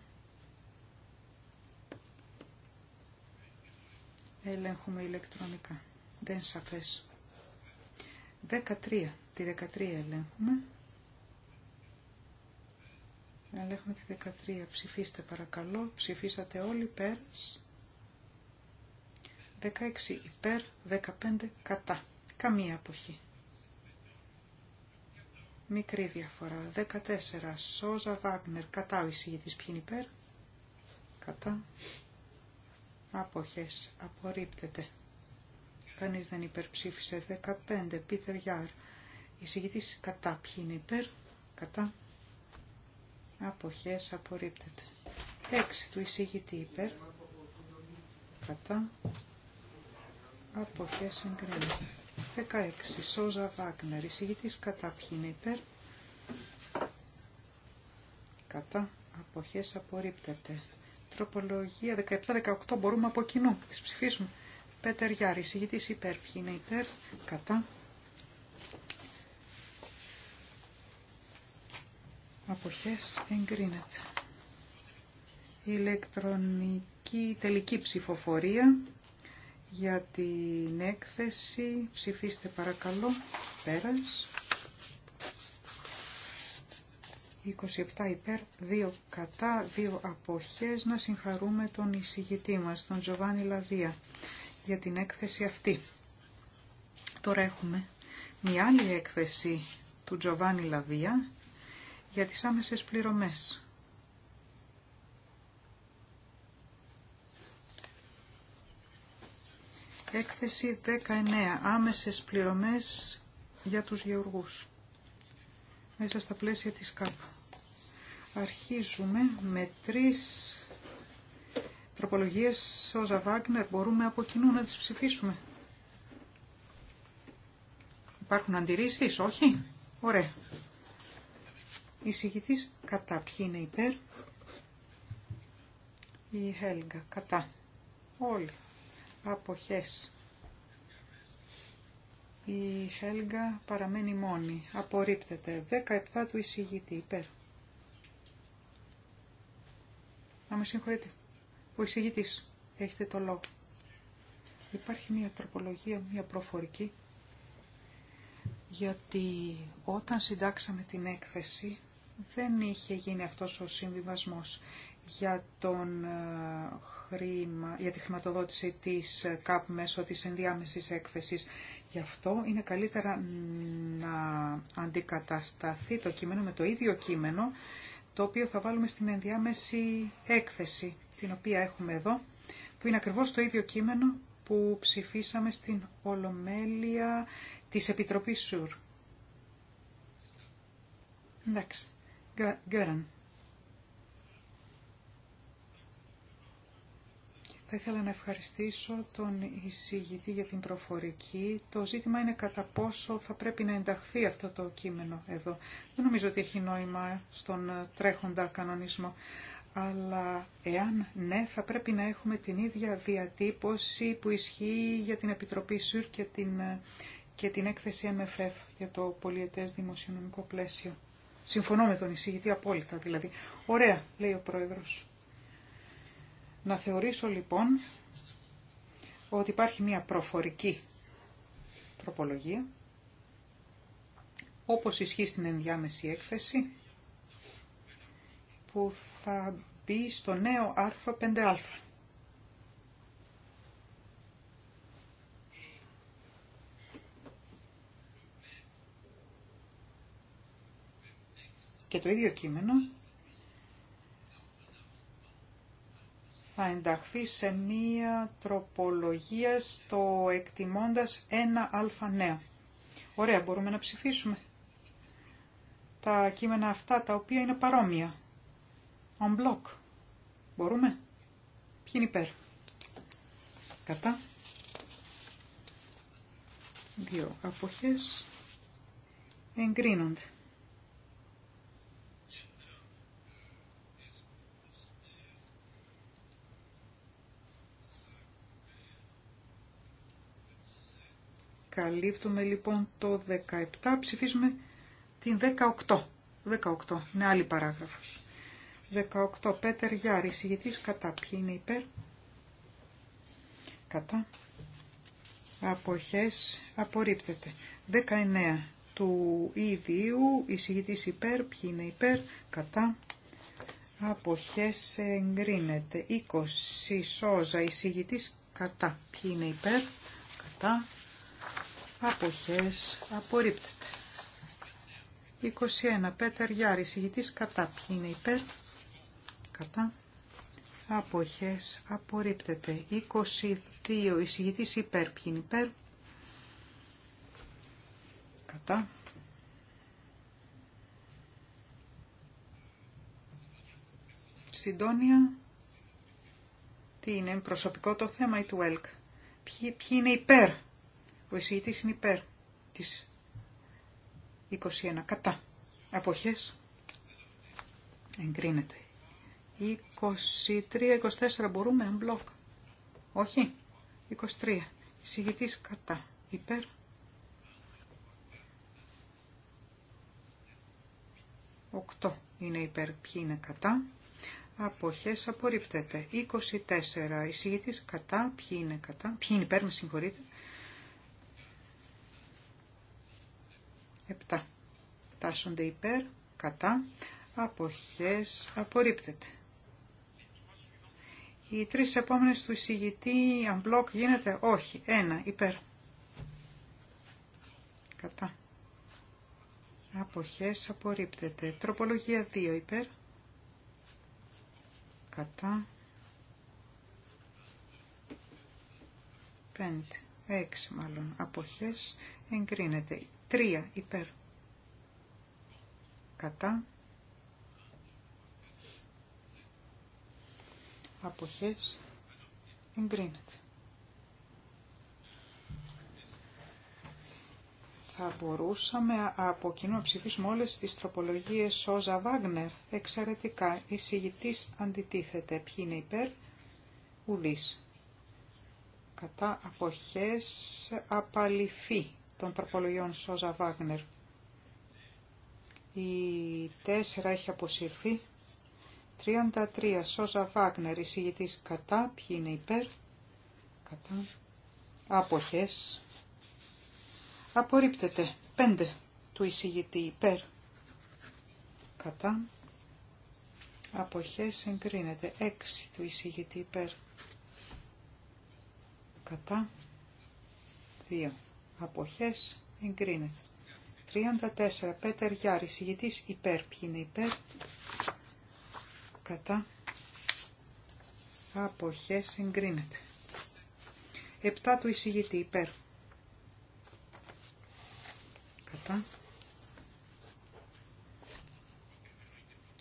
Ελέγχουμε ηλεκτρονικά. Δεν είναι σαφές. 13. Τη 13 ελέγχουμε. Ελέγχουμε τη 13. Ψηφίστε παρακαλώ. Ψηφίσατε όλοι υπέρ. 16 υπέρ, 15 κατά. Καμία αποχή. Μικρή διαφορά. 14. Σόζα Βάγνερ. Κατά ο εισηγητής. Ποιοι είναι υπέρ. Κατά. Άποχες. Απορρίπτεται. Κανείς δεν υπερψήφισε. 15. Πίτερ Γιάρ. Εισηγητής κατά. Ποιοι είναι υπέρ. Κατά. Αποχές. Απορρίπτεται. 6. Του εισηγητή υπέρ. Κατά. Αποχές εγκρίνεται. 16. Σόζα Βάγνερ. Εισηγητής κατά ποιοι υπερ υπέρ. Κατά. Αποχές απορρίπτεται. Τροπολογία 17-18. Μπορούμε από κοινού. Τις ψηφίσουμε. Πέτερ Γιάρη. Εισηγητής υπέρ. Ποιοι υπέρ. Κατά. Αποχές εγκρίνεται. Ηλεκτρονική τελική ψηφοφορία για την έκθεση. Ψηφίστε παρακαλώ. Πέρας. 27 υπέρ, 2 κατά, 2 αποχές. Να συγχαρούμε τον εισηγητή μας, τον Τζοβάνι Λαβία, για την έκθεση αυτή. Τώρα έχουμε μια άλλη έκθεση του Τζοβάνι Λαβία για τις άμεσες πληρωμές. Έκθεση 19. Άμεσες πληρωμές για τους γεωργούς. Μέσα στα πλαίσια της ΚΑΠ. Αρχίζουμε με τρεις τροπολογίες Σόζα Βάγνερ. Μπορούμε από κοινού να τις ψηφίσουμε. Υπάρχουν αντιρρήσεις, όχι. Ωραία. Εισηγητής κατά. Ποιοι είναι υπέρ. Η Χέλγα κατά. Όλοι αποχές. Η Χέλγα παραμένει μόνη. Απορρίπτεται. 17 του εισηγητή. Υπέρ. Να με συγχωρείτε. Ο εισηγητής. Έχετε το λόγο. Υπάρχει μια τροπολογία, μια προφορική. Γιατί όταν συντάξαμε την έκθεση δεν είχε γίνει αυτός ο συμβιβασμός για τον ε, για τη χρηματοδότηση της ΚΑΠ μέσω της ενδιάμεσης έκθεσης. Γι' αυτό είναι καλύτερα να αντικατασταθεί το κείμενο με το ίδιο κείμενο, το οποίο θα βάλουμε στην ενδιάμεση έκθεση, την οποία έχουμε εδώ, που είναι ακριβώς το ίδιο κείμενο που ψηφίσαμε στην Ολομέλεια της Επιτροπής ΣΟΥΡ. Εντάξει. Γκέραν. Θα ήθελα να ευχαριστήσω τον εισηγητή για την προφορική. Το ζήτημα είναι κατά πόσο θα πρέπει να ενταχθεί αυτό το κείμενο εδώ. Δεν νομίζω ότι έχει νόημα στον τρέχοντα κανονισμό. Αλλά εάν ναι, θα πρέπει να έχουμε την ίδια διατύπωση που ισχύει για την Επιτροπή ΣΥΡ και την, και την έκθεση MFF για το πολιετές δημοσιονομικό πλαίσιο. Συμφωνώ με τον εισηγητή απόλυτα δηλαδή. Ωραία, λέει ο Πρόεδρος. Να θεωρήσω λοιπόν ότι υπάρχει μια προφορική τροπολογία, όπως ισχύει στην ενδιάμεση έκθεση, που θα μπει στο νέο άρθρο 5α. Και το ίδιο κείμενο θα ενταχθεί σε μία τροπολογία στο εκτιμώντας ένα αλφα νέα. Ωραία, μπορούμε να ψηφίσουμε τα κείμενα αυτά τα οποία είναι παρόμοια. On block. Μπορούμε. Ποιοι είναι υπέρ. Κατά. Δύο αποχές εγκρίνονται. καλύπτουμε λοιπόν το 17, ψηφίζουμε την 18. 18, είναι άλλη παράγραφος. 18, Πέτερ Γιάρη, συγητής κατά, ποιοι είναι υπέρ, κατά, αποχές, απορρίπτεται. 19, του ίδιου, εισηγητής υπέρ, ποιοι είναι υπέρ, κατά, αποχές, εγκρίνεται. 20, Σόζα, εισηγητής κατά, ποιοι είναι υπέρ, κατά, αποχές απορρίπτεται. 21. Πέτερ Γιάρη, συγητής κατά. Ποιοι είναι υπέρ, κατά. Αποχές απορρίπτεται. 22. Εισηγητής υπέρ. Ποιοι είναι υπέρ. Κατά. Συντόνια. Τι είναι, προσωπικό το θέμα ή του ΕΛΚ. Ποιοι, ποιοι είναι υπέρ ο εισηγητής είναι υπέρ της 21. Κατά. Αποχές. Εγκρίνεται. 23-24 μπορούμε en μπλοκ Όχι. 23. Εισηγητής κατά. Υπέρ. 8 είναι υπέρ, ποιοι είναι κατά. Αποχές απορρίπτεται. 24. Εισηγητής κατά, ποιοι είναι κατά. Ποιοι είναι υπέρ, με συγχωρείτε. 7. Τάσσονται υπέρ, κατά, αποχές, απορρίπτεται. Οι τρεις επόμενες του εισηγητή, αν μπλοκ γίνεται, όχι, ένα, υπέρ. Κατά. Αποχές απορρίπτεται. Τροπολογία 2 υπέρ. Κατά. 5, 6 μάλλον. Αποχές εγκρίνεται. Τρία υπέρ. Κατά. Αποχές. Εγκρίνεται. Θα μπορούσαμε από κοινού να ψηφίσουμε όλες τις τροπολογίες Σόζα Βάγνερ. Εξαιρετικά. Η συγητής αντιτίθεται. Ποιοι είναι υπέρ. Ουδής. Κατά αποχές απαλυφή των τροπολογιών Σόζα Βάγνερ. Η 4 έχει αποσυρθεί. 33 Σόζα Βάγνερ, εισηγητή κατά, ποιοι είναι υπέρ, κατά, Αποχέ. απορρίπτεται. 5 του εισηγητή υπέρ, κατά, απόχέ εγκρίνεται. 6 του εισηγητή υπέρ, κατά, 2 αποχές εγκρίνεται. 34. Πέτερ Γιάρη, ηγητής υπέρ. Ποιοι είναι υπέρ. Κατά. Αποχές εγκρίνεται. 7 του εισηγητή υπέρ. Κατά.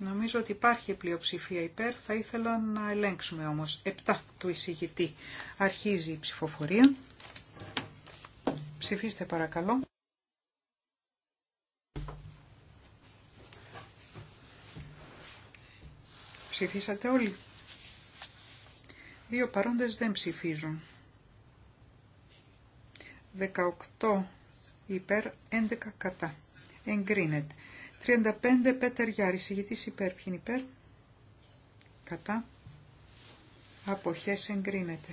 Νομίζω ότι υπάρχει πλειοψηφία υπέρ, θα ήθελα να ελέγξουμε όμως. 7 του εισηγητή αρχίζει η ψηφοφορία. Ψηφίστε παρακαλώ. Ψηφίσατε όλοι. Δύο παρόντες δεν ψηφίζουν. 18 υπέρ, 11 κατά. Εγκρίνεται. 35 Πέτερ Γιάρη, ηγητή υπέρ, ποιην υπέρ. Κατά. Αποχέ εγκρίνεται.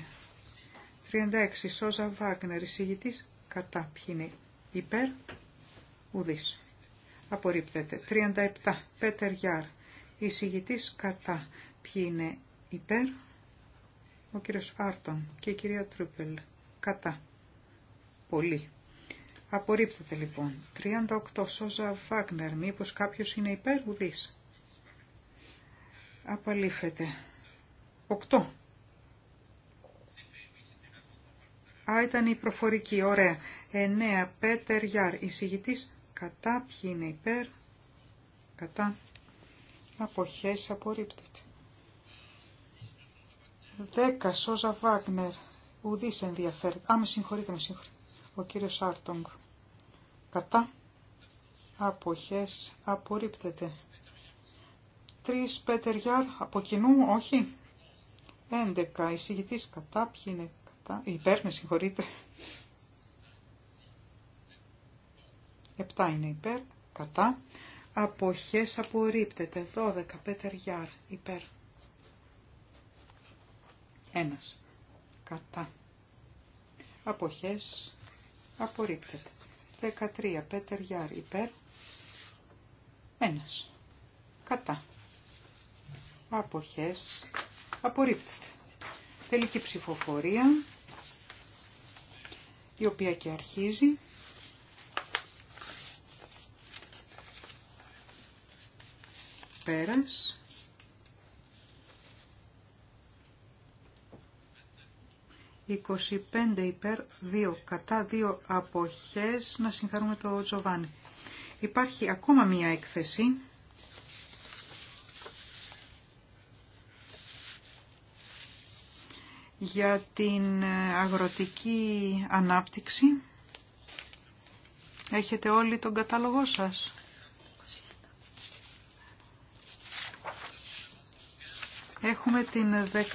36 Σόζα Βάγνερ, ηγητής κατά ποιοι είναι υπέρ ουδής. Απορρίπτεται. 37. Πέτερ Γιάρ. Εισηγητής κατά. Ποιοι είναι υπέρ. Ο κύριος Άρτον και η κυρία Τρούπελ. Κατά. Πολύ. Απορρίπτεται λοιπόν. 38. Σόζα Βάγνερ. Μήπως κάποιος είναι υπέρ ουδής. Απαλήφεται. 8. Α, ήταν η προφορική, ωραία. 9. Πέτερ Γιάρ, εισηγητής κατά, ποιοι είναι υπέρ, κατά, αποχές, απορρίπτεται. 10. Σόζα Βάγνερ, ουδή ενδιαφέρεται. Α, με συγχωρείτε, με συγχωρείτε. Ο κύριο Άρτογκ, κατά, αποχές, απορρίπτεται. 3. Πέτερ Γιάρ, από κοινού, όχι. 11. Εισηγητής κατά, ποιοι είναι κατά, υπέρ, με συγχωρείτε. Επτά είναι υπέρ, κατά. Αποχές απορρίπτεται, 12, γιάρ, υπέρ. Ένας, κατά. Αποχές απορρίπτεται, 13, γιάρ, υπέρ. Ένας, κατά. Αποχές απορρίπτεται. Τελική ψηφοφορία η οποία και αρχίζει. Πέρας. «25 υπέρ 2 κατά 2 αποχές». Να συγχαρούμε το Τζοβάνι. Υπάρχει ακόμα μία έκθεση για την αγροτική ανάπτυξη. Έχετε όλοι τον κατάλογό σας. Έχουμε την 15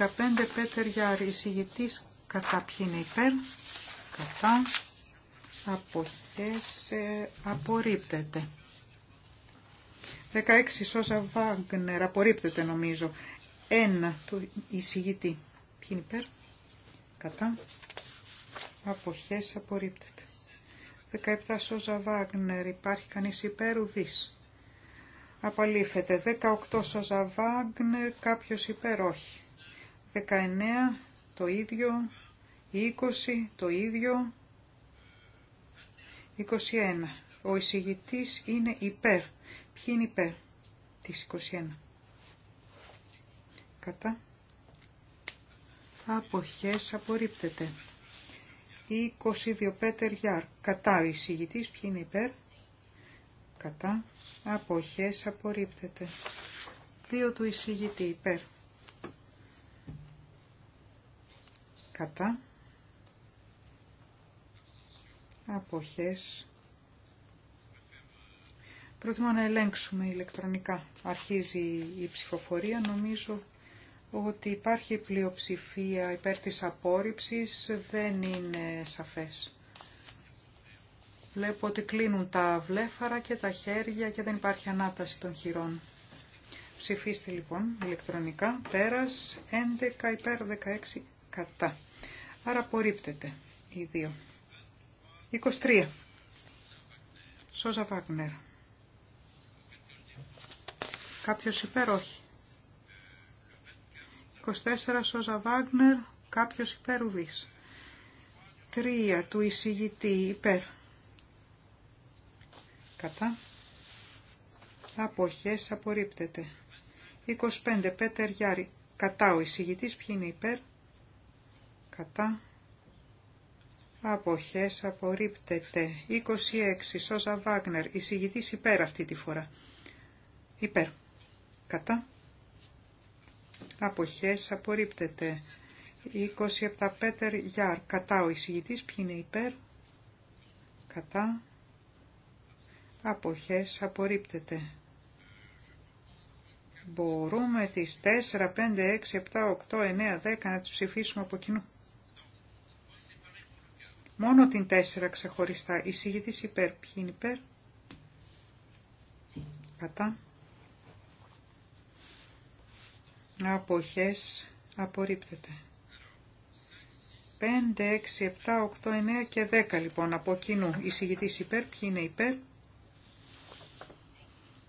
Πέτερ Γιάρη, εισηγητής κατά ποιοι είναι υπέρ, κατά, αποχές, απορρίπτεται. 16 Σόζα Βάγκνερ, απορρίπτεται νομίζω. Ένα του εισηγητή. Ποιοι είναι υπέρ, κατά αποχές απορρίπτεται. 17 Σόζα Βάγνερ, υπάρχει κανείς υπέρ ουδής. Απαλήφεται. 18 Σόζα Βάγνερ, κάποιος υπέρ όχι. 19 το ίδιο, 20 το ίδιο, 21. Ο εισηγητής είναι υπέρ. Ποιοι είναι υπέρ της 21. Κατά αποχές απορρίπτεται. 22 Πέτερ Γιάρ. Κατά ο εισηγητής. Ποιοι είναι υπέρ. Κατά. Αποχές απορρίπτεται. 2 του εισηγητή υπέρ. Κατά. Αποχές. Προτιμώ να ελέγξουμε ηλεκτρονικά. Αρχίζει η ψηφοφορία. Νομίζω ότι υπάρχει πλειοψηφία υπέρ της απόρριψης δεν είναι σαφές. Βλέπω ότι κλείνουν τα βλέφαρα και τα χέρια και δεν υπάρχει ανάταση των χειρών. Ψηφίστε λοιπόν ηλεκτρονικά, πέρας 11 υπέρ 16 κατά. Άρα απορρίπτεται οι δύο. 23. Σόζα Βάγνερ. Κάποιος υπέρ όχι. 24 Σόζα Βάγνερ, κάποιος υπέρ 3 του εισηγητή υπέρ. Κατά. Αποχές απορρίπτεται. 25 Πέτερ Γιάρη. Κατά ο εισηγητής ποιοι είναι υπέρ. Κατά. Αποχές απορρίπτεται. 26 Σόζα Βάγνερ. Εισηγητής υπέρ αυτή τη φορά. Υπέρ. Κατά αποχές απορρίπτεται. 27 Πέτερ Γιάρ. Κατά ο εισηγητής. Ποιοι είναι υπέρ. Κατά. Αποχές απορρίπτεται. Μπορούμε τις 4, 5, 6, 7, 8, 9, 10 να τις ψηφίσουμε από κοινού. Μόνο την 4 ξεχωριστά. Εισηγητής υπέρ. Ποιοι είναι υπέρ. Κατά. αποχές απορρίπτεται. 5, 6, 7, 8, 9 και 10 λοιπόν από κοινού. Εισηγητής υπέρ, ποιοι είναι υπέρ.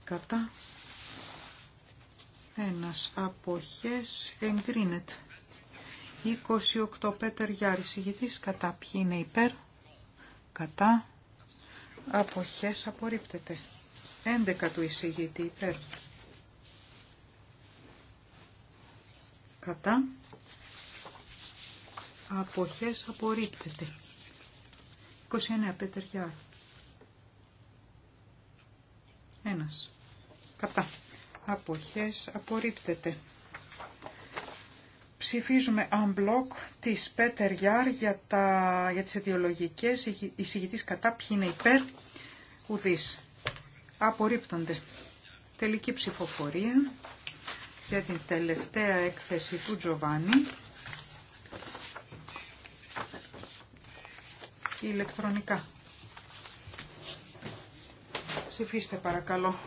Κατά. Ένας αποχές εγκρίνεται. 28 Πέτερ Γιάρη εισηγητής κατά ποιοι είναι υπέρ. Κατά. Αποχές απορρίπτεται. 11 του εισηγητή υπέρ. κατά αποχές απορρίπτεται 29 Πέτερ ένας κατά αποχές απορρίπτεται Ψηφίζουμε unblock της Πέτερ Γιάρ για, τα, για τις αιτιολογικές εισηγητής κατά ποιοι είναι υπέρ ουδής. Απορρίπτονται. Τελική ψηφοφορία για την τελευταία έκθεση του Τζοβάνι ηλεκτρονικά. Ψηφίστε παρακαλώ.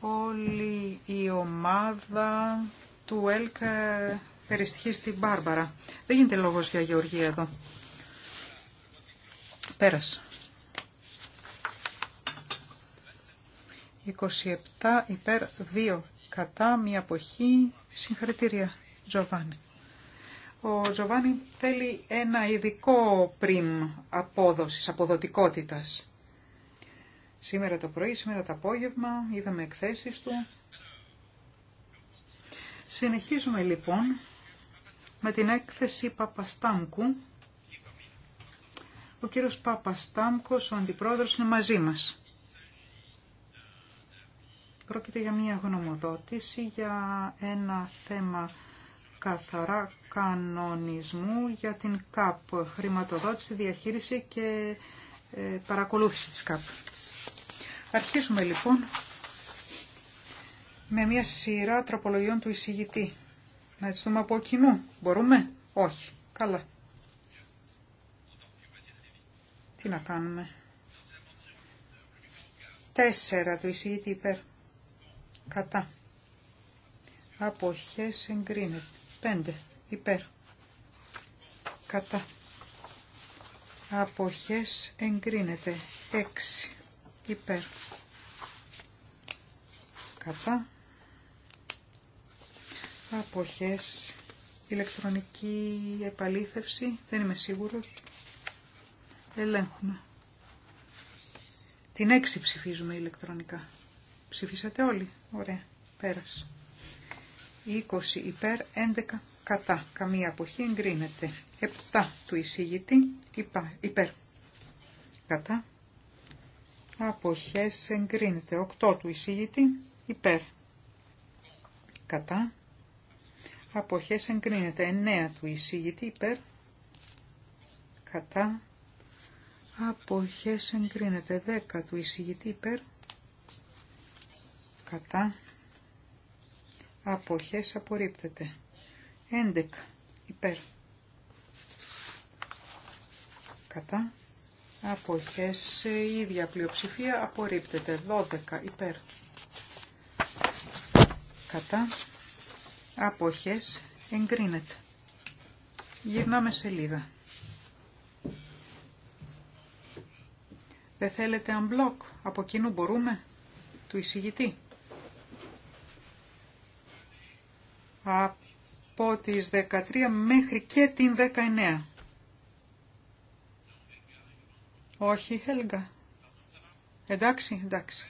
Όλη η ομάδα του ΕΛΚ ε, περιστοιχεί στην Μπάρμπαρα. Δεν γίνεται λόγος για Γεωργία εδώ. Πέρασε. 27 υπέρ 2 κατά μία αποχή συγχαρητήρια Τζοβάνι. Ο Τζοβάνι θέλει ένα ειδικό πριμ απόδοσης, αποδοτικότητας. Σήμερα το πρωί, σήμερα το απόγευμα, είδαμε εκθέσεις του. Συνεχίζουμε λοιπόν με την έκθεση Παπαστάμκου. Ο κύριος Παπαστάμκος, ο αντιπρόεδρος, είναι μαζί μας. Πρόκειται για μια γνωμοδότηση για ένα θέμα καθαρά κανονισμού για την ΚΑΠ, χρηματοδότηση, διαχείριση και ε, παρακολούθηση της ΚΑΠ. Αρχίζουμε λοιπόν με μια σειρά τροπολογιών του εισηγητή. Να έτσι δούμε από κοινού. Μπορούμε? Όχι. Καλά. Τι να κάνουμε. Τέσσερα του εισηγητή υπέρ κατά αποχές εγκρίνεται πέντε υπέρ κατά αποχές εγκρίνεται έξι υπέρ κατά αποχές ηλεκτρονική επαλήθευση δεν είμαι σίγουρος ελέγχουμε την έξι ψηφίζουμε ηλεκτρονικά Ψηφίσατε όλοι. Ωραία. πέρασε 20 υπέρ, 11 κατά. Καμία αποχή εγκρίνεται. 7 του εισηγητή υπέρ. Κατά. Αποχές εγκρίνεται. 8 του εισηγητή υπέρ. Κατά. Αποχές εγκρίνεται. 9 του εισηγητή υπέρ. Κατά. Αποχές εγκρίνεται. 10 του εισηγητή υπέρ κατά αποχές απορρίπτεται 11 υπέρ κατά αποχές σε ίδια πλειοψηφία απορρίπτεται 12 υπέρ κατά αποχές εγκρίνεται γυρνάμε σελίδα δεν θέλετε unblock από κοινού μπορούμε του εισηγητή από τις 13 μέχρι και την 19. Όχι, Χέλγα. Εντάξει, εντάξει.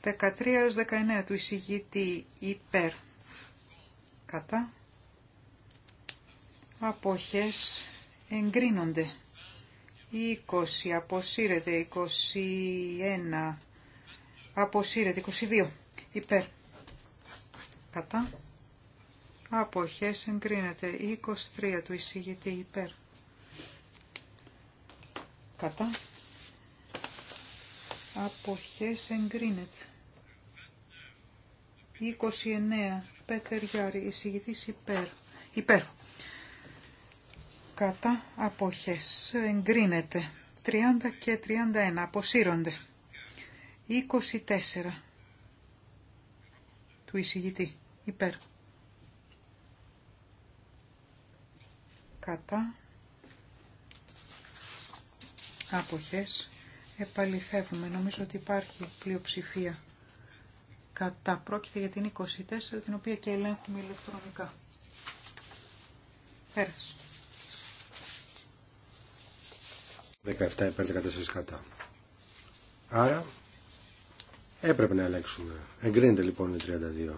13 έως 19 του εισηγήτη υπέρ. Κατά. Αποχές εγκρίνονται. 20 αποσύρεται, 21 αποσύρεται, 22 υπέρ. Κατά. Αποχές εγκρίνεται. 23 του εισηγητή υπέρ. Κατά. Αποχές εγκρίνεται. 29. Πέτερ Γιάρη. Εισηγητής υπέρ. Υπέρ. Κατά. Αποχές εγκρίνεται. 30 και 31. Αποσύρονται. 24. Του εισηγητή. Υπέρ. κατά άποχες επαληθεύουμε. Νομίζω ότι υπάρχει πλειοψηφία κατά. Πρόκειται για την 24, την οποία και ελέγχουμε ηλεκτρονικά. Πέρασε. 17 υπέρ 14 κατά. Άρα έπρεπε να ελέγξουμε. Εγκρίνεται λοιπόν η 32.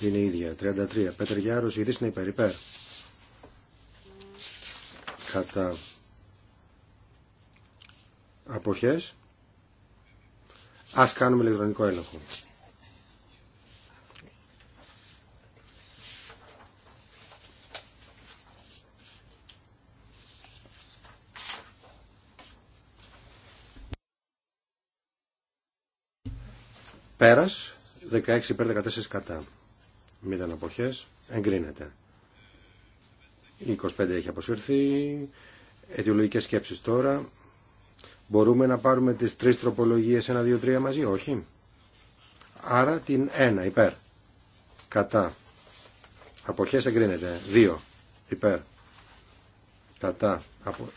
Είναι η ίδια. 33. Πέτερ Γιάρος, η είναι υπέρ υπέρ κατά αποχές ας κάνουμε ηλεκτρονικό έλεγχο Πέρας, 16 υπέρ 14 κατά. Μηδέν αποχές, εγκρίνεται. 25 έχει αποσυρθεί. Αιτιολογικέ σκέψει τώρα. Μπορούμε να πάρουμε τι τρει τροπολογιε 1, 2, 3 μαζί, όχι. Άρα την 1 υπέρ. Κατά. απόχέ εγκρίνεται. 2 υπέρ. Κατά. Απο...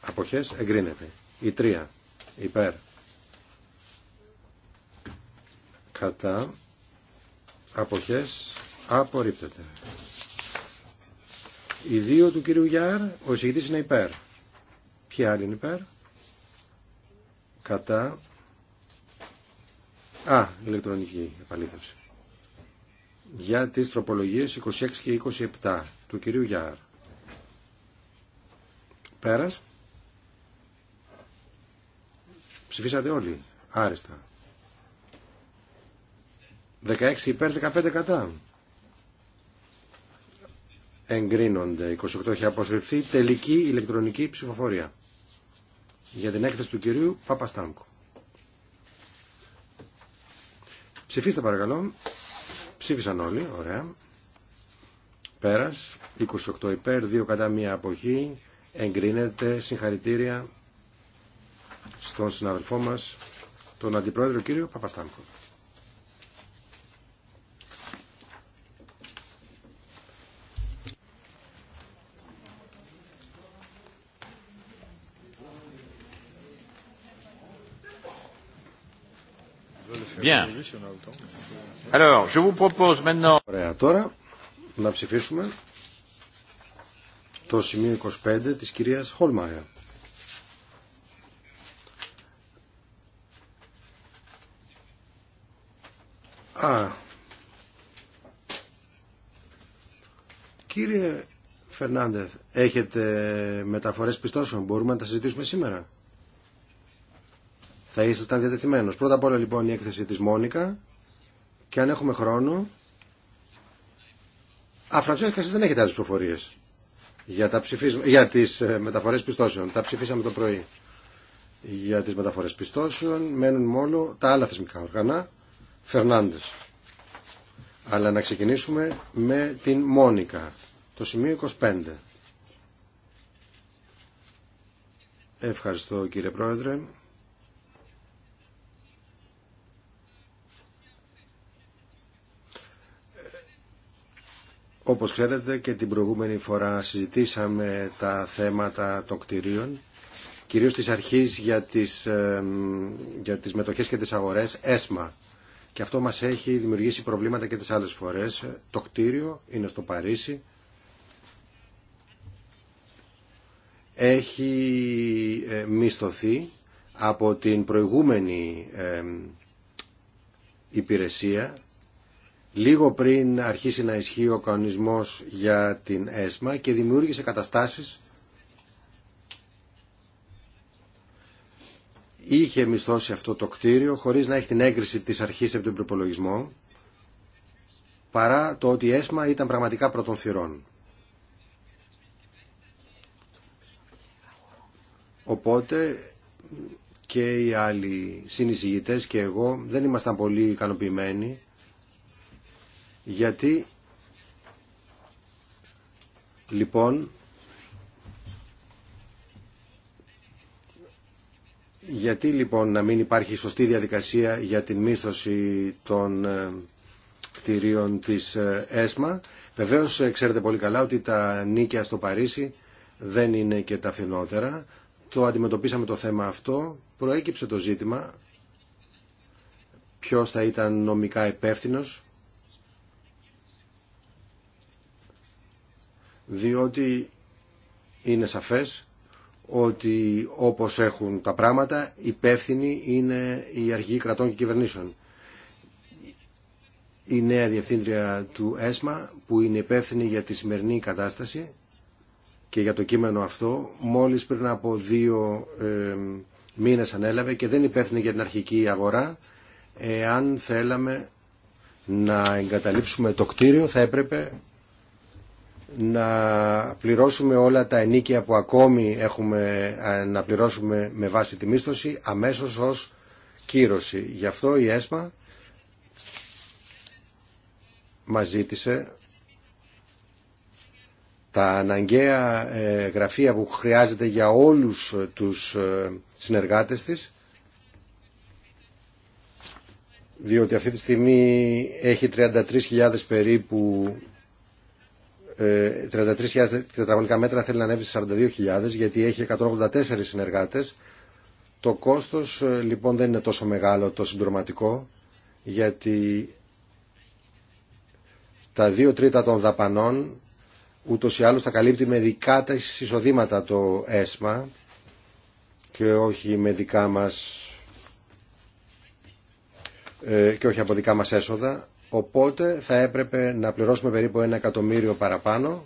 Αποχές εγκρίνεται. Η 3 υπέρ. Κατά. αποχέ. απορρίπτεται. Οι δύο του κύριου Γιάρ, ο εισηγητής είναι υπέρ. Ποιοι άλλοι είναι υπέρ. Κατά. Α, ηλεκτρονική επαλήθευση. Για τις τροπολογίες 26 και 27 του κυρίου Γιάρ. Πέρας. Ψηφίσατε όλοι. Άριστα. 16 υπέρ, 15 κατά εγκρίνονται. 28 έχει αποσυρθεί. Τελική ηλεκτρονική ψηφοφορία. Για την έκθεση του κυρίου Παπαστάνκου. Ψηφίστε παρακαλώ. Ψήφισαν όλοι. Ωραία. Πέρας. 28 υπέρ. 2 κατά μία αποχή. Εγκρίνεται. Συγχαρητήρια στον συναδελφό μας, τον Αντιπρόεδρο κύριο Παπαστάνκου. Bien. Alors, je vous propose maintenant... Ωραία, τώρα να ψηφίσουμε το σημείο 25 της κυρίας Χολμάια. Α, κύριε Φερνάντεθ, έχετε μεταφορές πιστώσεων, μπορούμε να τα συζητήσουμε σήμερα θα ήσασταν διατεθειμένος. Πρώτα απ' όλα λοιπόν η έκθεση της Μόνικα και αν έχουμε χρόνο... Α, Φραντσέσκα, εσείς δεν έχετε άλλες ψηφοφορίες για, τα ψηφίσμα... για τις ε, μεταφορές πιστώσεων. Τα ψηφίσαμε το πρωί για τις μεταφορές πιστώσεων. Μένουν μόνο τα άλλα θεσμικά οργανά. Φερνάντες. Αλλά να ξεκινήσουμε με την Μόνικα. Το σημείο 25. Ευχαριστώ κύριε Πρόεδρε. Όπως ξέρετε και την προηγούμενη φορά συζητήσαμε τα θέματα των κτηρίων, κυρίως της αρχής για τις, για τις μετοχές και τις αγορές, ΕΣΜΑ. Και αυτό μας έχει δημιουργήσει προβλήματα και τις άλλες φορές. Το κτίριο είναι στο Παρίσι. Έχει ε, μισθωθεί από την προηγούμενη υπηρεσία λίγο πριν αρχίσει να ισχύει ο κανονισμός για την ΕΣΜΑ και δημιούργησε καταστάσεις είχε μισθώσει αυτό το κτίριο χωρίς να έχει την έγκριση της αρχής από τον προπολογισμό παρά το ότι η ΕΣΜΑ ήταν πραγματικά πρώτων θυρών. Οπότε και οι άλλοι συνεισηγητές και εγώ δεν ήμασταν πολύ ικανοποιημένοι γιατί λοιπόν Γιατί λοιπόν να μην υπάρχει σωστή διαδικασία για την μίσθωση των ε, κτηρίων της ε, ΕΣΜΑ. Βεβαίως ε, ξέρετε πολύ καλά ότι τα νίκια στο Παρίσι δεν είναι και τα φθηνότερα. Το αντιμετωπίσαμε το θέμα αυτό. Προέκυψε το ζήτημα ποιος θα ήταν νομικά υπεύθυνος διότι είναι σαφές ότι όπως έχουν τα πράγματα υπεύθυνοι είναι η αρχηγοί κρατών και κυβερνήσεων. Η νέα διευθύντρια του ΕΣΜΑ που είναι υπεύθυνη για τη σημερινή κατάσταση και για το κείμενο αυτό μόλις πριν από δύο ε, μήνες ανέλαβε και δεν υπεύθυνη για την αρχική αγορά εάν θέλαμε να εγκαταλείψουμε το κτίριο θα έπρεπε να πληρώσουμε όλα τα ενίκια που ακόμη έχουμε ε, να πληρώσουμε με βάση τη μίσθωση αμέσως ως κύρωση. Γι' αυτό η ΕΣΜΑ μας ζήτησε τα αναγκαία ε, γραφεία που χρειάζεται για όλους τους ε, συνεργάτες της διότι αυτή τη στιγμή έχει 33.000 περίπου 33.000 ε, ε, τετραγωνικά μέτρα θέλει να ανέβει σε 42.000 γιατί έχει 184 συνεργάτες. Το κόστος ε, λοιπόν δεν είναι τόσο μεγάλο το συντροματικό γιατί τα δύο τρίτα των δαπανών ούτως ή άλλως θα καλύπτει με δικά τα εισοδήματα το ΕΣΜΑ και όχι με δικά μας και όχι από δικά μας έσοδα Οπότε θα έπρεπε να πληρώσουμε περίπου ένα εκατομμύριο παραπάνω.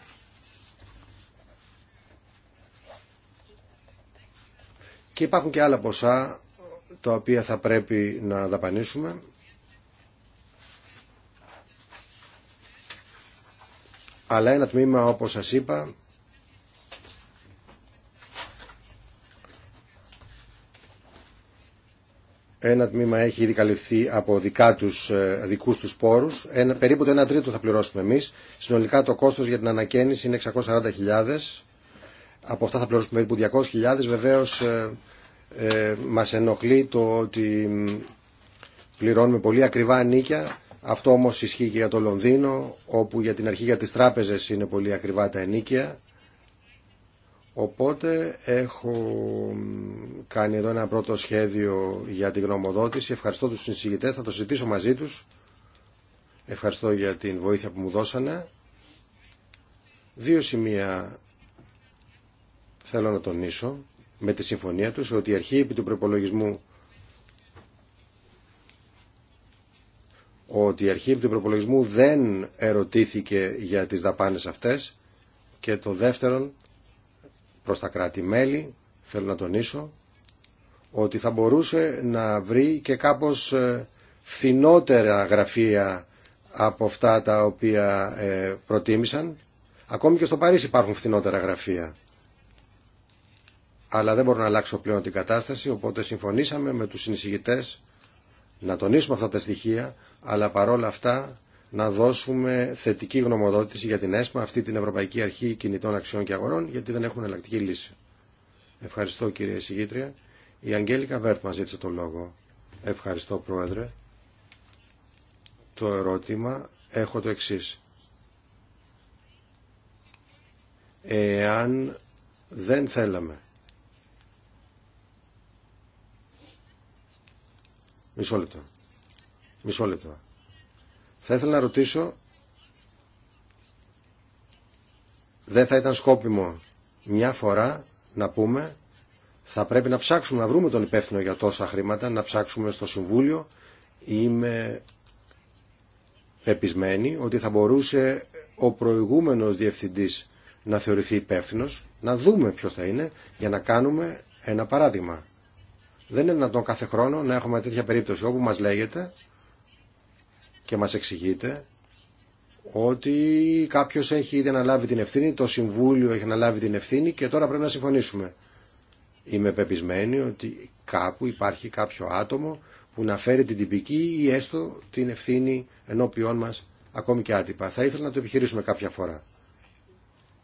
Και υπάρχουν και άλλα ποσά τα οποία θα πρέπει να δαπανίσουμε. Αλλά ένα τμήμα όπως σας είπα Ένα τμήμα έχει ήδη καλυφθεί από δικά τους, ε, δικούς τους πόρους. Ένα, περίπου το 1 τρίτο θα πληρώσουμε εμείς. Συνολικά το κόστος για την ανακαίνιση είναι 640.000. Από αυτά θα πληρώσουμε περίπου 200.000. Βεβαίως ε, ε, μας ενοχλεί το ότι πληρώνουμε πολύ ακριβά νίκια. Αυτό όμως ισχύει και για το Λονδίνο, όπου για την αρχή για τις τράπεζες είναι πολύ ακριβά τα ενίκια. Οπότε έχω κάνει εδώ ένα πρώτο σχέδιο για την γνωμοδότηση. Ευχαριστώ τους συνσηγητές, θα το συζητήσω μαζί τους. Ευχαριστώ για την βοήθεια που μου δώσανε. Δύο σημεία θέλω να τονίσω με τη συμφωνία τους ότι η αρχή επί του προπολογισμού ότι η αρχή επί του προπολογισμού δεν ερωτήθηκε για τις δαπάνες αυτές και το δεύτερον προς τα κράτη-μέλη, θέλω να τονίσω, ότι θα μπορούσε να βρει και κάπως ε, φθηνότερα γραφεία από αυτά τα οποία ε, προτίμησαν. Ακόμη και στο Παρίσι υπάρχουν φθηνότερα γραφεία. Αλλά δεν μπορώ να αλλάξω πλέον την κατάσταση, οπότε συμφωνήσαμε με τους συνεισηγητές να τονίσουμε αυτά τα στοιχεία, αλλά παρόλα αυτά να δώσουμε θετική γνωμοδότηση για την ΕΣΜΑ, αυτή την Ευρωπαϊκή Αρχή Κινητών Αξιών και Αγορών, γιατί δεν έχουν εναλλακτική λύση. Ευχαριστώ κύριε Συγήτρια. Η Αγγέλικα Βέρτ μας ζήτησε το λόγο. Ευχαριστώ Πρόεδρε. Το ερώτημα έχω το εξής. Εάν δεν θέλαμε Μισό λεπτό. Μισό λεπτό. Θα ήθελα να ρωτήσω, δεν θα ήταν σκόπιμο μια φορά να πούμε θα πρέπει να ψάξουμε να βρούμε τον υπεύθυνο για τόσα χρήματα, να ψάξουμε στο Συμβούλιο. Είμαι πεπισμένη ότι θα μπορούσε ο προηγούμενος διευθυντής να θεωρηθεί υπεύθυνο, να δούμε ποιος θα είναι, για να κάνουμε ένα παράδειγμα. Δεν είναι δυνατόν κάθε χρόνο να έχουμε τέτοια περίπτωση όπου μας λέγεται και μας εξηγείτε ότι κάποιος έχει ήδη αναλάβει την ευθύνη, το Συμβούλιο έχει αναλάβει την ευθύνη και τώρα πρέπει να συμφωνήσουμε. Είμαι πεπισμένη ότι κάπου υπάρχει κάποιο άτομο που να φέρει την τυπική ή έστω την ευθύνη ενώπιόν μας ακόμη και άτυπα. Θα ήθελα να το επιχειρήσουμε κάποια φορά.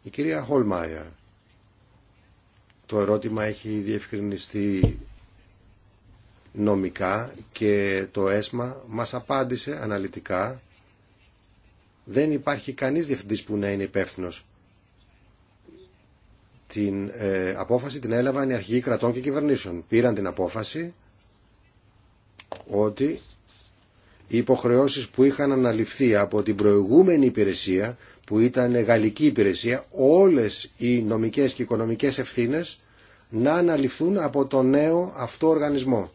Η κυρία Χολμάια. Το ερώτημα έχει διευκρινιστεί νομικά και το ΕΣΜΑ μας απάντησε αναλυτικά δεν υπάρχει κανείς διευθυντής που να είναι υπεύθυνο. Την ε, απόφαση την έλαβαν οι αρχηγοί κρατών και κυβερνήσεων. Πήραν την απόφαση ότι οι υποχρεώσεις που είχαν αναλυφθεί από την προηγούμενη υπηρεσία, που ήταν γαλλική υπηρεσία, όλες οι νομικές και οικονομικές ευθύνες να αναλυφθούν από το νέο αυτό οργανισμό.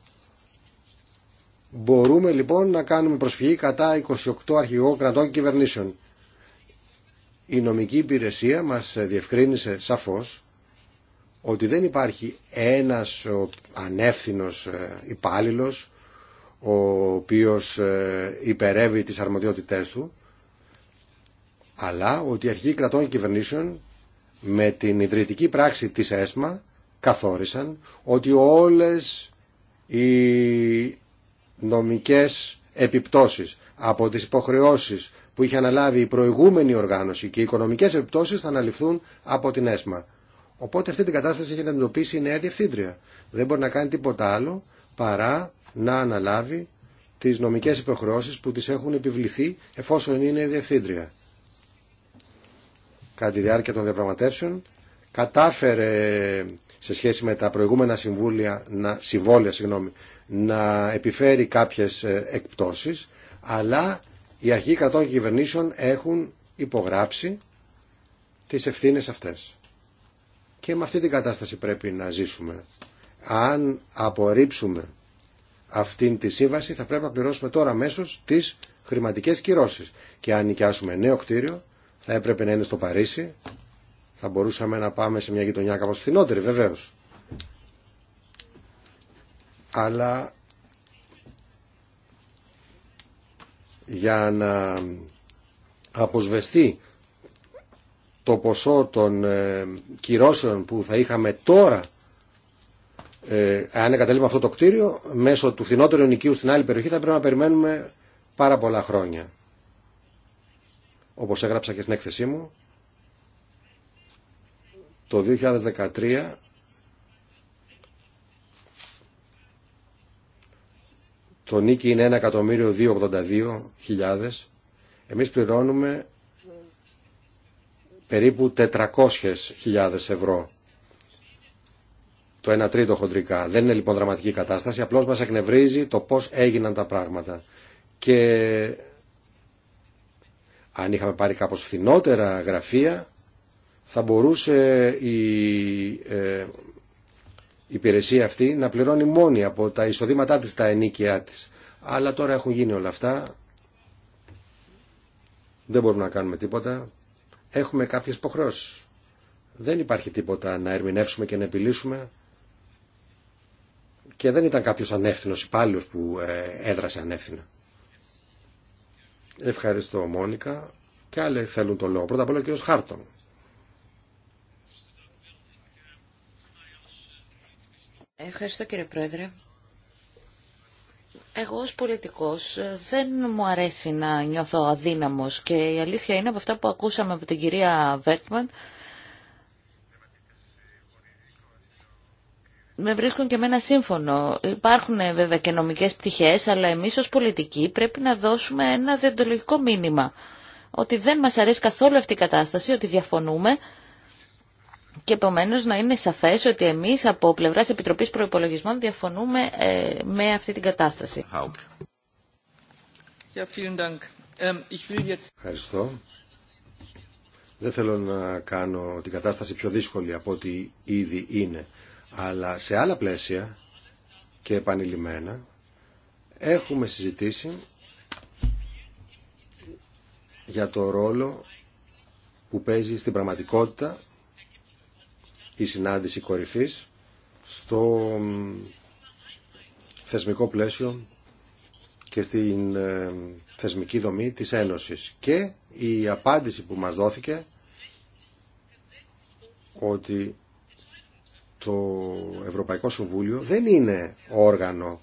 Μπορούμε λοιπόν να κάνουμε προσφυγή κατά 28 αρχηγό κρατών και κυβερνήσεων. Η νομική υπηρεσία μας διευκρίνησε σαφώς ότι δεν υπάρχει ένας ανεύθυνος ε, υπάλληλος ο οποίος ε, υπερεύει τις αρμοδιότητές του αλλά ότι οι αρχηγοί κρατών και κυβερνήσεων με την ιδρυτική πράξη της ΕΣΜΑ καθόρισαν ότι όλες οι νομικές επιπτώσεις από τις υποχρεώσεις που είχε αναλάβει η προηγούμενη οργάνωση και οι οικονομικές επιπτώσεις θα αναλυφθούν από την ΕΣΜΑ. Οπότε αυτή την κατάσταση έχει να αντιμετωπίσει η νέα διευθύντρια. Δεν μπορεί να κάνει τίποτα άλλο παρά να αναλάβει τις νομικές υποχρεώσεις που τις έχουν επιβληθεί εφόσον είναι η διευθύντρια. Κατά τη διάρκεια των διαπραγματεύσεων κατάφερε σε σχέση με τα προηγούμενα συμβούλια, να, συμβόλαια συγγνώμη, να επιφέρει κάποιες ε, εκπτώσεις, αλλά οι αρχοί κρατών κυβερνήσεων έχουν υπογράψει τις ευθύνες αυτές. Και με αυτή την κατάσταση πρέπει να ζήσουμε. Αν απορρίψουμε αυτήν τη σύμβαση θα πρέπει να πληρώσουμε τώρα αμέσω τις χρηματικές κυρώσεις. Και αν νοικιάσουμε νέο κτίριο θα έπρεπε να είναι στο Παρίσι, θα μπορούσαμε να πάμε σε μια γειτονιά κάπως φθηνότερη βεβαίως αλλά για να αποσβεστεί το ποσό των ε, κυρώσεων που θα είχαμε τώρα ε, αν εγκαταλείπουμε αυτό το κτίριο, μέσω του φθηνότερου νοικίου στην άλλη περιοχή θα πρέπει να περιμένουμε πάρα πολλά χρόνια. Όπως έγραψα και στην έκθεσή μου, το 2013 Το νίκη είναι 1.282.000. Εμείς πληρώνουμε περίπου 400.000 ευρώ. Το 1 τρίτο χοντρικά. Δεν είναι λοιπόν δραματική κατάσταση, απλώς μας εκνευρίζει το πώς έγιναν τα πράγματα. Και αν είχαμε πάρει κάπως φθηνότερα γραφεία, θα μπορούσε η ε, η υπηρεσία αυτή να πληρώνει μόνη από τα εισοδήματά της τα ενίκαιά της. Αλλά τώρα έχουν γίνει όλα αυτά. Δεν μπορούμε να κάνουμε τίποτα. Έχουμε κάποιες υποχρεώσεις. Δεν υπάρχει τίποτα να ερμηνεύσουμε και να επιλύσουμε. Και δεν ήταν κάποιος ανεύθυνος υπάλληλο που ε, έδρασε ανεύθυνα. Ευχαριστώ Μόνικα. Και άλλοι θέλουν το λόγο. Πρώτα απ' όλα ο κύριος Χάρτον. Ευχαριστώ κύριε Πρόεδρε. Εγώ ως πολιτικός ε, δεν μου αρέσει να νιώθω αδύναμος και η αλήθεια είναι από αυτά που ακούσαμε από την κυρία Βέρτμαν με βρίσκουν και ένα σύμφωνο. Υπάρχουν ε, βέβαια και νομικές πτυχές, αλλά εμείς ως πολιτικοί πρέπει να δώσουμε ένα διεντολογικό μήνυμα. Ότι δεν μας αρέσει καθόλου αυτή η κατάσταση, ότι διαφωνούμε και επομένω να είναι σαφές ότι εμείς από πλευράς Επιτροπής Προϋπολογισμών διαφωνούμε ε, με αυτή την κατάσταση. Ähm, Ευχαριστώ. Δεν θέλω να κάνω την κατάσταση πιο δύσκολη από ό,τι ήδη είναι. Αλλά σε άλλα πλαίσια και επανειλημμένα έχουμε συζητήσει για το ρόλο που παίζει στην πραγματικότητα η συνάντηση κορυφής στο θεσμικό πλαίσιο και στην ε, θεσμική δομή της Ένωσης. Και η απάντηση που μας δόθηκε ότι το Ευρωπαϊκό Συμβούλιο δεν είναι όργανο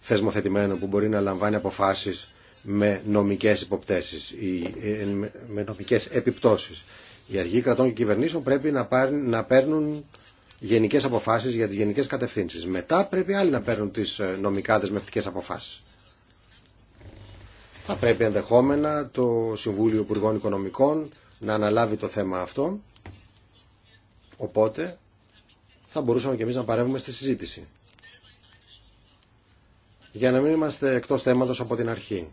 θεσμοθετημένο που μπορεί να λαμβάνει αποφάσεις με νομικές υποπτέσεις ή ε, με νομικές επιπτώσεις. Οι αργοί κρατών και κυβερνήσεων πρέπει να, πάρουν, να παίρνουν γενικές αποφάσεις για τις γενικές κατευθύνσεις. Μετά πρέπει άλλοι να παίρνουν τις ε, νομικά δεσμευτικές αποφάσεις. Θα πρέπει ενδεχόμενα το Συμβούλιο Υπουργών Οικονομικών να αναλάβει το θέμα αυτό. Οπότε θα μπορούσαμε και εμείς να παρεύουμε στη συζήτηση. Για να μην είμαστε εκτός θέματος από την αρχή.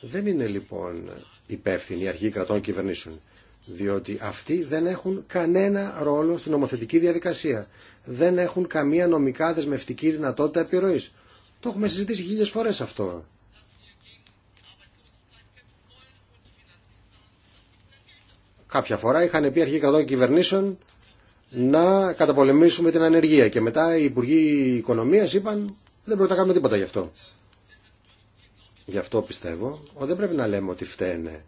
Δεν είναι λοιπόν υπεύθυνοι, αρχή κρατών κυβερνήσεων. Διότι αυτοί δεν έχουν κανένα ρόλο στην νομοθετική διαδικασία. Δεν έχουν καμία νομικά δεσμευτική δυνατότητα επιρροή. Το έχουμε συζητήσει χίλιε φορέ αυτό. Κάποια φορά είχαν πει αρχή κρατών κυβερνήσεων να καταπολεμήσουμε την ανεργία και μετά οι Υπουργοί Οικονομίας είπαν δεν πρέπει να κάνουμε τίποτα γι' αυτό. Γι' αυτό πιστεύω ότι δεν πρέπει να λέμε ότι φταίνε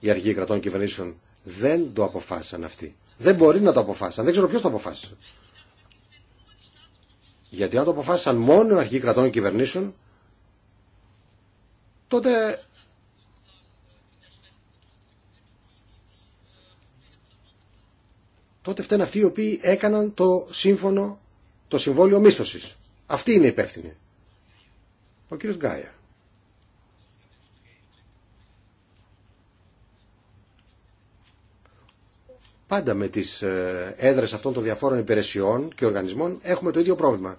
οι αργοί κρατών κυβερνήσεων. Δεν το αποφάσισαν αυτοί. Δεν μπορεί να το αποφάσισαν. Δεν ξέρω ποιο το αποφάσισε. Γιατί αν το αποφάσισαν μόνο οι αρχηγοί κρατών κυβερνήσεων, τότε τότε φταίνουν αυτοί οι οποίοι έκαναν το σύμφωνο, το συμβόλαιο μίσθωσης. Αυτή είναι υπεύθυνοι. Ο κύριος Γκάια. πάντα με τις ε, έδρες αυτών των διαφόρων υπηρεσιών και οργανισμών έχουμε το ίδιο πρόβλημα.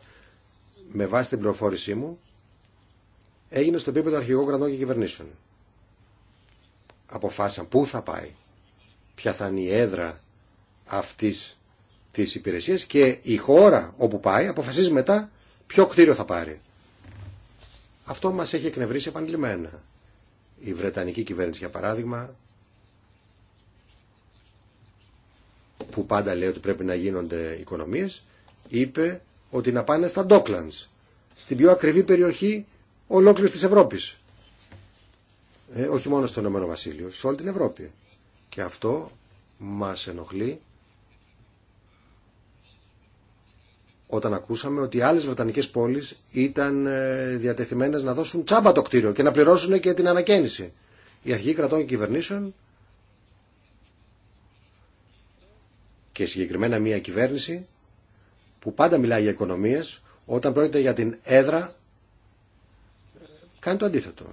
Με βάση την πληροφόρησή μου έγινε στο επίπεδο αρχηγό κρατών και κυβερνήσεων. Αποφάσισαν πού θα πάει, ποια θα είναι η έδρα αυτής της υπηρεσίας και η χώρα όπου πάει αποφασίζει μετά ποιο κτίριο θα πάρει. Αυτό μας έχει εκνευρίσει επανειλημμένα. Η Βρετανική κυβέρνηση, για παράδειγμα, που πάντα λέει ότι πρέπει να γίνονται οικονομίες, είπε ότι να πάνε στα Docklands, στην πιο ακριβή περιοχή ολόκληρης της Ευρώπης. Ε, όχι μόνο στον Ηνωμένο Βασίλειο, σε όλη την Ευρώπη. Και αυτό μας ενοχλεί όταν ακούσαμε ότι άλλες βρετανικές πόλεις ήταν ε, διατεθειμένες να δώσουν τσάμπα το κτίριο και να πληρώσουν και την ανακαίνιση. Η αρχή κρατών και κυβερνήσεων και συγκεκριμένα μια κυβέρνηση που πάντα μιλάει για οικονομίες, όταν πρόκειται για την έδρα, κάνει το αντίθετο.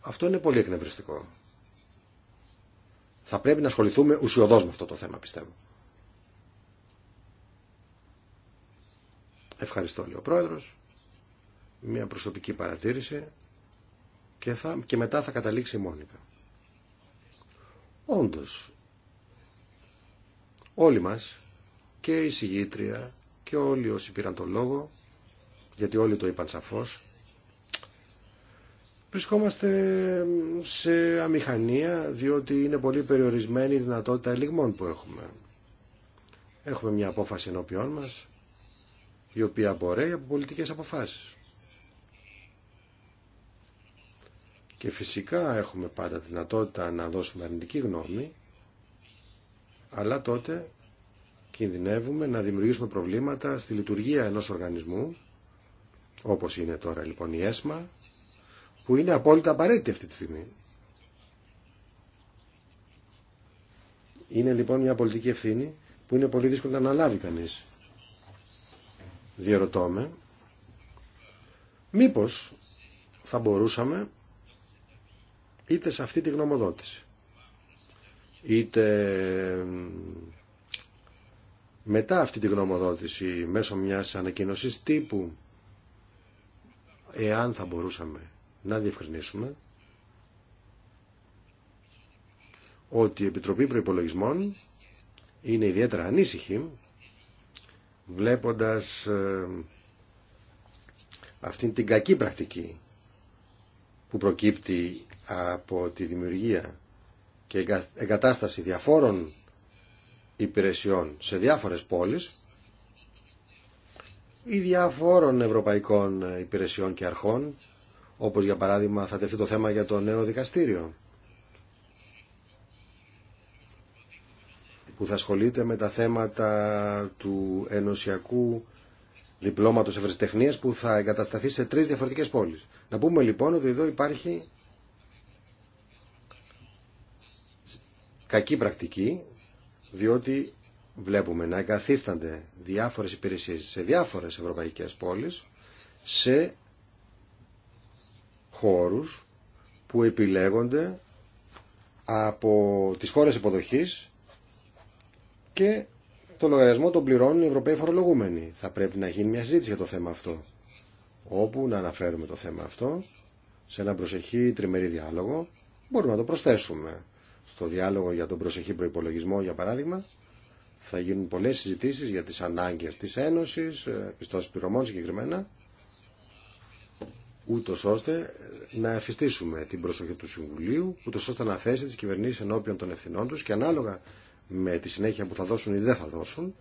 Αυτό είναι πολύ εκνευριστικό. Θα πρέπει να ασχοληθούμε ουσιοδός με αυτό το θέμα, πιστεύω. Ευχαριστώ, λέει ο Πρόεδρος. Μια προσωπική παρατήρηση και, θα, και μετά θα καταλήξει η Μόνικα. Όντως, όλοι μας και η συγγήτρια και όλοι όσοι πήραν το λόγο γιατί όλοι το είπαν σαφώς βρισκόμαστε σε αμηχανία διότι είναι πολύ περιορισμένη η δυνατότητα ελιγμών που έχουμε. Έχουμε μια απόφαση ενώπιόν μας η οποία μπορεί από πολιτικές αποφάσεις. Και φυσικά έχουμε πάντα δυνατότητα να δώσουμε αρνητική γνώμη αλλά τότε κινδυνεύουμε να δημιουργήσουμε προβλήματα στη λειτουργία ενός οργανισμού, όπως είναι τώρα λοιπόν η ΕΣΜΑ, που είναι απόλυτα απαραίτητη αυτή τη στιγμή. Είναι λοιπόν μια πολιτική ευθύνη που είναι πολύ δύσκολο να αναλάβει κανείς. Διερωτώ μήπως θα μπορούσαμε είτε σε αυτή τη γνωμοδότηση είτε μετά αυτή τη γνωμοδότηση μέσω μιας ανακοίνωσης τύπου εάν θα μπορούσαμε να διευκρινίσουμε ότι η Επιτροπή Προϋπολογισμών είναι ιδιαίτερα ανήσυχη βλέποντας αυτήν την κακή πρακτική που προκύπτει από τη δημιουργία και εγκατάσταση διαφόρων υπηρεσιών σε διάφορες πόλεις ή διαφόρων ευρωπαϊκών υπηρεσιών και αρχών, όπως για παράδειγμα θα τεθεί το θέμα για το νέο δικαστήριο, που θα ασχολείται με τα θέματα του ενωσιακού διπλώματος ευρεσιτεχνίας που θα εγκατασταθεί σε τρεις διαφορετικές πόλεις. Να πούμε λοιπόν ότι εδώ υπάρχει κακή πρακτική, διότι βλέπουμε να εγκαθίστανται διάφορες υπηρεσίες σε διάφορες ευρωπαϊκές πόλεις, σε χώρους που επιλέγονται από τις χώρες υποδοχής και το λογαριασμό τον πληρώνουν οι Ευρωπαίοι φορολογούμενοι. Θα πρέπει να γίνει μια συζήτηση για το θέμα αυτό, όπου να αναφέρουμε το θέμα αυτό σε ένα προσεχή τριμερή διάλογο, μπορούμε να το προσθέσουμε στο διάλογο για τον προσεχή προϋπολογισμό, για παράδειγμα, θα γίνουν πολλές συζητήσεις για τις ανάγκες της Ένωσης, ε, πιστώσεις πληρωμών συγκεκριμένα, ούτω ώστε να εφιστήσουμε την προσοχή του Συμβουλίου, ούτω ώστε να θέσει τις κυβερνήσεις ενώπιον των ευθυνών τους και ανάλογα με τη συνέχεια που θα δώσουν ή δεν θα δώσουν,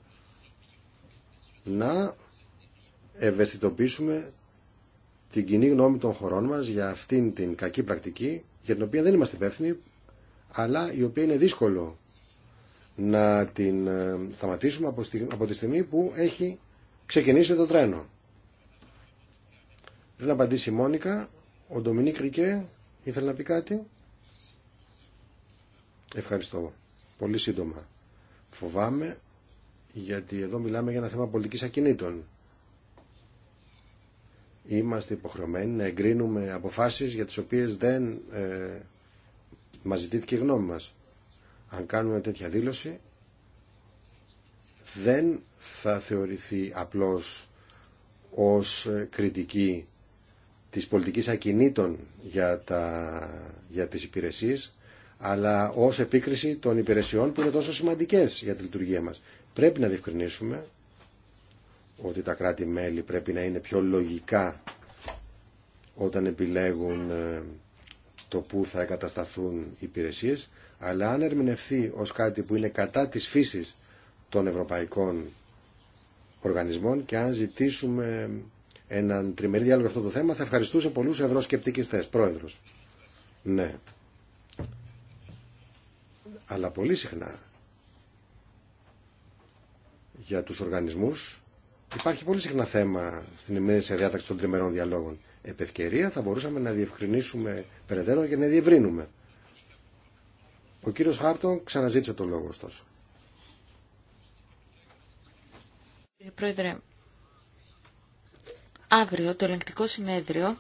να ευαισθητοποιήσουμε την κοινή γνώμη των χωρών μας για αυτήν την κακή πρακτική για την οποία δεν είμαστε υπεύθυνοι αλλά η οποία είναι δύσκολο να την ε, σταματήσουμε από τη στιγμή που έχει ξεκινήσει το τρένο. Πριν απαντήσει η Μόνικα, ο Ντομινίκ Ρικέ ήθελε να πει κάτι. Ευχαριστώ. Πολύ σύντομα. Φοβάμαι, γιατί εδώ μιλάμε για ένα θέμα πολιτικής ακινήτων. Είμαστε υποχρεωμένοι να εγκρίνουμε αποφάσεις για τις οποίες δεν ε, Μα ζητήθηκε η γνώμη μας. Αν κάνουμε τέτοια δήλωση, δεν θα θεωρηθεί απλώς ως κριτική της πολιτικής ακινήτων για, τα, για τις υπηρεσίες, αλλά ως επίκριση των υπηρεσιών που είναι τόσο σημαντικές για τη λειτουργία μας. Πρέπει να διευκρινίσουμε ότι τα κράτη-μέλη πρέπει να είναι πιο λογικά όταν επιλέγουν ε, το πού θα εγκατασταθούν οι υπηρεσίες, αλλά αν ερμηνευθεί ως κάτι που θα εγκατασταθούν οι υπηρεσίες, αλλά αν ερμηνευθεί ως κάτι που είναι κατά της φύσης των ευρωπαϊκών οργανισμών και αν ζητήσουμε έναν τριμερή διάλογο αυτό το θέμα, θα ευχαριστούσε πολλούς ευρωσκεπτικιστές, πρόεδρος. Ναι. Αλλά πολύ συχνά για τους οργανισμούς υπάρχει πολύ συχνά θέμα στην σε διάταξη των τριμερών διαλόγων. Επιευκαιρία θα μπορούσαμε να διευκρινίσουμε περαιτέρω για να διευρύνουμε. Ο κύριος Χάρτον ξαναζήτησε το λόγο ωστόσο. Κύριε Πρόεδρε, αύριο το ελεγκτικό συνέδριο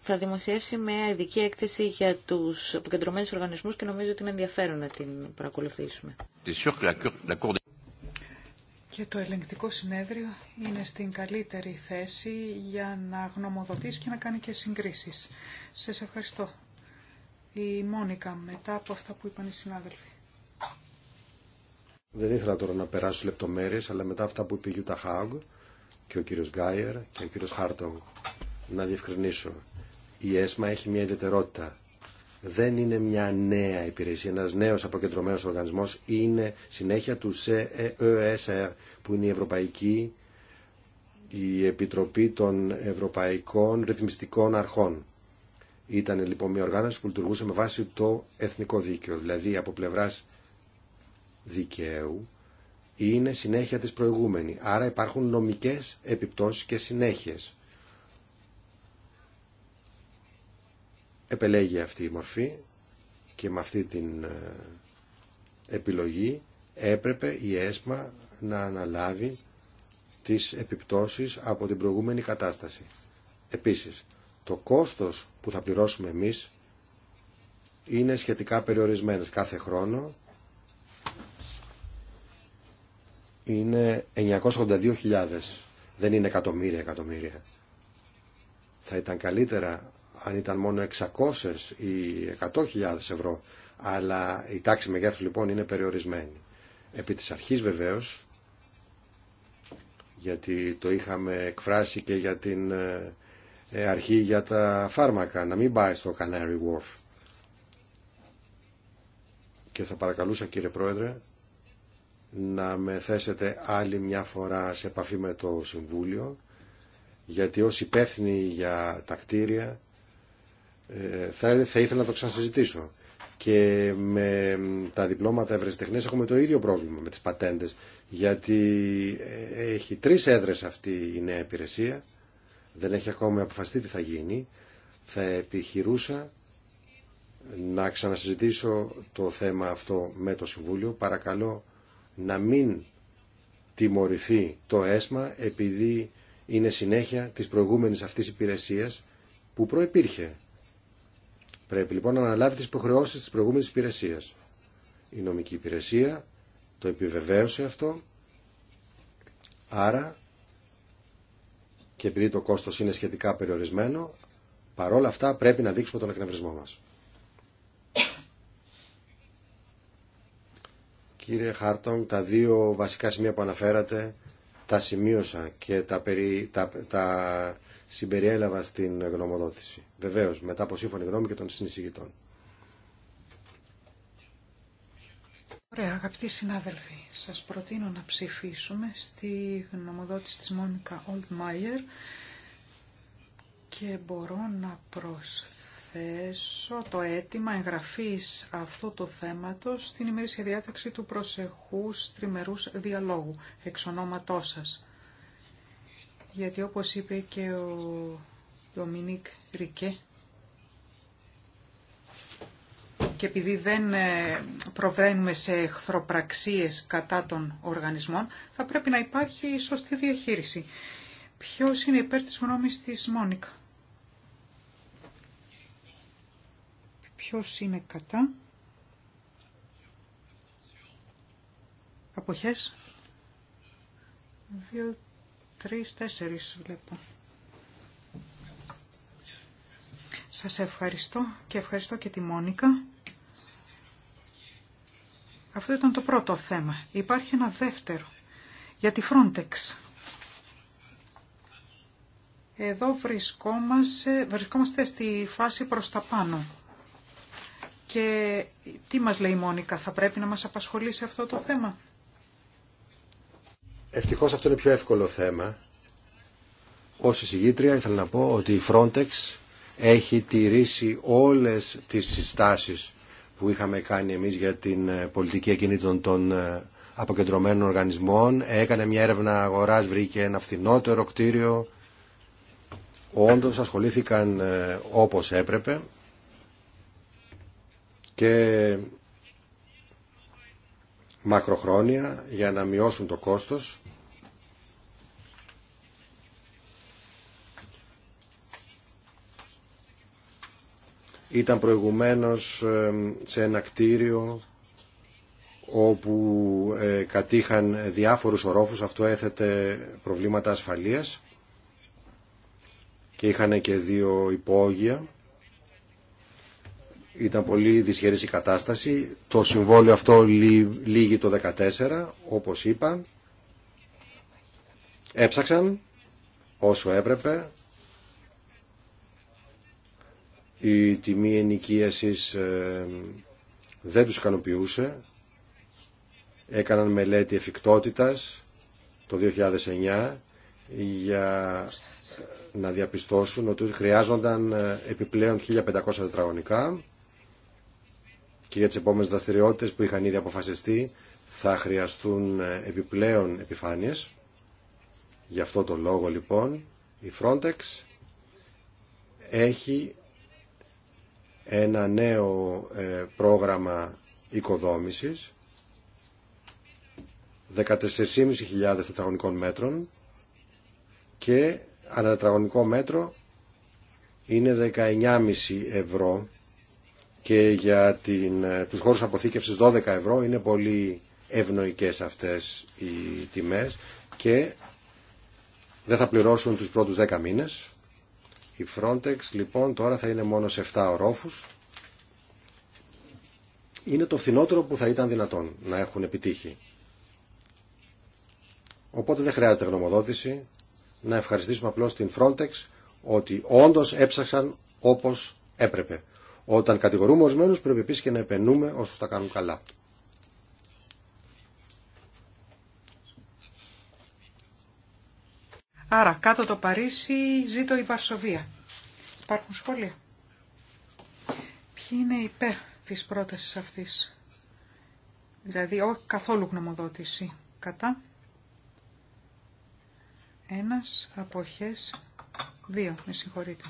θα δημοσιεύσει μια ειδική έκθεση για τους αποκεντρωμένους οργανισμούς και νομίζω ότι είναι ενδιαφέρον να την παρακολουθήσουμε. Και το ελεγκτικό συνέδριο είναι στην καλύτερη θέση για να γνωμοδοτήσει και να κάνει και συγκρίσεις. Σας ευχαριστώ. Η Μόνικα, μετά από αυτά που είπαν οι συνάδελφοι. Δεν ήθελα τώρα να περάσω λεπτομέρειες, αλλά μετά αυτά που είπε η Γιούτα και ο κύριος Γκάιερ και ο κύριος Χάρτον, να διευκρινίσω. Η ΕΣΜΑ έχει μια ιδιαιτερότητα δεν είναι μια νέα υπηρεσία, ένας νέος αποκεντρωμένος οργανισμός, είναι συνέχεια του CESR e που είναι η Ευρωπαϊκή η Επιτροπή των Ευρωπαϊκών Ρυθμιστικών Αρχών. Ήταν λοιπόν μια οργάνωση που λειτουργούσε με βάση το εθνικό δίκαιο, δηλαδή από πλευράς δικαίου είναι συνέχεια της προηγούμενη. Άρα υπάρχουν νομικές επιπτώσεις και συνέχειες. επελέγει αυτή η μορφή και με αυτή την ε, επιλογή έπρεπε η ΕΣΜΑ να αναλάβει τις επιπτώσεις από την προηγούμενη κατάσταση. Επίσης, το κόστος που θα πληρώσουμε εμείς είναι σχετικά περιορισμένες κάθε χρόνο. Είναι 982.000, δεν είναι εκατομμύρια εκατομμύρια. Θα ήταν καλύτερα αν ήταν μόνο 600 ή 100.000 ευρώ, αλλά η τάξη μεγέθους λοιπόν είναι περιορισμένη. Επί της αρχής βεβαίως, γιατί το είχαμε εκφράσει και για την ε, ε, αρχή για τα φάρμακα, να μην πάει στο Canary Wharf. Και θα παρακαλούσα κύριε Πρόεδρε να με θέσετε άλλη μια φορά σε επαφή με το Συμβούλιο, γιατί ως υπεύθυνοι για τα κτίρια ε, θα, θα ήθελα να το ξανασυζητήσω. Και με τα διπλώματα ευρεσιτεχνές έχουμε το ίδιο πρόβλημα με τις πατέντες, γιατί ε, έχει τρεις έδρες αυτή η νέα υπηρεσία, δεν έχει ακόμα αποφασιστεί τι θα γίνει. Θα επιχειρούσα να ξανασυζητήσω το θέμα αυτό με το Συμβούλιο. Παρακαλώ να μην τιμωρηθεί το ΕΣΜΑ επειδή είναι συνέχεια της προηγούμενης αυτής υπηρεσίας που προϋπήρχε. Πρέπει λοιπόν να αναλάβει τις υποχρεώσεις της προηγούμενης υπηρεσίας. Η νομική υπηρεσία το επιβεβαίωσε αυτό, άρα και επειδή το κόστος είναι σχετικά περιορισμένο, παρόλα αυτά πρέπει να δείξουμε τον εκνευρισμό μας. Κύριε Χάρτον, τα δύο βασικά σημεία που αναφέρατε τα σημείωσα και τα, περί, τα, τα συμπεριέλαβα στην γνωμοδότηση. Βεβαίω, μετά από σύμφωνη γνώμη και των συνεισηγητών. Ωραία, αγαπητοί συνάδελφοι, σας προτείνω να ψηφίσουμε στη γνωμοδότηση τη Μόνικα Ολτμάιερ και μπορώ να προσθέσω το αίτημα εγγραφής αυτού του θέματος στην ημερήσια διάταξη του προσεχούς τριμερούς διαλόγου εξ ονόματός σας γιατί όπως είπε και ο Δομινίκ Ρικέ, και επειδή δεν ε, προβαίνουμε σε εχθροπραξίες κατά των οργανισμών, θα πρέπει να υπάρχει σωστή διαχείριση. Ποιος είναι υπέρ της γνώμης της Μόνικα. Ποιος είναι κατά. Αποχές τρεις, τέσσερις βλέπω. Σας ευχαριστώ και ευχαριστώ και τη Μόνικα. Αυτό ήταν το πρώτο θέμα. Υπάρχει ένα δεύτερο για τη Frontex. Εδώ βρισκόμαστε, βρισκόμαστε στη φάση προς τα πάνω. Και τι μας λέει η Μόνικα, θα πρέπει να μας απασχολήσει αυτό το θέμα. Ευτυχώ αυτό είναι πιο εύκολο θέμα. Ω εισηγήτρια ήθελα να πω ότι η Frontex έχει τηρήσει όλες τις συστάσεις που είχαμε κάνει εμείς για την ε, πολιτική εκείνη των ε, αποκεντρωμένων οργανισμών. Έκανε μια έρευνα αγοράς, βρήκε ένα φθηνότερο κτίριο. όντω ασχολήθηκαν ε, όπως έπρεπε και μακροχρόνια για να μειώσουν το κόστος Ήταν προηγουμένως ε, σε ένα κτίριο όπου ε, κατήχαν διάφορους ορόφους. Αυτό έθετε προβλήματα ασφαλείας και είχαν και δύο υπόγεια. Ήταν πολύ δυσχερής η κατάσταση. Το συμβόλαιο αυτό λύγει το 2014, όπως είπα. Έψαξαν όσο έπρεπε η τιμή ενοικίασης ε, δεν τους ικανοποιούσε. Έκαναν μελέτη εφικτότητας το 2009 για ε, να διαπιστώσουν ότι χρειάζονταν ε, επιπλέον 1500 τετραγωνικά και για τις επόμενες δραστηριότητες που είχαν ήδη αποφασιστεί θα χρειαστούν επιπλέον επιφάνειες. Γι' αυτό το λόγο λοιπόν η Frontex έχει ένα νέο ε, πρόγραμμα οικοδόμησης 14.500 τετραγωνικών μέτρων και ανά τετραγωνικό μέτρο είναι 19,5 ευρώ και για την, ε, τους χώρους αποθήκευσης 12 ευρώ είναι πολύ ευνοϊκές αυτές οι τιμές και δεν θα πληρώσουν τους πρώτους 10 μήνες η Frontex λοιπόν τώρα θα είναι μόνο σε 7 ορόφους. Είναι το φθηνότερο που θα ήταν δυνατόν να έχουν επιτύχει. Οπότε δεν χρειάζεται γνωμοδότηση. Να ευχαριστήσουμε απλώς την Frontex ότι όντως έψαξαν όπως έπρεπε. Όταν κατηγορούμε ορισμένου πρέπει επίση και να επενούμε όσου τα κάνουν καλά. Άρα, κάτω το Παρίσι, ζήτω η Βαρσοβία. Υπάρχουν σχόλια. Ποιοι είναι υπέρ της πρότασης αυτής. Δηλαδή, όχι καθόλου γνωμοδότηση. Κατά. Ένας, αποχές, δύο. Με συγχωρείτε.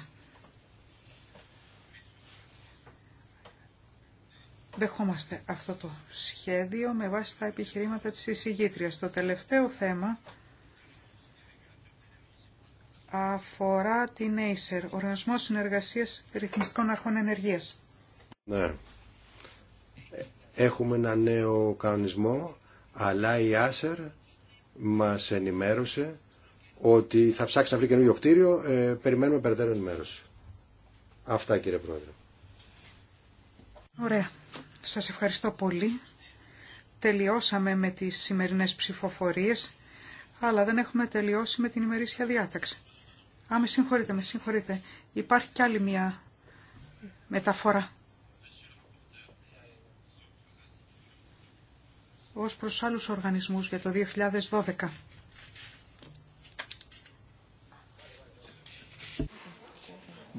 Δεχόμαστε αυτό το σχέδιο με βάση τα επιχειρήματα της εισηγήτριας. Το τελευταίο θέμα αφορά την Acer, Οργανισμό συνεργασία Ρυθμιστικών Αρχών Ενεργεια. Ναι. Έχουμε ένα νέο κανονισμό, αλλά η Acer μας ενημέρωσε ότι θα ψάξει να βρει καινούργιο κτίριο. Ε, περιμένουμε περαιτέρω ενημέρωση. Αυτά κύριε Πρόεδρε. Ωραία. Σας ευχαριστώ πολύ. Τελειώσαμε με τις σημερινές ψηφοφορίες, αλλά δεν έχουμε τελειώσει με την ημερήσια διάταξη. Α, με συγχωρείτε, με συγχωρείτε. Υπάρχει κι άλλη μια μεταφορά. Ως προς άλλους οργανισμούς για το 2012.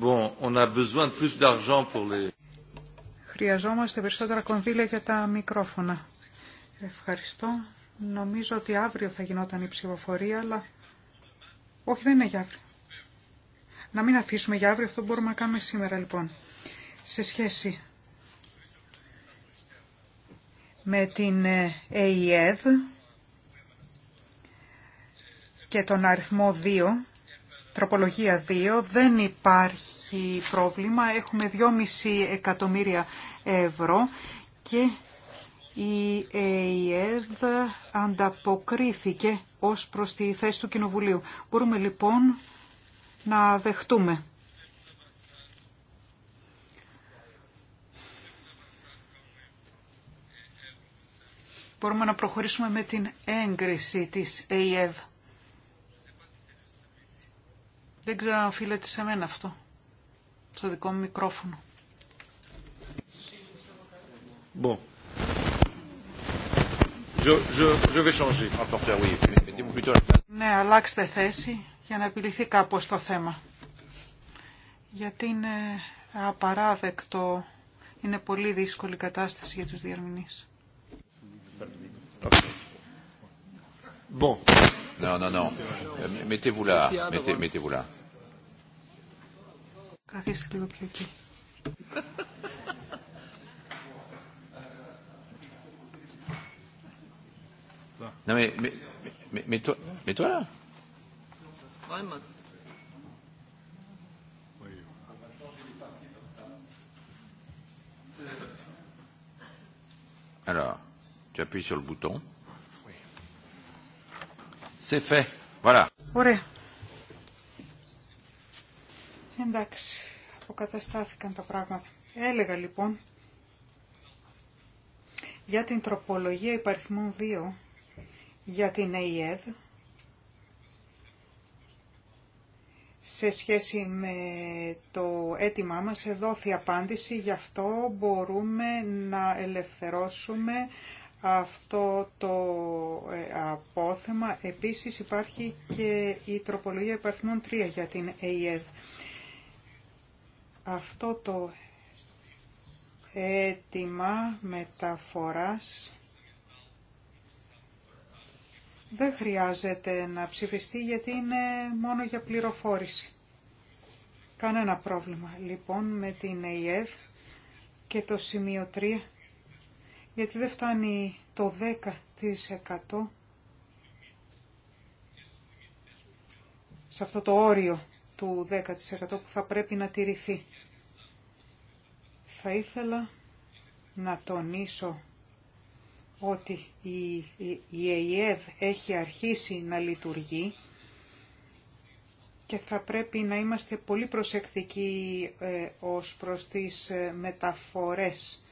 Bon, on a besoin de plus d'argent pour les... Χρειαζόμαστε περισσότερα κονδύλια για τα μικρόφωνα. Ευχαριστώ. Νομίζω ότι αύριο θα γινόταν η ψηφοφορία, αλλά όχι δεν είναι για αύριο να μην αφήσουμε για αύριο, αυτό μπορούμε να κάνουμε σήμερα λοιπόν. Σε σχέση με την ΕΙΕΔ και τον αριθμό 2, τροπολογία 2, δεν υπάρχει πρόβλημα. Έχουμε 2,5 εκατομμύρια ευρώ και η ΕΙΕΔ ανταποκρίθηκε ως προς τη θέση του Κοινοβουλίου. Μπορούμε λοιπόν να δεχτούμε. Μπορούμε να προχωρήσουμε με την έγκριση της ΕΙΕΔ. Δεν ξέρω αν οφείλεται σε μένα αυτό, στο δικό μου μικρόφωνο. Bon. Je, Ναι, αλλάξτε θέση για να επιληθεί κάπως το θέμα. Γιατί είναι απαράδεκτο, είναι πολύ δύσκολη κατάσταση για τους διαρμηνείς. Bon. Non, non, non. Euh, mettez-vous là. Mettez, mettez-vous là. Καθίστε λίγο πιο εκεί. Non mais, mais, mais, mais toi, mais toi là. Reimers. Alors, tu appuies sur le bouton. C'est fait. Voilà. Ωραία. Εντάξει, αποκαταστάθηκαν τα πράγματα. Έλεγα λοιπόν για την τροπολογία υπαριθμών 2 για την ΑΕΔ. σε σχέση με το αίτημά μας δόθη απάντηση, γι' αυτό μπορούμε να ελευθερώσουμε αυτό το ε, απόθεμα. Επίσης υπάρχει και η τροπολογία υπαρθμών 3 για την ΕΙΕΔ. Αυτό το αίτημα μεταφοράς δεν χρειάζεται να ψηφιστεί γιατί είναι μόνο για πληροφόρηση. Κανένα πρόβλημα λοιπόν με την ΕΕΔ και το σημείο 3 γιατί δεν φτάνει το 10% σε αυτό το όριο του 10% που θα πρέπει να τηρηθεί. Θα ήθελα να τονίσω ότι η ΕΙΕΔ έχει αρχίσει να λειτουργεί και θα πρέπει να είμαστε πολύ προσεκτικοί ε, ως προς τις ε, μεταφορές,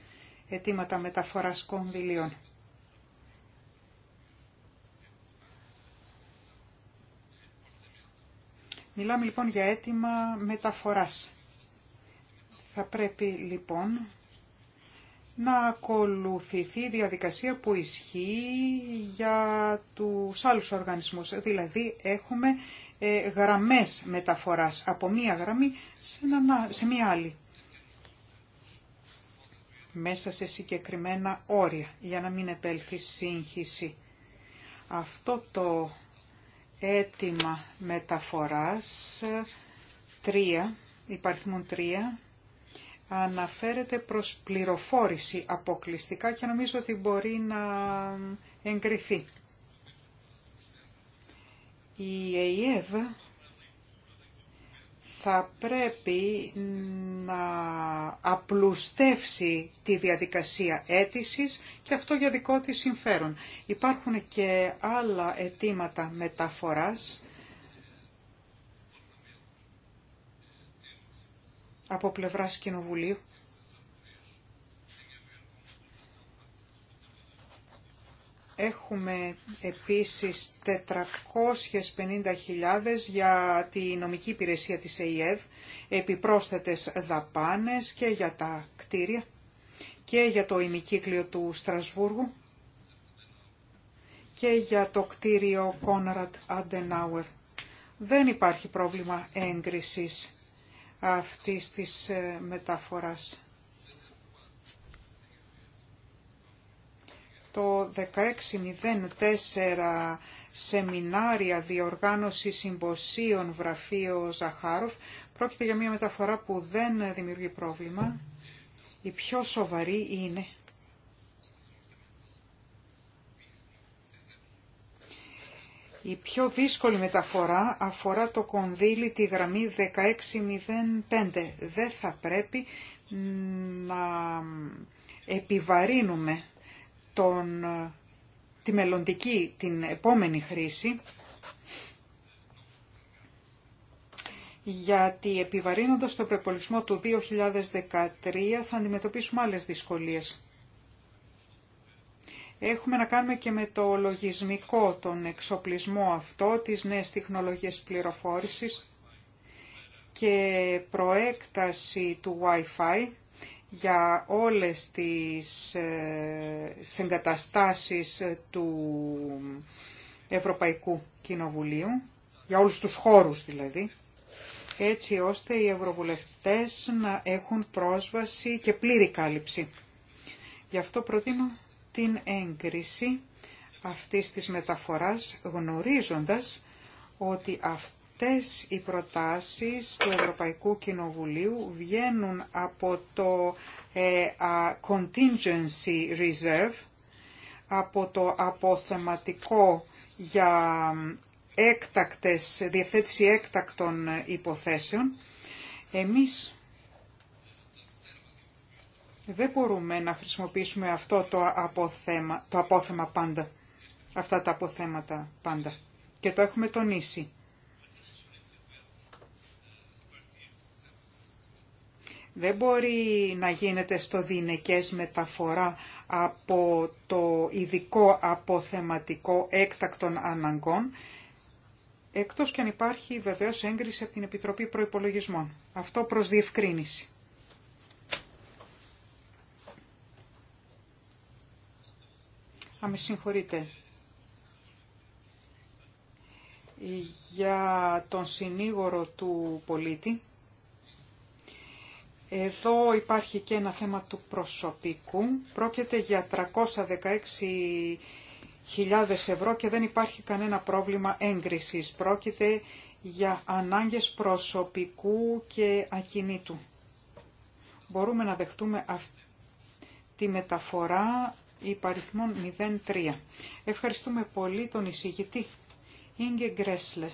αιτήματα μεταφοράς κονδυλίων. Μιλάμε λοιπόν για αίτημα μεταφοράς. Θα πρέπει λοιπόν να ακολουθηθεί η διαδικασία που ισχύει για τους άλλους οργανισμούς. Δηλαδή έχουμε ε, γραμμές μεταφοράς από μία γραμμή σε μία άλλη μέσα σε συγκεκριμένα όρια για να μην επέλθει σύγχυση. Αυτό το αίτημα μεταφοράς 3, ε, υπαριθμούν 3, αναφέρεται προς πληροφόρηση αποκλειστικά και νομίζω ότι μπορεί να εγκριθεί. Η ΕΙΕΔ θα πρέπει να απλουστεύσει τη διαδικασία αίτησης και αυτό για δικό της συμφέρον. Υπάρχουν και άλλα αιτήματα μεταφοράς από πλευράς Κοινοβουλίου. Έχουμε επίσης 450.000 για τη νομική υπηρεσία της ΕΙΕΒ, επιπρόσθετες δαπάνες και για τα κτίρια και για το ημικύκλιο του Στρασβούργου και για το κτίριο Κόνραντ Αντενάουερ. Δεν υπάρχει πρόβλημα έγκρισης αυτής της ε, μεταφοράς. Το 1604 σεμινάρια διοργάνωση συμποσίων βραφείο Ζαχάροφ πρόκειται για μια μεταφορά που δεν δημιουργεί πρόβλημα. Η πιο σοβαρή είναι Η πιο δύσκολη μεταφορά αφορά το κονδύλι τη γραμμή 1605. Δεν θα πρέπει να επιβαρύνουμε τον, τη μελλοντική, την επόμενη χρήση, γιατί επιβαρύνοντας το προπολισμό του 2013 θα αντιμετωπίσουμε άλλες δυσκολίες. Έχουμε να κάνουμε και με το λογισμικό, τον εξοπλισμό αυτό, τις νέες τεχνολογίες πληροφόρησης και προέκταση του Wi-Fi για όλες τις, ε, εγκαταστάσεις ε, του Ευρωπαϊκού Κοινοβουλίου, για όλους τους χώρους δηλαδή, έτσι ώστε οι ευρωβουλευτές να έχουν πρόσβαση και πλήρη κάλυψη. Γι' αυτό προτείνω την έγκριση αυτής της μεταφοράς γνωρίζοντας ότι αυτές οι προτάσεις του Ευρωπαϊκού Κοινοβουλίου βγαίνουν από το ε, contingency reserve, από το αποθεματικό για έκτακτες, διευθέτηση έκτακτων υποθέσεων. Εμείς δεν μπορούμε να χρησιμοποιήσουμε αυτό το, αποθέμα, το απόθεμα πάντα, αυτά τα αποθέματα πάντα. Και το έχουμε τονίσει. Δεν μπορεί να γίνεται στο δινεκές μεταφορά από το ειδικό αποθεματικό έκτακτων αναγκών, εκτός και αν υπάρχει βεβαίως έγκριση από την Επιτροπή Προϋπολογισμών. Αυτό προς διευκρίνηση. Α, με συγχωρείτε. Για τον συνήγορο του πολίτη, εδώ υπάρχει και ένα θέμα του προσωπικού. Πρόκειται για 316.000 ευρώ και δεν υπάρχει κανένα πρόβλημα έγκρισης. Πρόκειται για ανάγκες προσωπικού και ακινήτου. Μπορούμε να δεχτούμε αυτή τη μεταφορά υπαριθμών 03. Ευχαριστούμε πολύ τον εισηγητή Ίγκε Γκρέσλε.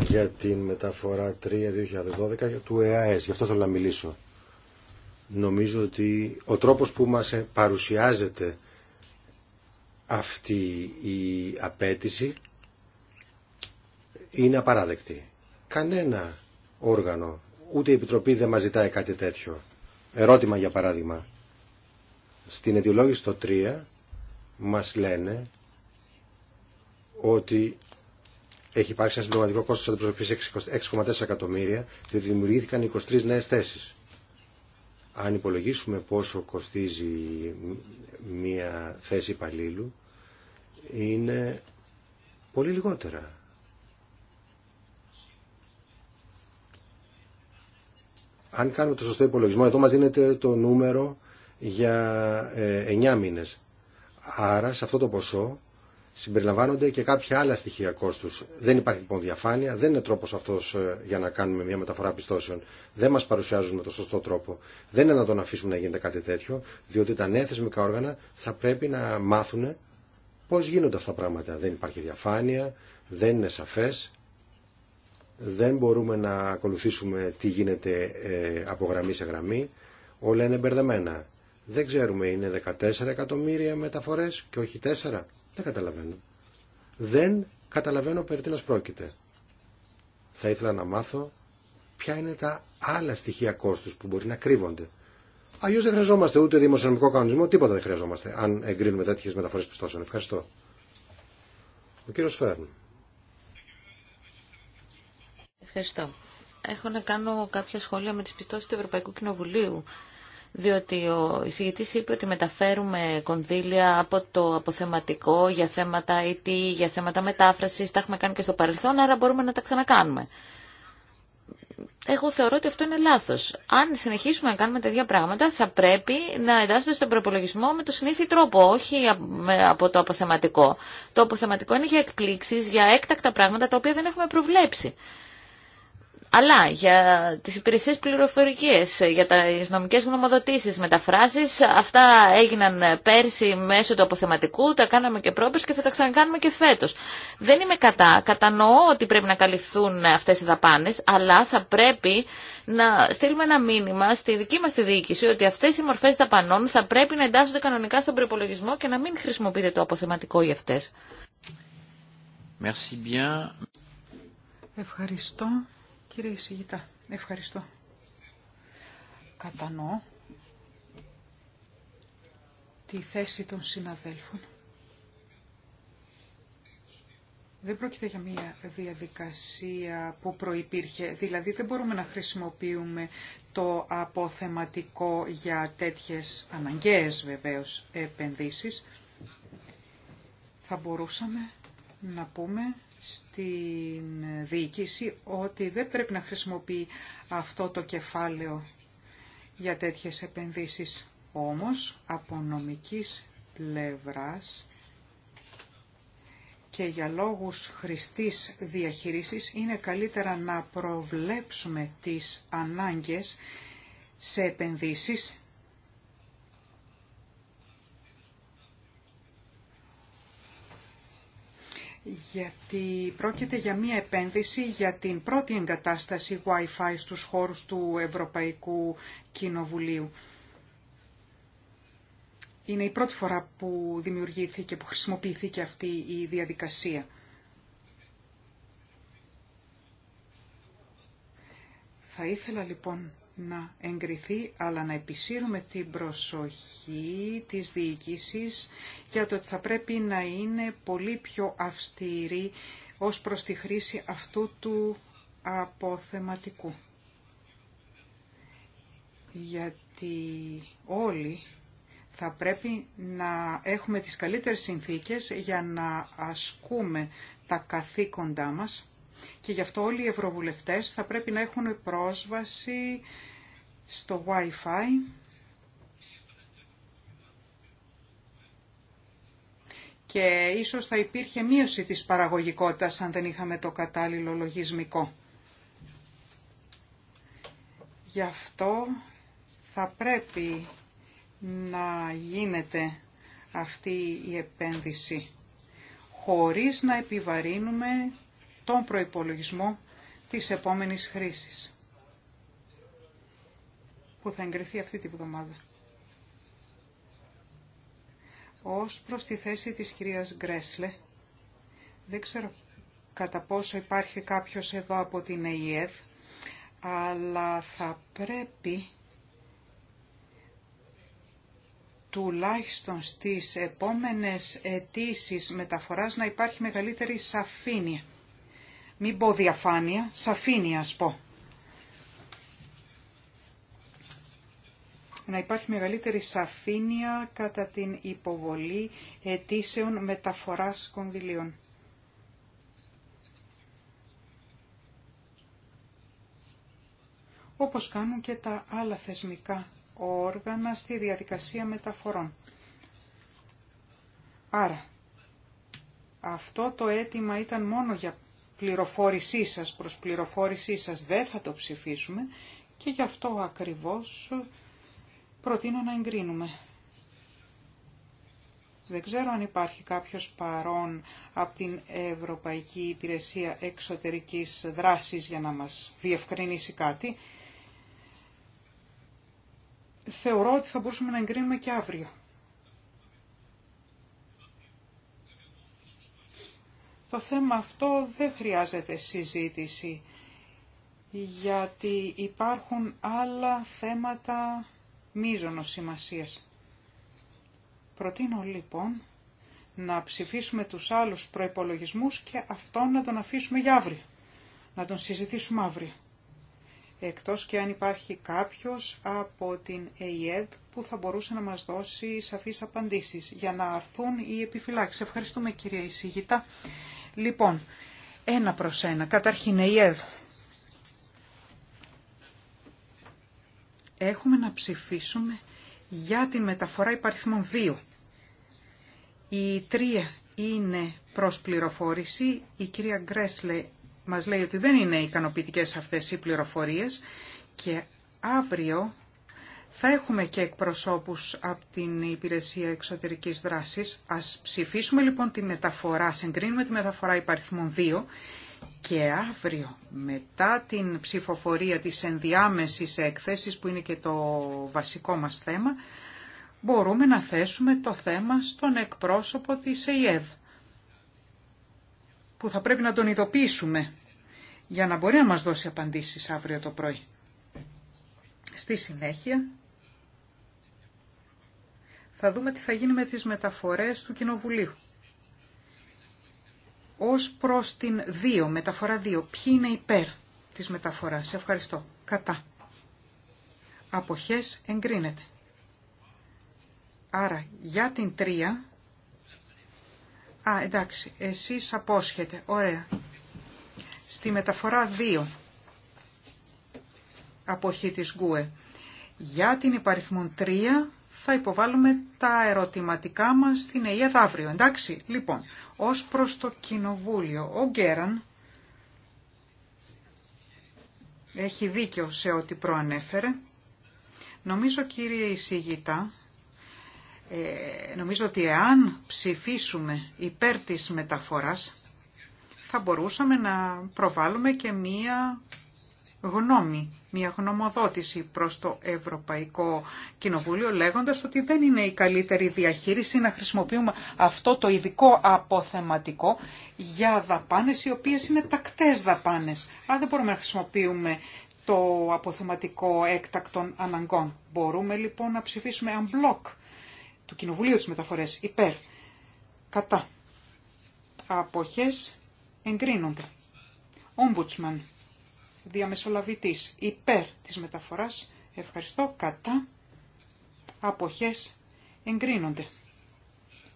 Για την μεταφορά 3-2012 του ΕΑΕΣ, γι' αυτό θέλω να μιλήσω. Νομίζω ότι ο τρόπος που μας ε, παρουσιάζεται αυτή η απέτηση είναι απαράδεκτη. Κανένα όργανο, ούτε η Επιτροπή δεν μας ζητάει κάτι τέτοιο ερώτημα για παράδειγμα. Στην αιτιολόγηση το 3 μας λένε ότι έχει υπάρξει ένα συμπληρωματικό κόστος αντιπροσωπής 6,4 εκατομμύρια διότι δημιουργήθηκαν 23 νέες θέσεις. Αν υπολογίσουμε πόσο κοστίζει μία θέση υπαλλήλου είναι πολύ λιγότερα. αν κάνουμε το σωστό υπολογισμό, εδώ μας δίνεται το νούμερο για 9 ε, μήνες. Άρα σε αυτό το ποσό συμπεριλαμβάνονται και κάποια άλλα στοιχεία κόστου. Δεν υπάρχει λοιπόν διαφάνεια, δεν είναι τρόπο αυτό ε, για να κάνουμε μια μεταφορά πιστώσεων. Δεν μας παρουσιάζουν με το σωστό τρόπο. Δεν είναι να τον αφήσουμε να γίνεται κάτι τέτοιο, διότι τα νέα θεσμικά όργανα θα πρέπει να μάθουν πώς γίνονται αυτά τα πράγματα. Δεν υπάρχει διαφάνεια, δεν είναι σαφές δεν μπορούμε να ακολουθήσουμε τι γίνεται ε, από γραμμή σε γραμμή. Όλα είναι μπερδεμένα. Δεν ξέρουμε είναι 14 εκατομμύρια μεταφορές και όχι 4. Δεν καταλαβαίνω. Δεν καταλαβαίνω περί τίνος πρόκειται. Θα ήθελα να μάθω ποια είναι τα άλλα στοιχεία κόστους που μπορεί να κρύβονται. Αλλιώ δεν χρειαζόμαστε ούτε δημοσιονομικό κανονισμό, τίποτα δεν χρειαζόμαστε αν εγκρίνουμε τέτοιε μεταφορέ πιστώσεων. Ευχαριστώ. Ο κύριο Φέρν. Ευχαριστώ. Έχω να κάνω κάποια σχόλια με τις πιστώσεις του Ευρωπαϊκού Κοινοβουλίου διότι ο εισηγητής είπε ότι μεταφέρουμε κονδύλια από το αποθεματικό για θέματα IT, για θέματα μετάφρασης, τα έχουμε κάνει και στο παρελθόν, άρα μπορούμε να τα ξανακάνουμε. Εγώ θεωρώ ότι αυτό είναι λάθος. Αν συνεχίσουμε να κάνουμε τα ίδια πράγματα, θα πρέπει να εντάσσονται στον προπολογισμό με το συνήθι τρόπο, όχι από το αποθεματικό. Το αποθεματικό είναι για εκπλήξεις, για έκτακτα πράγματα τα οποία δεν έχουμε προβλέψει. Αλλά για τις υπηρεσίες πληροφορικέ, για τις νομικές γνωμοδοτήσεις, μεταφράσεις, αυτά έγιναν πέρσι μέσω του αποθεματικού, τα κάναμε και πρόπε και θα τα ξανακάνουμε και φέτος. Δεν είμαι κατά, κατανοώ ότι πρέπει να καλυφθούν αυτές οι δαπάνες, αλλά θα πρέπει να στείλουμε ένα μήνυμα στη δική μας τη διοίκηση ότι αυτές οι μορφές δαπανών θα πρέπει να εντάσσονται κανονικά στον προπολογισμό και να μην χρησιμοποιείται το αποθεματικό για αυτές. Merci Ευχαριστώ. Κύριε Σιγητά, ευχαριστώ. Κατανοώ τη θέση των συναδέλφων. Δεν πρόκειται για μια διαδικασία που προϋπήρχε. Δηλαδή δεν μπορούμε να χρησιμοποιούμε το αποθεματικό για τέτοιες αναγκαίες βεβαίως επενδύσεις. Θα μπορούσαμε να πούμε στην διοίκηση ότι δεν πρέπει να χρησιμοποιεί αυτό το κεφάλαιο για τέτοιες επενδύσεις. Όμως, από νομικής πλευράς και για λόγους χρηστής διαχείρισης είναι καλύτερα να προβλέψουμε τις ανάγκες σε επενδύσεις γιατί πρόκειται για μία επένδυση για την πρώτη εγκατάσταση Wi-Fi στους χώρους του Ευρωπαϊκού Κοινοβουλίου. Είναι η πρώτη φορά που δημιουργήθηκε, που χρησιμοποιήθηκε αυτή η διαδικασία. Θα ήθελα λοιπόν να εγκριθεί, αλλά να επισύρουμε την προσοχή της διοίκησης για το ότι θα πρέπει να είναι πολύ πιο αυστηρή ως προς τη χρήση αυτού του αποθεματικού. Γιατί όλοι θα πρέπει να έχουμε τις καλύτερες συνθήκες για να ασκούμε τα καθήκοντά μας και γι' αυτό όλοι οι ευρωβουλευτές θα πρέπει να έχουν πρόσβαση στο Wi-Fi και ίσως θα υπήρχε μείωση της παραγωγικότητας αν δεν είχαμε το κατάλληλο λογισμικό. Γι' αυτό θα πρέπει να γίνεται αυτή η επένδυση χωρίς να επιβαρύνουμε τον προϋπολογισμό της επόμενης χρήσης που θα εγκριθεί αυτή τη βδομάδα. Ως προς τη θέση της κυρίας Γκρέσλε, δεν ξέρω κατά πόσο υπάρχει κάποιος εδώ από την ΕΙΕΔ, αλλά θα πρέπει τουλάχιστον στις επόμενες αιτήσει μεταφοράς να υπάρχει μεγαλύτερη σαφήνεια μην πω διαφάνεια, σαφήνεια ας πω. Να υπάρχει μεγαλύτερη σαφήνεια κατά την υποβολή αιτήσεων μεταφοράς κονδυλίων. όπως κάνουν και τα άλλα θεσμικά όργανα στη διαδικασία μεταφορών. Άρα, αυτό το αίτημα ήταν μόνο για πληροφόρησή σας, προς πληροφόρησή σας δεν θα το ψηφίσουμε και γι' αυτό ακριβώς προτείνω να εγκρίνουμε. Δεν ξέρω αν υπάρχει κάποιος παρόν από την Ευρωπαϊκή Υπηρεσία Εξωτερικής Δράσης για να μας διευκρινίσει κάτι. Θεωρώ ότι θα μπορούσαμε να εγκρίνουμε και αύριο. Το θέμα αυτό δεν χρειάζεται συζήτηση, γιατί υπάρχουν άλλα θέματα μίζωνος σημασίας. Προτείνω λοιπόν να ψηφίσουμε τους άλλους προϋπολογισμούς και αυτόν να τον αφήσουμε για αύριο, να τον συζητήσουμε αύριο. Εκτός και αν υπάρχει κάποιος από την ΕΙΕΔ που θα μπορούσε να μας δώσει σαφείς απαντήσεις για να αρθούν οι επιφυλάξεις. Ευχαριστούμε κυρία Ισηγητά Λοιπόν, ένα προς ένα. Καταρχήν, η ΕΔ. Έχουμε να ψηφίσουμε για τη μεταφορά υπαριθμών 2. Η 3 είναι προς πληροφόρηση. Η κυρία Γκρέσλε μας λέει ότι δεν είναι ικανοποιητικές αυτές οι πληροφορίες και αύριο θα έχουμε και εκπροσώπους από την Υπηρεσία Εξωτερικής Δράσης. Ας ψηφίσουμε λοιπόν τη μεταφορά, συγκρίνουμε τη μεταφορά υπαριθμών 2 και αύριο μετά την ψηφοφορία της ενδιάμεσης έκθεσης που είναι και το βασικό μας θέμα μπορούμε να θέσουμε το θέμα στον εκπρόσωπο της ΕΙΕΔ που θα πρέπει να τον ειδοποιήσουμε για να μπορεί να μας δώσει απαντήσεις αύριο το πρωί. Στη συνέχεια θα δούμε τι θα γίνει με τις μεταφορές του Κοινοβουλίου. Ως προς την 2, μεταφορά 2, ποιοι είναι υπέρ της μεταφοράς. Ευχαριστώ. Κατά. Αποχές εγκρίνεται. Άρα για την 3... Α, εντάξει, εσείς απόσχετε. Ωραία. Στη μεταφορά 2 αποχή της Γκουε. Για την υπαριθμόν 3 θα υποβάλουμε τα ερωτηματικά μας στην ΕΕΔ αύριο, εντάξει. Λοιπόν, ως προς το Κοινοβούλιο, ο Γκέραν έχει δίκιο σε ό,τι προανέφερε. Νομίζω κύριε εισηγητά, ε, νομίζω ότι εάν ψηφίσουμε υπέρ της μεταφοράς, θα μπορούσαμε να προβάλλουμε και μία γνώμη μια γνωμοδότηση προς το Ευρωπαϊκό Κοινοβούλιο λέγοντας ότι δεν είναι η καλύτερη διαχείριση να χρησιμοποιούμε αυτό το ειδικό αποθεματικό για δαπάνες οι οποίες είναι τακτές δαπάνες. Αν δεν μπορούμε να χρησιμοποιούμε το αποθεματικό έκτακτων αναγκών. Μπορούμε λοιπόν να ψηφίσουμε unblock του Κοινοβουλίου της Μεταφορές υπέρ, κατά, αποχές εγκρίνονται. Ομπουτσμαν διαμεσολαβητής υπέρ της μεταφοράς. Ευχαριστώ. Κατά. Αποχές εγκρίνονται.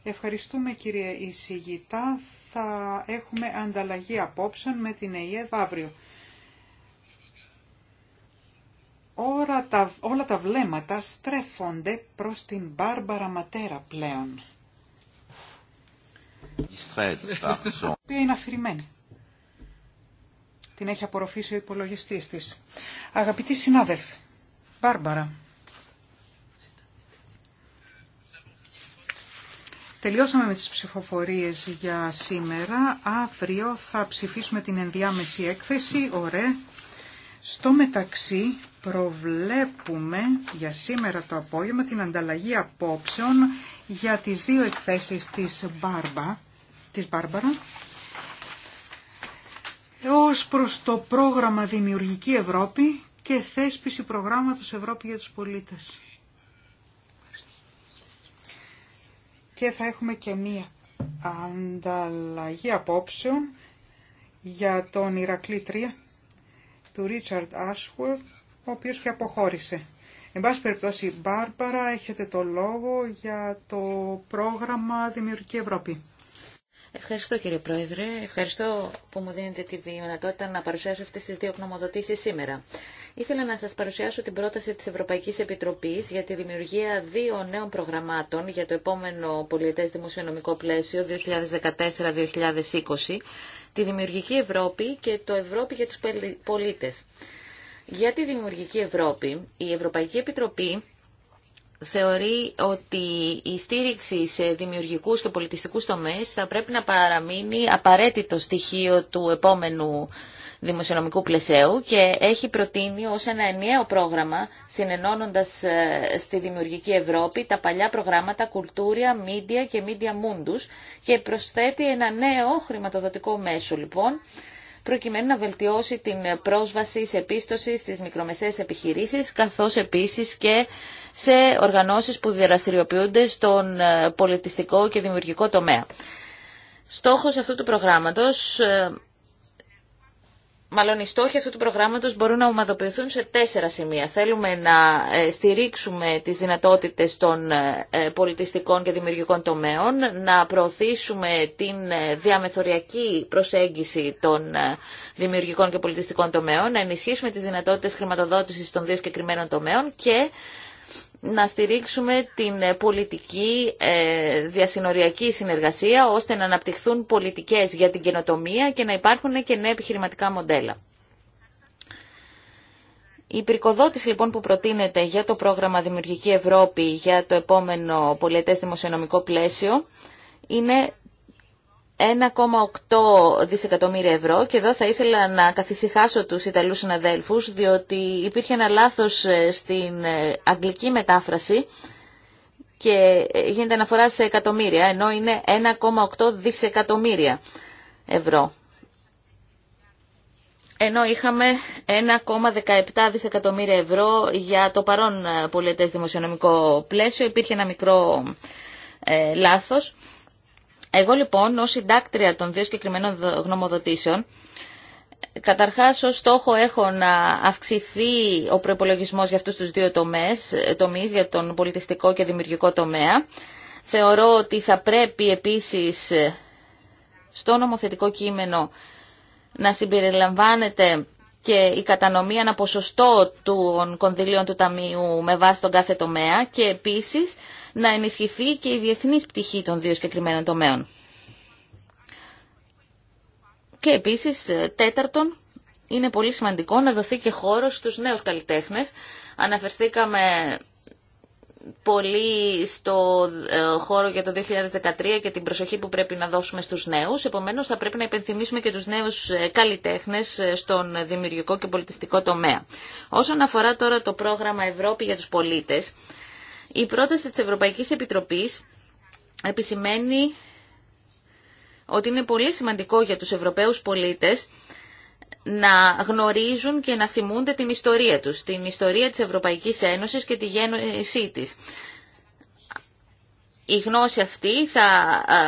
Ευχαριστούμε κύριε Ισηγητά. Θα έχουμε ανταλλαγή απόψεων με την ΕΙΕΔ αύριο. Όλα τα, όλα τα βλέμματα στρέφονται προς την Μπάρμπαρα Ματέρα πλέον. Η οποία είναι αφηρημένη την έχει απορροφήσει ο υπολογιστής της. Αγαπητοί συνάδελφοι, Μπάρμπαρα. Τελειώσαμε με τις ψηφοφορίες για σήμερα. Αύριο θα ψηφίσουμε την ενδιάμεση έκθεση. Ωραία. Στο μεταξύ προβλέπουμε για σήμερα το απόγευμα την ανταλλαγή απόψεων για τις δύο εκθέσεις της Μπάρμπα, της Μπάρμπαρα ως προς το πρόγραμμα Δημιουργική Ευρώπη και θέσπιση προγράμματος Ευρώπη για τους πολίτες. Και θα έχουμε και μία ανταλλαγή απόψεων για τον Ηρακλή 3 του Ρίτσαρντ Άσχουερ, ο οποίος και αποχώρησε. Εν πάση περιπτώσει, Μπάρμπαρα, έχετε το λόγο για το πρόγραμμα Δημιουργική Ευρώπη. Ευχαριστώ κύριε Πρόεδρε. Ευχαριστώ που μου δίνετε τη δυνατότητα να παρουσιάσω αυτές τις δύο γνωμοδοτήσεις σήμερα. Ήθελα να σας παρουσιάσω την πρόταση της Ευρωπαϊκής Επιτροπής για τη δημιουργία δύο νέων προγραμμάτων για το επόμενο πολιετές δημοσιονομικό πλαίσιο 2014-2020, τη Δημιουργική Ευρώπη και το Ευρώπη για τους πολίτες. Για τη Δημιουργική Ευρώπη, η Ευρωπαϊκή Επιτροπή θεωρεί ότι η στήριξη σε δημιουργικούς και πολιτιστικούς τομείς θα πρέπει να παραμείνει απαραίτητο στοιχείο του επόμενου δημοσιονομικού πλαισίου και έχει προτείνει ως ένα ενιαίο πρόγραμμα συνενώνοντας ε, στη Δημιουργική Ευρώπη τα παλιά προγράμματα Κουλτούρια, Μίντια και Μίντια Μούντους και προσθέτει ένα νέο χρηματοδοτικό μέσο λοιπόν προκειμένου να βελτιώσει την πρόσβαση σε πίστοση στις μικρομεσαίες επιχειρήσεις, καθώς επίσης και σε οργανώσεις που δραστηριοποιούνται στον ε, πολιτιστικό και δημιουργικό τομέα. Στόχος αυτού του προγράμματος ε, Μάλλον οι στόχοι αυτού του προγράμματος μπορούν να ομαδοποιηθούν σε τέσσερα σημεία. Θέλουμε να ε, στηρίξουμε τις δυνατότητες των ε, ε, πολιτιστικών και δημιουργικών τομέων, να προωθήσουμε την διαμεθοριακή προσέγγιση των δημιουργικών και πολιτιστικών τομέων, να ενισχύσουμε τις δυνατότητες χρηματοδότησης των δύο συγκεκριμένων τομέων και να στηρίξουμε την ε, πολιτική ε, διασυνοριακή συνεργασία ώστε να αναπτυχθούν πολιτικές για την καινοτομία και να υπάρχουν και νέα επιχειρηματικά μοντέλα. Η πυρκοδότηση λοιπόν που προτείνεται για το πρόγραμμα Δημιουργική Ευρώπη για το επόμενο πολιετές δημοσιονομικό πλαίσιο είναι 1,8 δισεκατομμύρια ευρώ και εδώ θα ήθελα να καθησυχάσω τους Ιταλούς συναδέλφους διότι υπήρχε ένα λάθος ε, στην ε, αγγλική μετάφραση και ε, γίνεται αναφορά σε εκατομμύρια ενώ είναι 1,8 δισεκατομμύρια ευρώ ενώ είχαμε 1,17 δισεκατομμύρια ευρώ για το παρόν πολιτές δημοσιονομικό πλαίσιο υπήρχε ένα μικρό ε, λάθος εγώ λοιπόν ως συντάκτρια των δύο συγκεκριμένων γνωμοδοτήσεων Καταρχάς, ως στόχο έχω να αυξηθεί ο προϋπολογισμός για αυτούς τους δύο τομές, ε, τομείς, για τον πολιτιστικό και δημιουργικό τομέα. Θεωρώ ότι θα πρέπει επίσης ε, στο νομοθετικό κείμενο να συμπεριλαμβάνεται και η κατανομή ένα ποσοστό των κονδυλίων του Ταμείου με βάση τον κάθε τομέα και επίσης να ενισχυθεί και η διεθνής πτυχή των δύο συγκεκριμένων τομέων. Και επίσης τέταρτον, είναι πολύ σημαντικό να δοθεί και χώρος στους νέους καλλιτέχνες. Αναφερθήκαμε πολύ στο ε, χώρο για το 2013 και την προσοχή που πρέπει να δώσουμε στους νέους. Επομένως θα πρέπει να υπενθυμίσουμε και τους νέους ε, καλλιτέχνες ε, στον δημιουργικό και πολιτιστικό τομέα. Όσον αφορά τώρα το πρόγραμμα Ευρώπη για τους πολίτες, η πρόταση της Ευρωπαϊκής Επιτροπής επισημαίνει ότι είναι πολύ σημαντικό για τους Ευρωπαίους πολίτες να γνωρίζουν και να θυμούνται την ιστορία τους, την ιστορία της Ευρωπαϊκής Ένωσης και τη γέννησή της. Η γνώση αυτή θα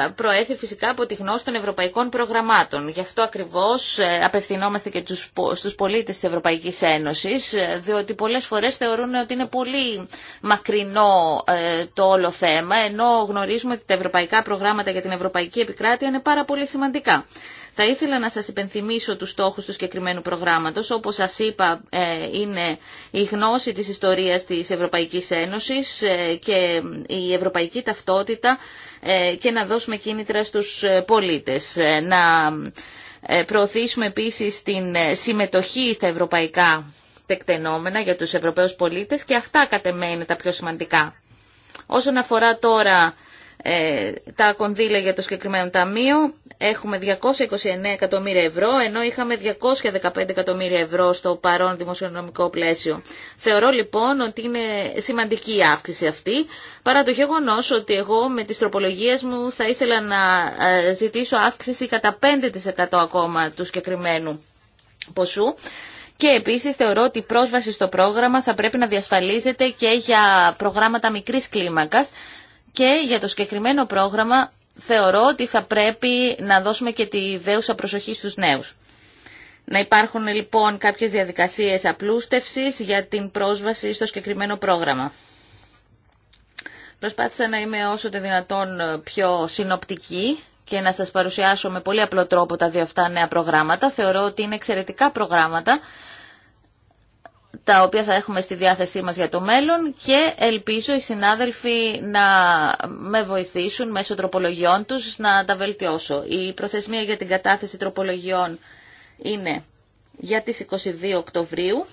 ε, προέθει φυσικά από τη γνώση των ευρωπαϊκών προγραμμάτων. Γι' αυτό ακριβώς ε, απευθυνόμαστε και στους πολίτες της Ευρωπαϊκής Ένωσης, ε, διότι πολλές φορές θεωρούν ότι είναι πολύ μακρινό το όλο θέμα, ενώ γνωρίζουμε ότι τα ευρωπαϊκά προγράμματα για την ευρωπαϊκή επικράτεια είναι πάρα πολύ σημαντικά. Θα ήθελα να σας υπενθυμίσω τους στόχους του συγκεκριμένου προγράμματος. Όπως σας είπα, ε, είναι η γνώση της ιστορίας της Ευρωπαϊκής Ένωσης ε, και η ευρωπαϊκή ταυτότητα ε, και να δώσουμε κίνητρα στους πολίτες. Να προωθήσουμε επίσης την συμμετοχή στα ευρωπαϊκά τεκτενόμενα για τους Ευρωπαίους πολίτες και αυτά κατ' τα πιο σημαντικά. Όσον αφορά τώρα ε, τα κονδύλια για το συγκεκριμένο ταμείο. Έχουμε 229 εκατομμύρια ευρώ, ενώ είχαμε 215 εκατομμύρια ευρώ στο παρόν δημοσιονομικό πλαίσιο. Θεωρώ λοιπόν ότι είναι σημαντική η αύξηση αυτή, παρά το γεγονό ότι εγώ με τις τροπολογίες μου θα ήθελα να ε, ζητήσω αύξηση κατά 5% ακόμα του συγκεκριμένου ποσού. Και επίσης θεωρώ ότι η πρόσβαση στο πρόγραμμα θα πρέπει να διασφαλίζεται και για προγράμματα μικρής κλίμακας, και για το συγκεκριμένο πρόγραμμα θεωρώ ότι θα πρέπει να δώσουμε και τη δέουσα προσοχή στους νέους. Να υπάρχουν λοιπόν κάποιες διαδικασίες απλούστευσης για την πρόσβαση στο συγκεκριμένο πρόγραμμα. Προσπάθησα να είμαι όσο το δυνατόν πιο συνοπτική και να σας παρουσιάσω με πολύ απλό τρόπο τα δύο αυτά νέα προγράμματα. Θεωρώ ότι είναι εξαιρετικά προγράμματα τα οποία θα έχουμε στη διάθεσή μας για το μέλλον και ελπίζω οι συνάδελφοι να με βοηθήσουν μέσω τροπολογιών τους να τα βελτιώσω. Η προθεσμία για την κατάθεση τροπολογιών είναι για τις 22 Οκτωβρίου,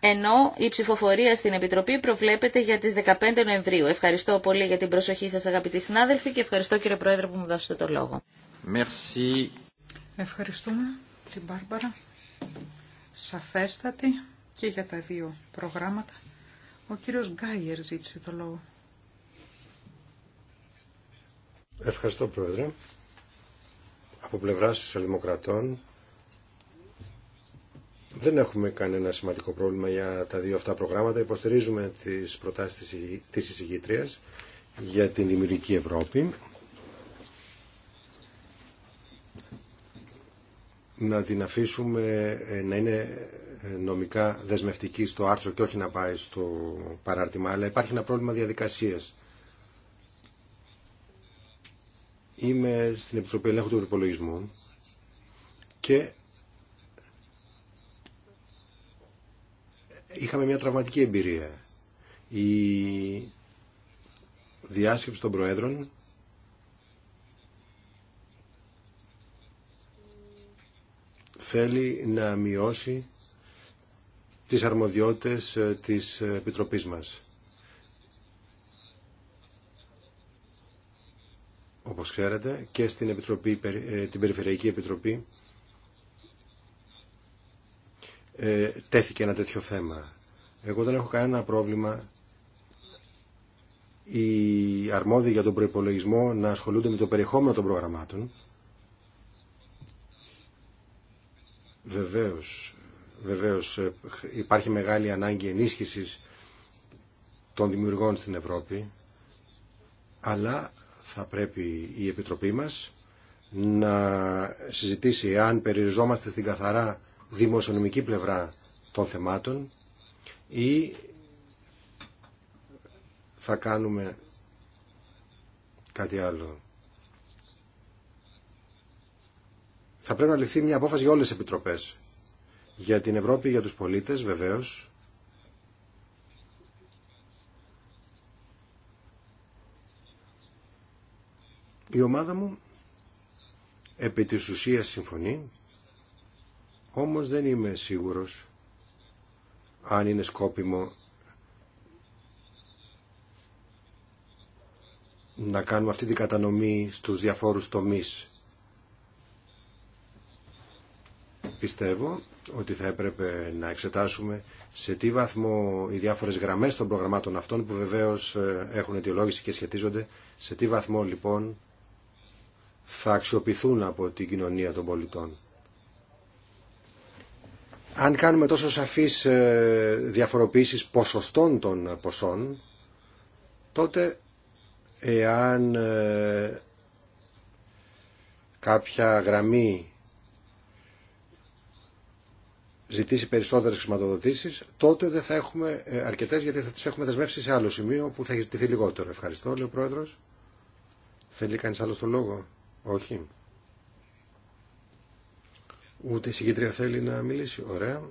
ενώ η ψηφοφορία στην Επιτροπή προβλέπεται για τις 15 Νοεμβρίου. Ευχαριστώ πολύ για την προσοχή σας αγαπητοί συνάδελφοι και ευχαριστώ κύριε Πρόεδρε που μου δώσετε το λόγο. Merci. Ευχαριστούμε την Μπάρμπαρα σαφέστατη και για τα δύο προγράμματα. Ο κύριος Γκάιερ ζήτησε το λόγο. Ευχαριστώ Πρόεδρε. Από πλευρά σοσιαλδημοκρατών δεν έχουμε κανένα σημαντικό πρόβλημα για τα δύο αυτά προγράμματα. Υποστηρίζουμε τις προτάσεις της εισηγήτριας για την δημιουργική Ευρώπη να την αφήσουμε ε, να είναι ε, νομικά δεσμευτική στο άρθρο και όχι να πάει στο παράρτημα, αλλά υπάρχει ένα πρόβλημα διαδικασίας. Είμαι στην Επιτροπή Ελέγχου του Προπολογισμού και είχαμε μια τραυματική εμπειρία. Η διάσκεψη των Προέδρων θέλει να μειώσει τις αρμοδιότητες ε, της ε, Επιτροπής μας. Όπως ξέρετε και στην Επιτροπή, ε, την Περιφερειακή Επιτροπή τέθηκε ένα τέτοιο θέμα. Εγώ δεν έχω κανένα πρόβλημα οι αρμόδιοι για τον προϋπολογισμό να ασχολούνται με το περιεχόμενο των προγραμμάτων Βεβαίως, βεβαίως ε, υπάρχει μεγάλη ανάγκη ενίσχυσης των δημιουργών στην Ευρώπη, αλλά θα πρέπει η Επιτροπή μας να συζητήσει αν περιοριζόμαστε στην καθαρά δημοσιονομική πλευρά των θεμάτων ή θα κάνουμε κάτι άλλο. θα πρέπει να ληφθεί μια απόφαση για όλες τις επιτροπές. Για την Ευρώπη, για τους πολίτες βεβαίως. Η ομάδα μου επί της ουσίας συμφωνεί, όμως δεν είμαι σίγουρος αν είναι σκόπιμο να κάνουμε αυτή την κατανομή στους διαφόρους τομείς πιστεύω ότι θα έπρεπε να εξετάσουμε σε τι βαθμό οι διάφορες γραμμές των προγραμμάτων αυτών που βεβαίως ε, έχουν αιτιολόγηση και σχετίζονται, σε τι βαθμό λοιπόν θα αξιοποιηθούν από την κοινωνία των πολιτών. Αν κάνουμε τόσο σαφείς ε, διαφοροποιήσεις ποσοστών των ποσών, τότε εάν ε, κάποια γραμμή ζητήσει περισσότερες χρηματοδοτήσεις, τότε δεν θα έχουμε ε, αρκετέ γιατί θα τις έχουμε δεσμεύσει σε άλλο σημείο που θα έχει ζητηθεί λιγότερο. Ευχαριστώ, λέει ο Πρόεδρος. Θέλει κανείς άλλο το λόγο. Όχι. Ούτε η συγκεντρία θέλει να μιλήσει. Ωραία.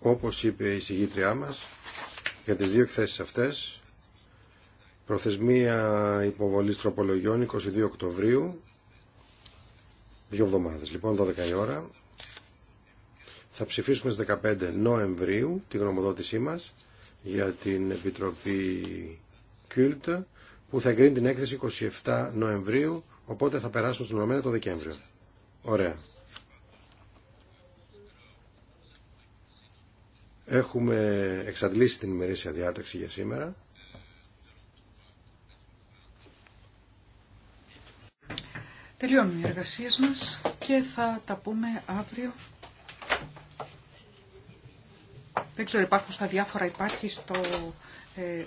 Όπως είπε η συγκεντριά μας, για τις δύο εκθέσεις αυτές, προθεσμία υποβολής τροπολογιών 22 Οκτωβρίου, δύο εβδομάδες. Λοιπόν, 12 η ώρα θα ψηφίσουμε στις 15 Νοεμβρίου τη γνωμοδότησή μας για την Επιτροπή Κιούλτ που θα εγκρίνει την έκθεση 27 Νοεμβρίου οπότε θα περάσουν στην Ολομέλεια το Δεκέμβριο. Ωραία. Έχουμε εξαντλήσει την ημερήσια διάταξη για σήμερα. Τελειώνουν οι εργασίες μας και θα τα πούμε αύριο. Δεν ξέρω, υπάρχουν στα διάφορα, υπάρχει στο... Ε,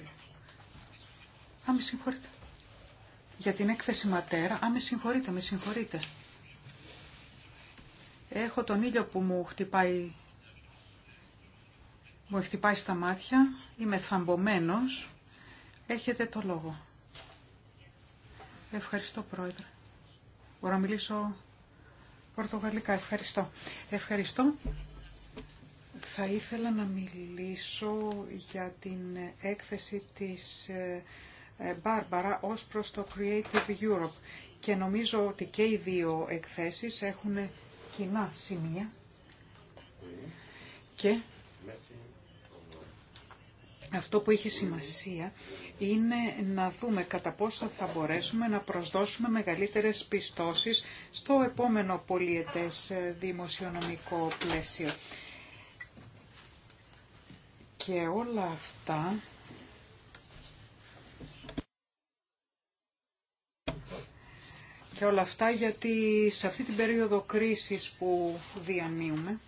α, με συγχωρείτε. Για την έκθεση ματέρα. Α, με συγχωρείτε, με συγχωρείτε. Έχω τον ήλιο που μου χτυπάει, μου χτυπάει στα μάτια. Είμαι θαμπομένος. Έχετε το λόγο. Ευχαριστώ, Πρόεδρε. Μπορώ να μιλήσω πορτογαλικά. Ευχαριστώ. Ευχαριστώ. Θα ήθελα να μιλήσω για την έκθεση της ε, ε, Μπάρμπαρα ως προς το Creative Europe και νομίζω ότι και οι δύο εκθέσεις έχουν κοινά σημεία και αυτό που είχε σημασία είναι να δούμε κατά πόσο θα μπορέσουμε να προσδώσουμε μεγαλύτερες πιστώσεις στο επόμενο πολιετές ε, δημοσιονομικό πλαίσιο. Και όλα αυτά και όλα αυτά γιατί σε αυτή την περίοδο κρίσης που διανύουμε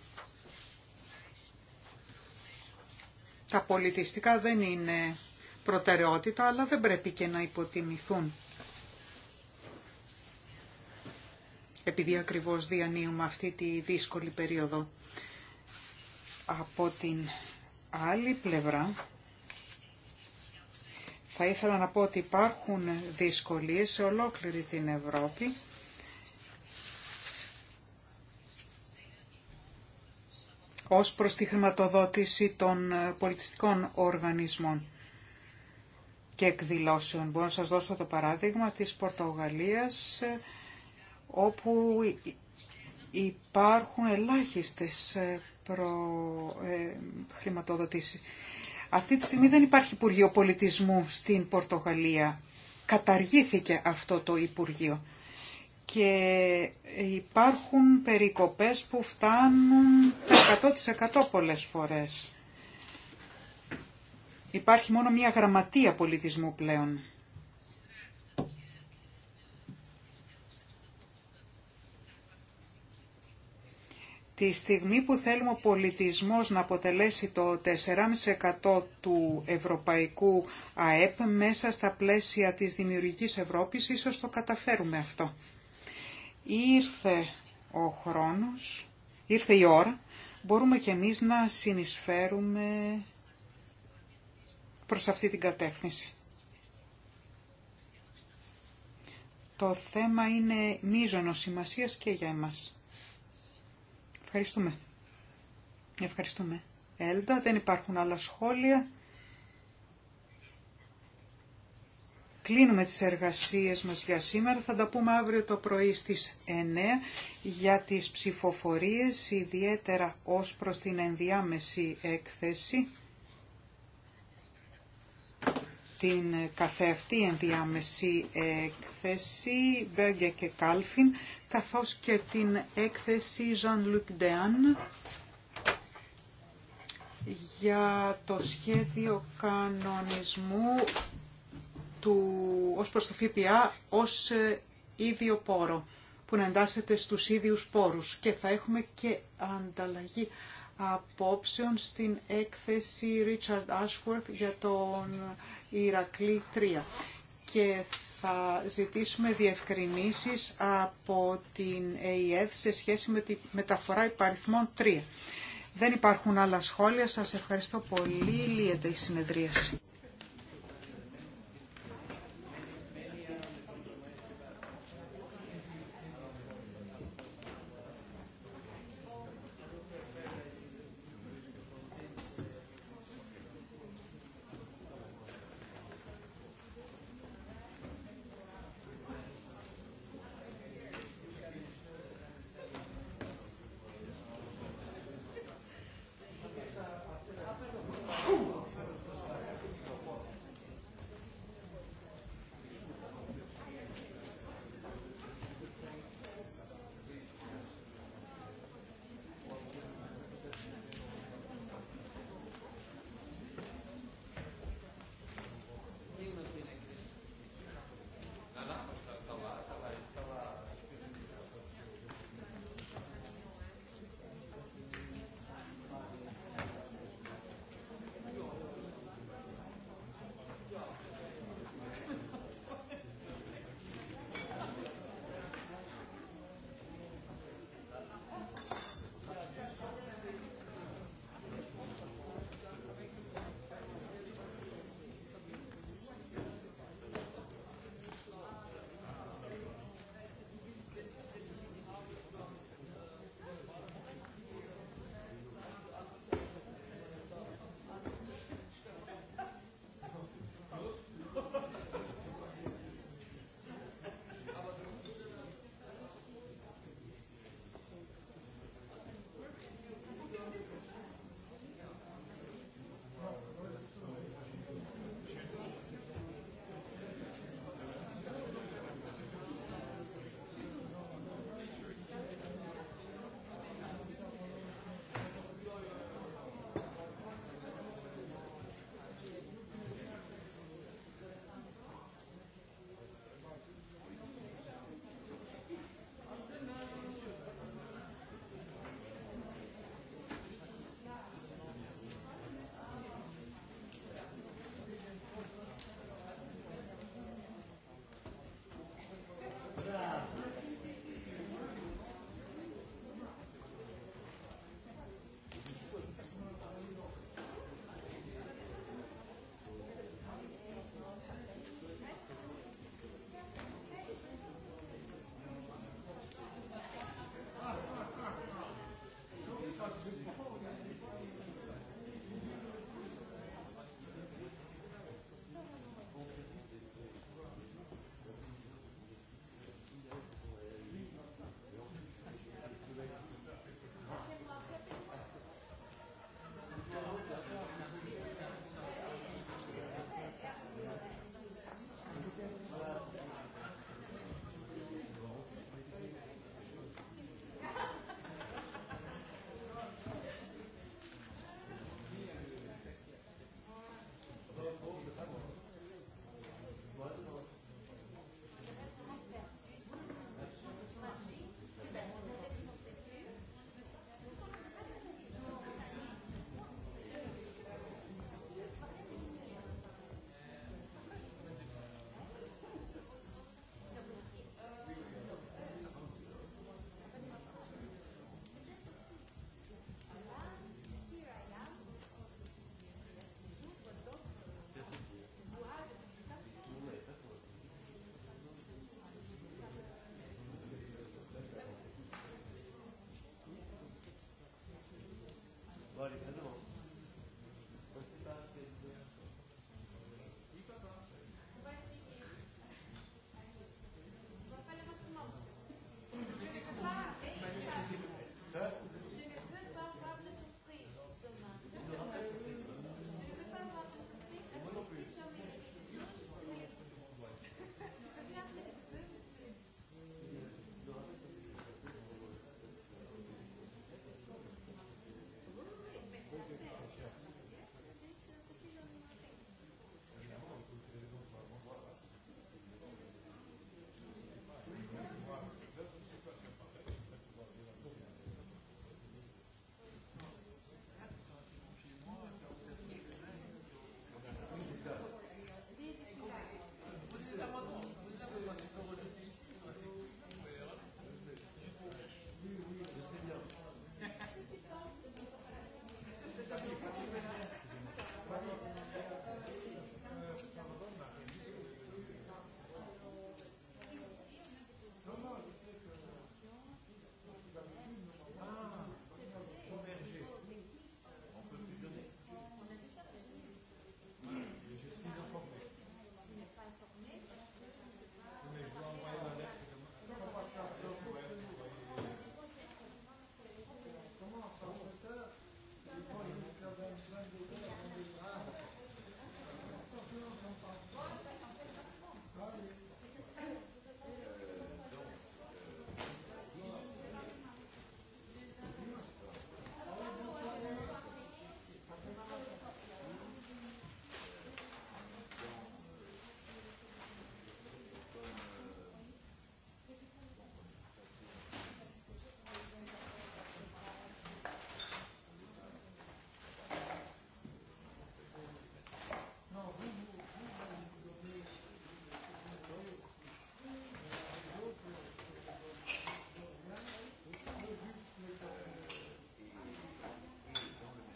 Τα πολιτιστικά δεν είναι προτεραιότητα, αλλά δεν πρέπει και να υποτιμηθούν. Επειδή ακριβώς διανύουμε αυτή τη δύσκολη περίοδο. Από την άλλη πλευρά, θα ήθελα να πω ότι υπάρχουν δυσκολίες σε ολόκληρη την Ευρώπη ως προς τη χρηματοδότηση των ε, πολιτιστικών οργανισμών και εκδηλώσεων. Μπορώ να σας δώσω το παράδειγμα της Πορτογαλίας, ε, όπου υπάρχουν ελάχιστες ε, προ... χρηματοδοτήσεις. Αυτή τη στιγμή δεν υπάρχει Υπουργείο Πολιτισμού στην Πορτογαλία. Καταργήθηκε αυτό το Υπουργείο και υπάρχουν περικοπές που φτάνουν 100% πολλές φορές. Υπάρχει μόνο μία γραμματεία πολιτισμού πλέον. Τη στιγμή που θέλουμε ο πολιτισμός να αποτελέσει το 4,5% του ευρωπαϊκού ΑΕΠ μέσα στα πλαίσια της δημιουργικής Ευρώπης, ίσως το καταφέρουμε αυτό ήρθε ο χρόνος, ήρθε η ώρα, μπορούμε και εμείς να συνεισφέρουμε προς αυτή την κατεύθυνση. Το θέμα είναι μείζονο σημασίας και για εμάς. Ευχαριστούμε. Ευχαριστούμε. Ελτα, δεν υπάρχουν άλλα σχόλια. κλείνουμε τις εργασίες μας για σήμερα. Θα τα πούμε αύριο το πρωί στις 9 για τις ψηφοφορίες, ιδιαίτερα ως προς την ενδιάμεση έκθεση. Την καθεαυτή ενδιάμεση έκθεση Μπέγκε και Κάλφιν, καθώς και την έκθεση Jean-Luc για το σχέδιο κανονισμού του, ως προς το ΦΠΑ ως ε, ίδιο πόρο που να εντάσσεται στους ίδιους πόρους και θα έχουμε και ανταλλαγή απόψεων στην έκθεση Richard Ashworth για τον Ηρακλή 3 και θα ζητήσουμε διευκρινήσεις από την ΕΙΕΔ σε σχέση με τη μεταφορά υπαριθμών 3. Δεν υπάρχουν άλλα σχόλια. Σας ευχαριστώ πολύ. Λύεται η συνεδρίαση.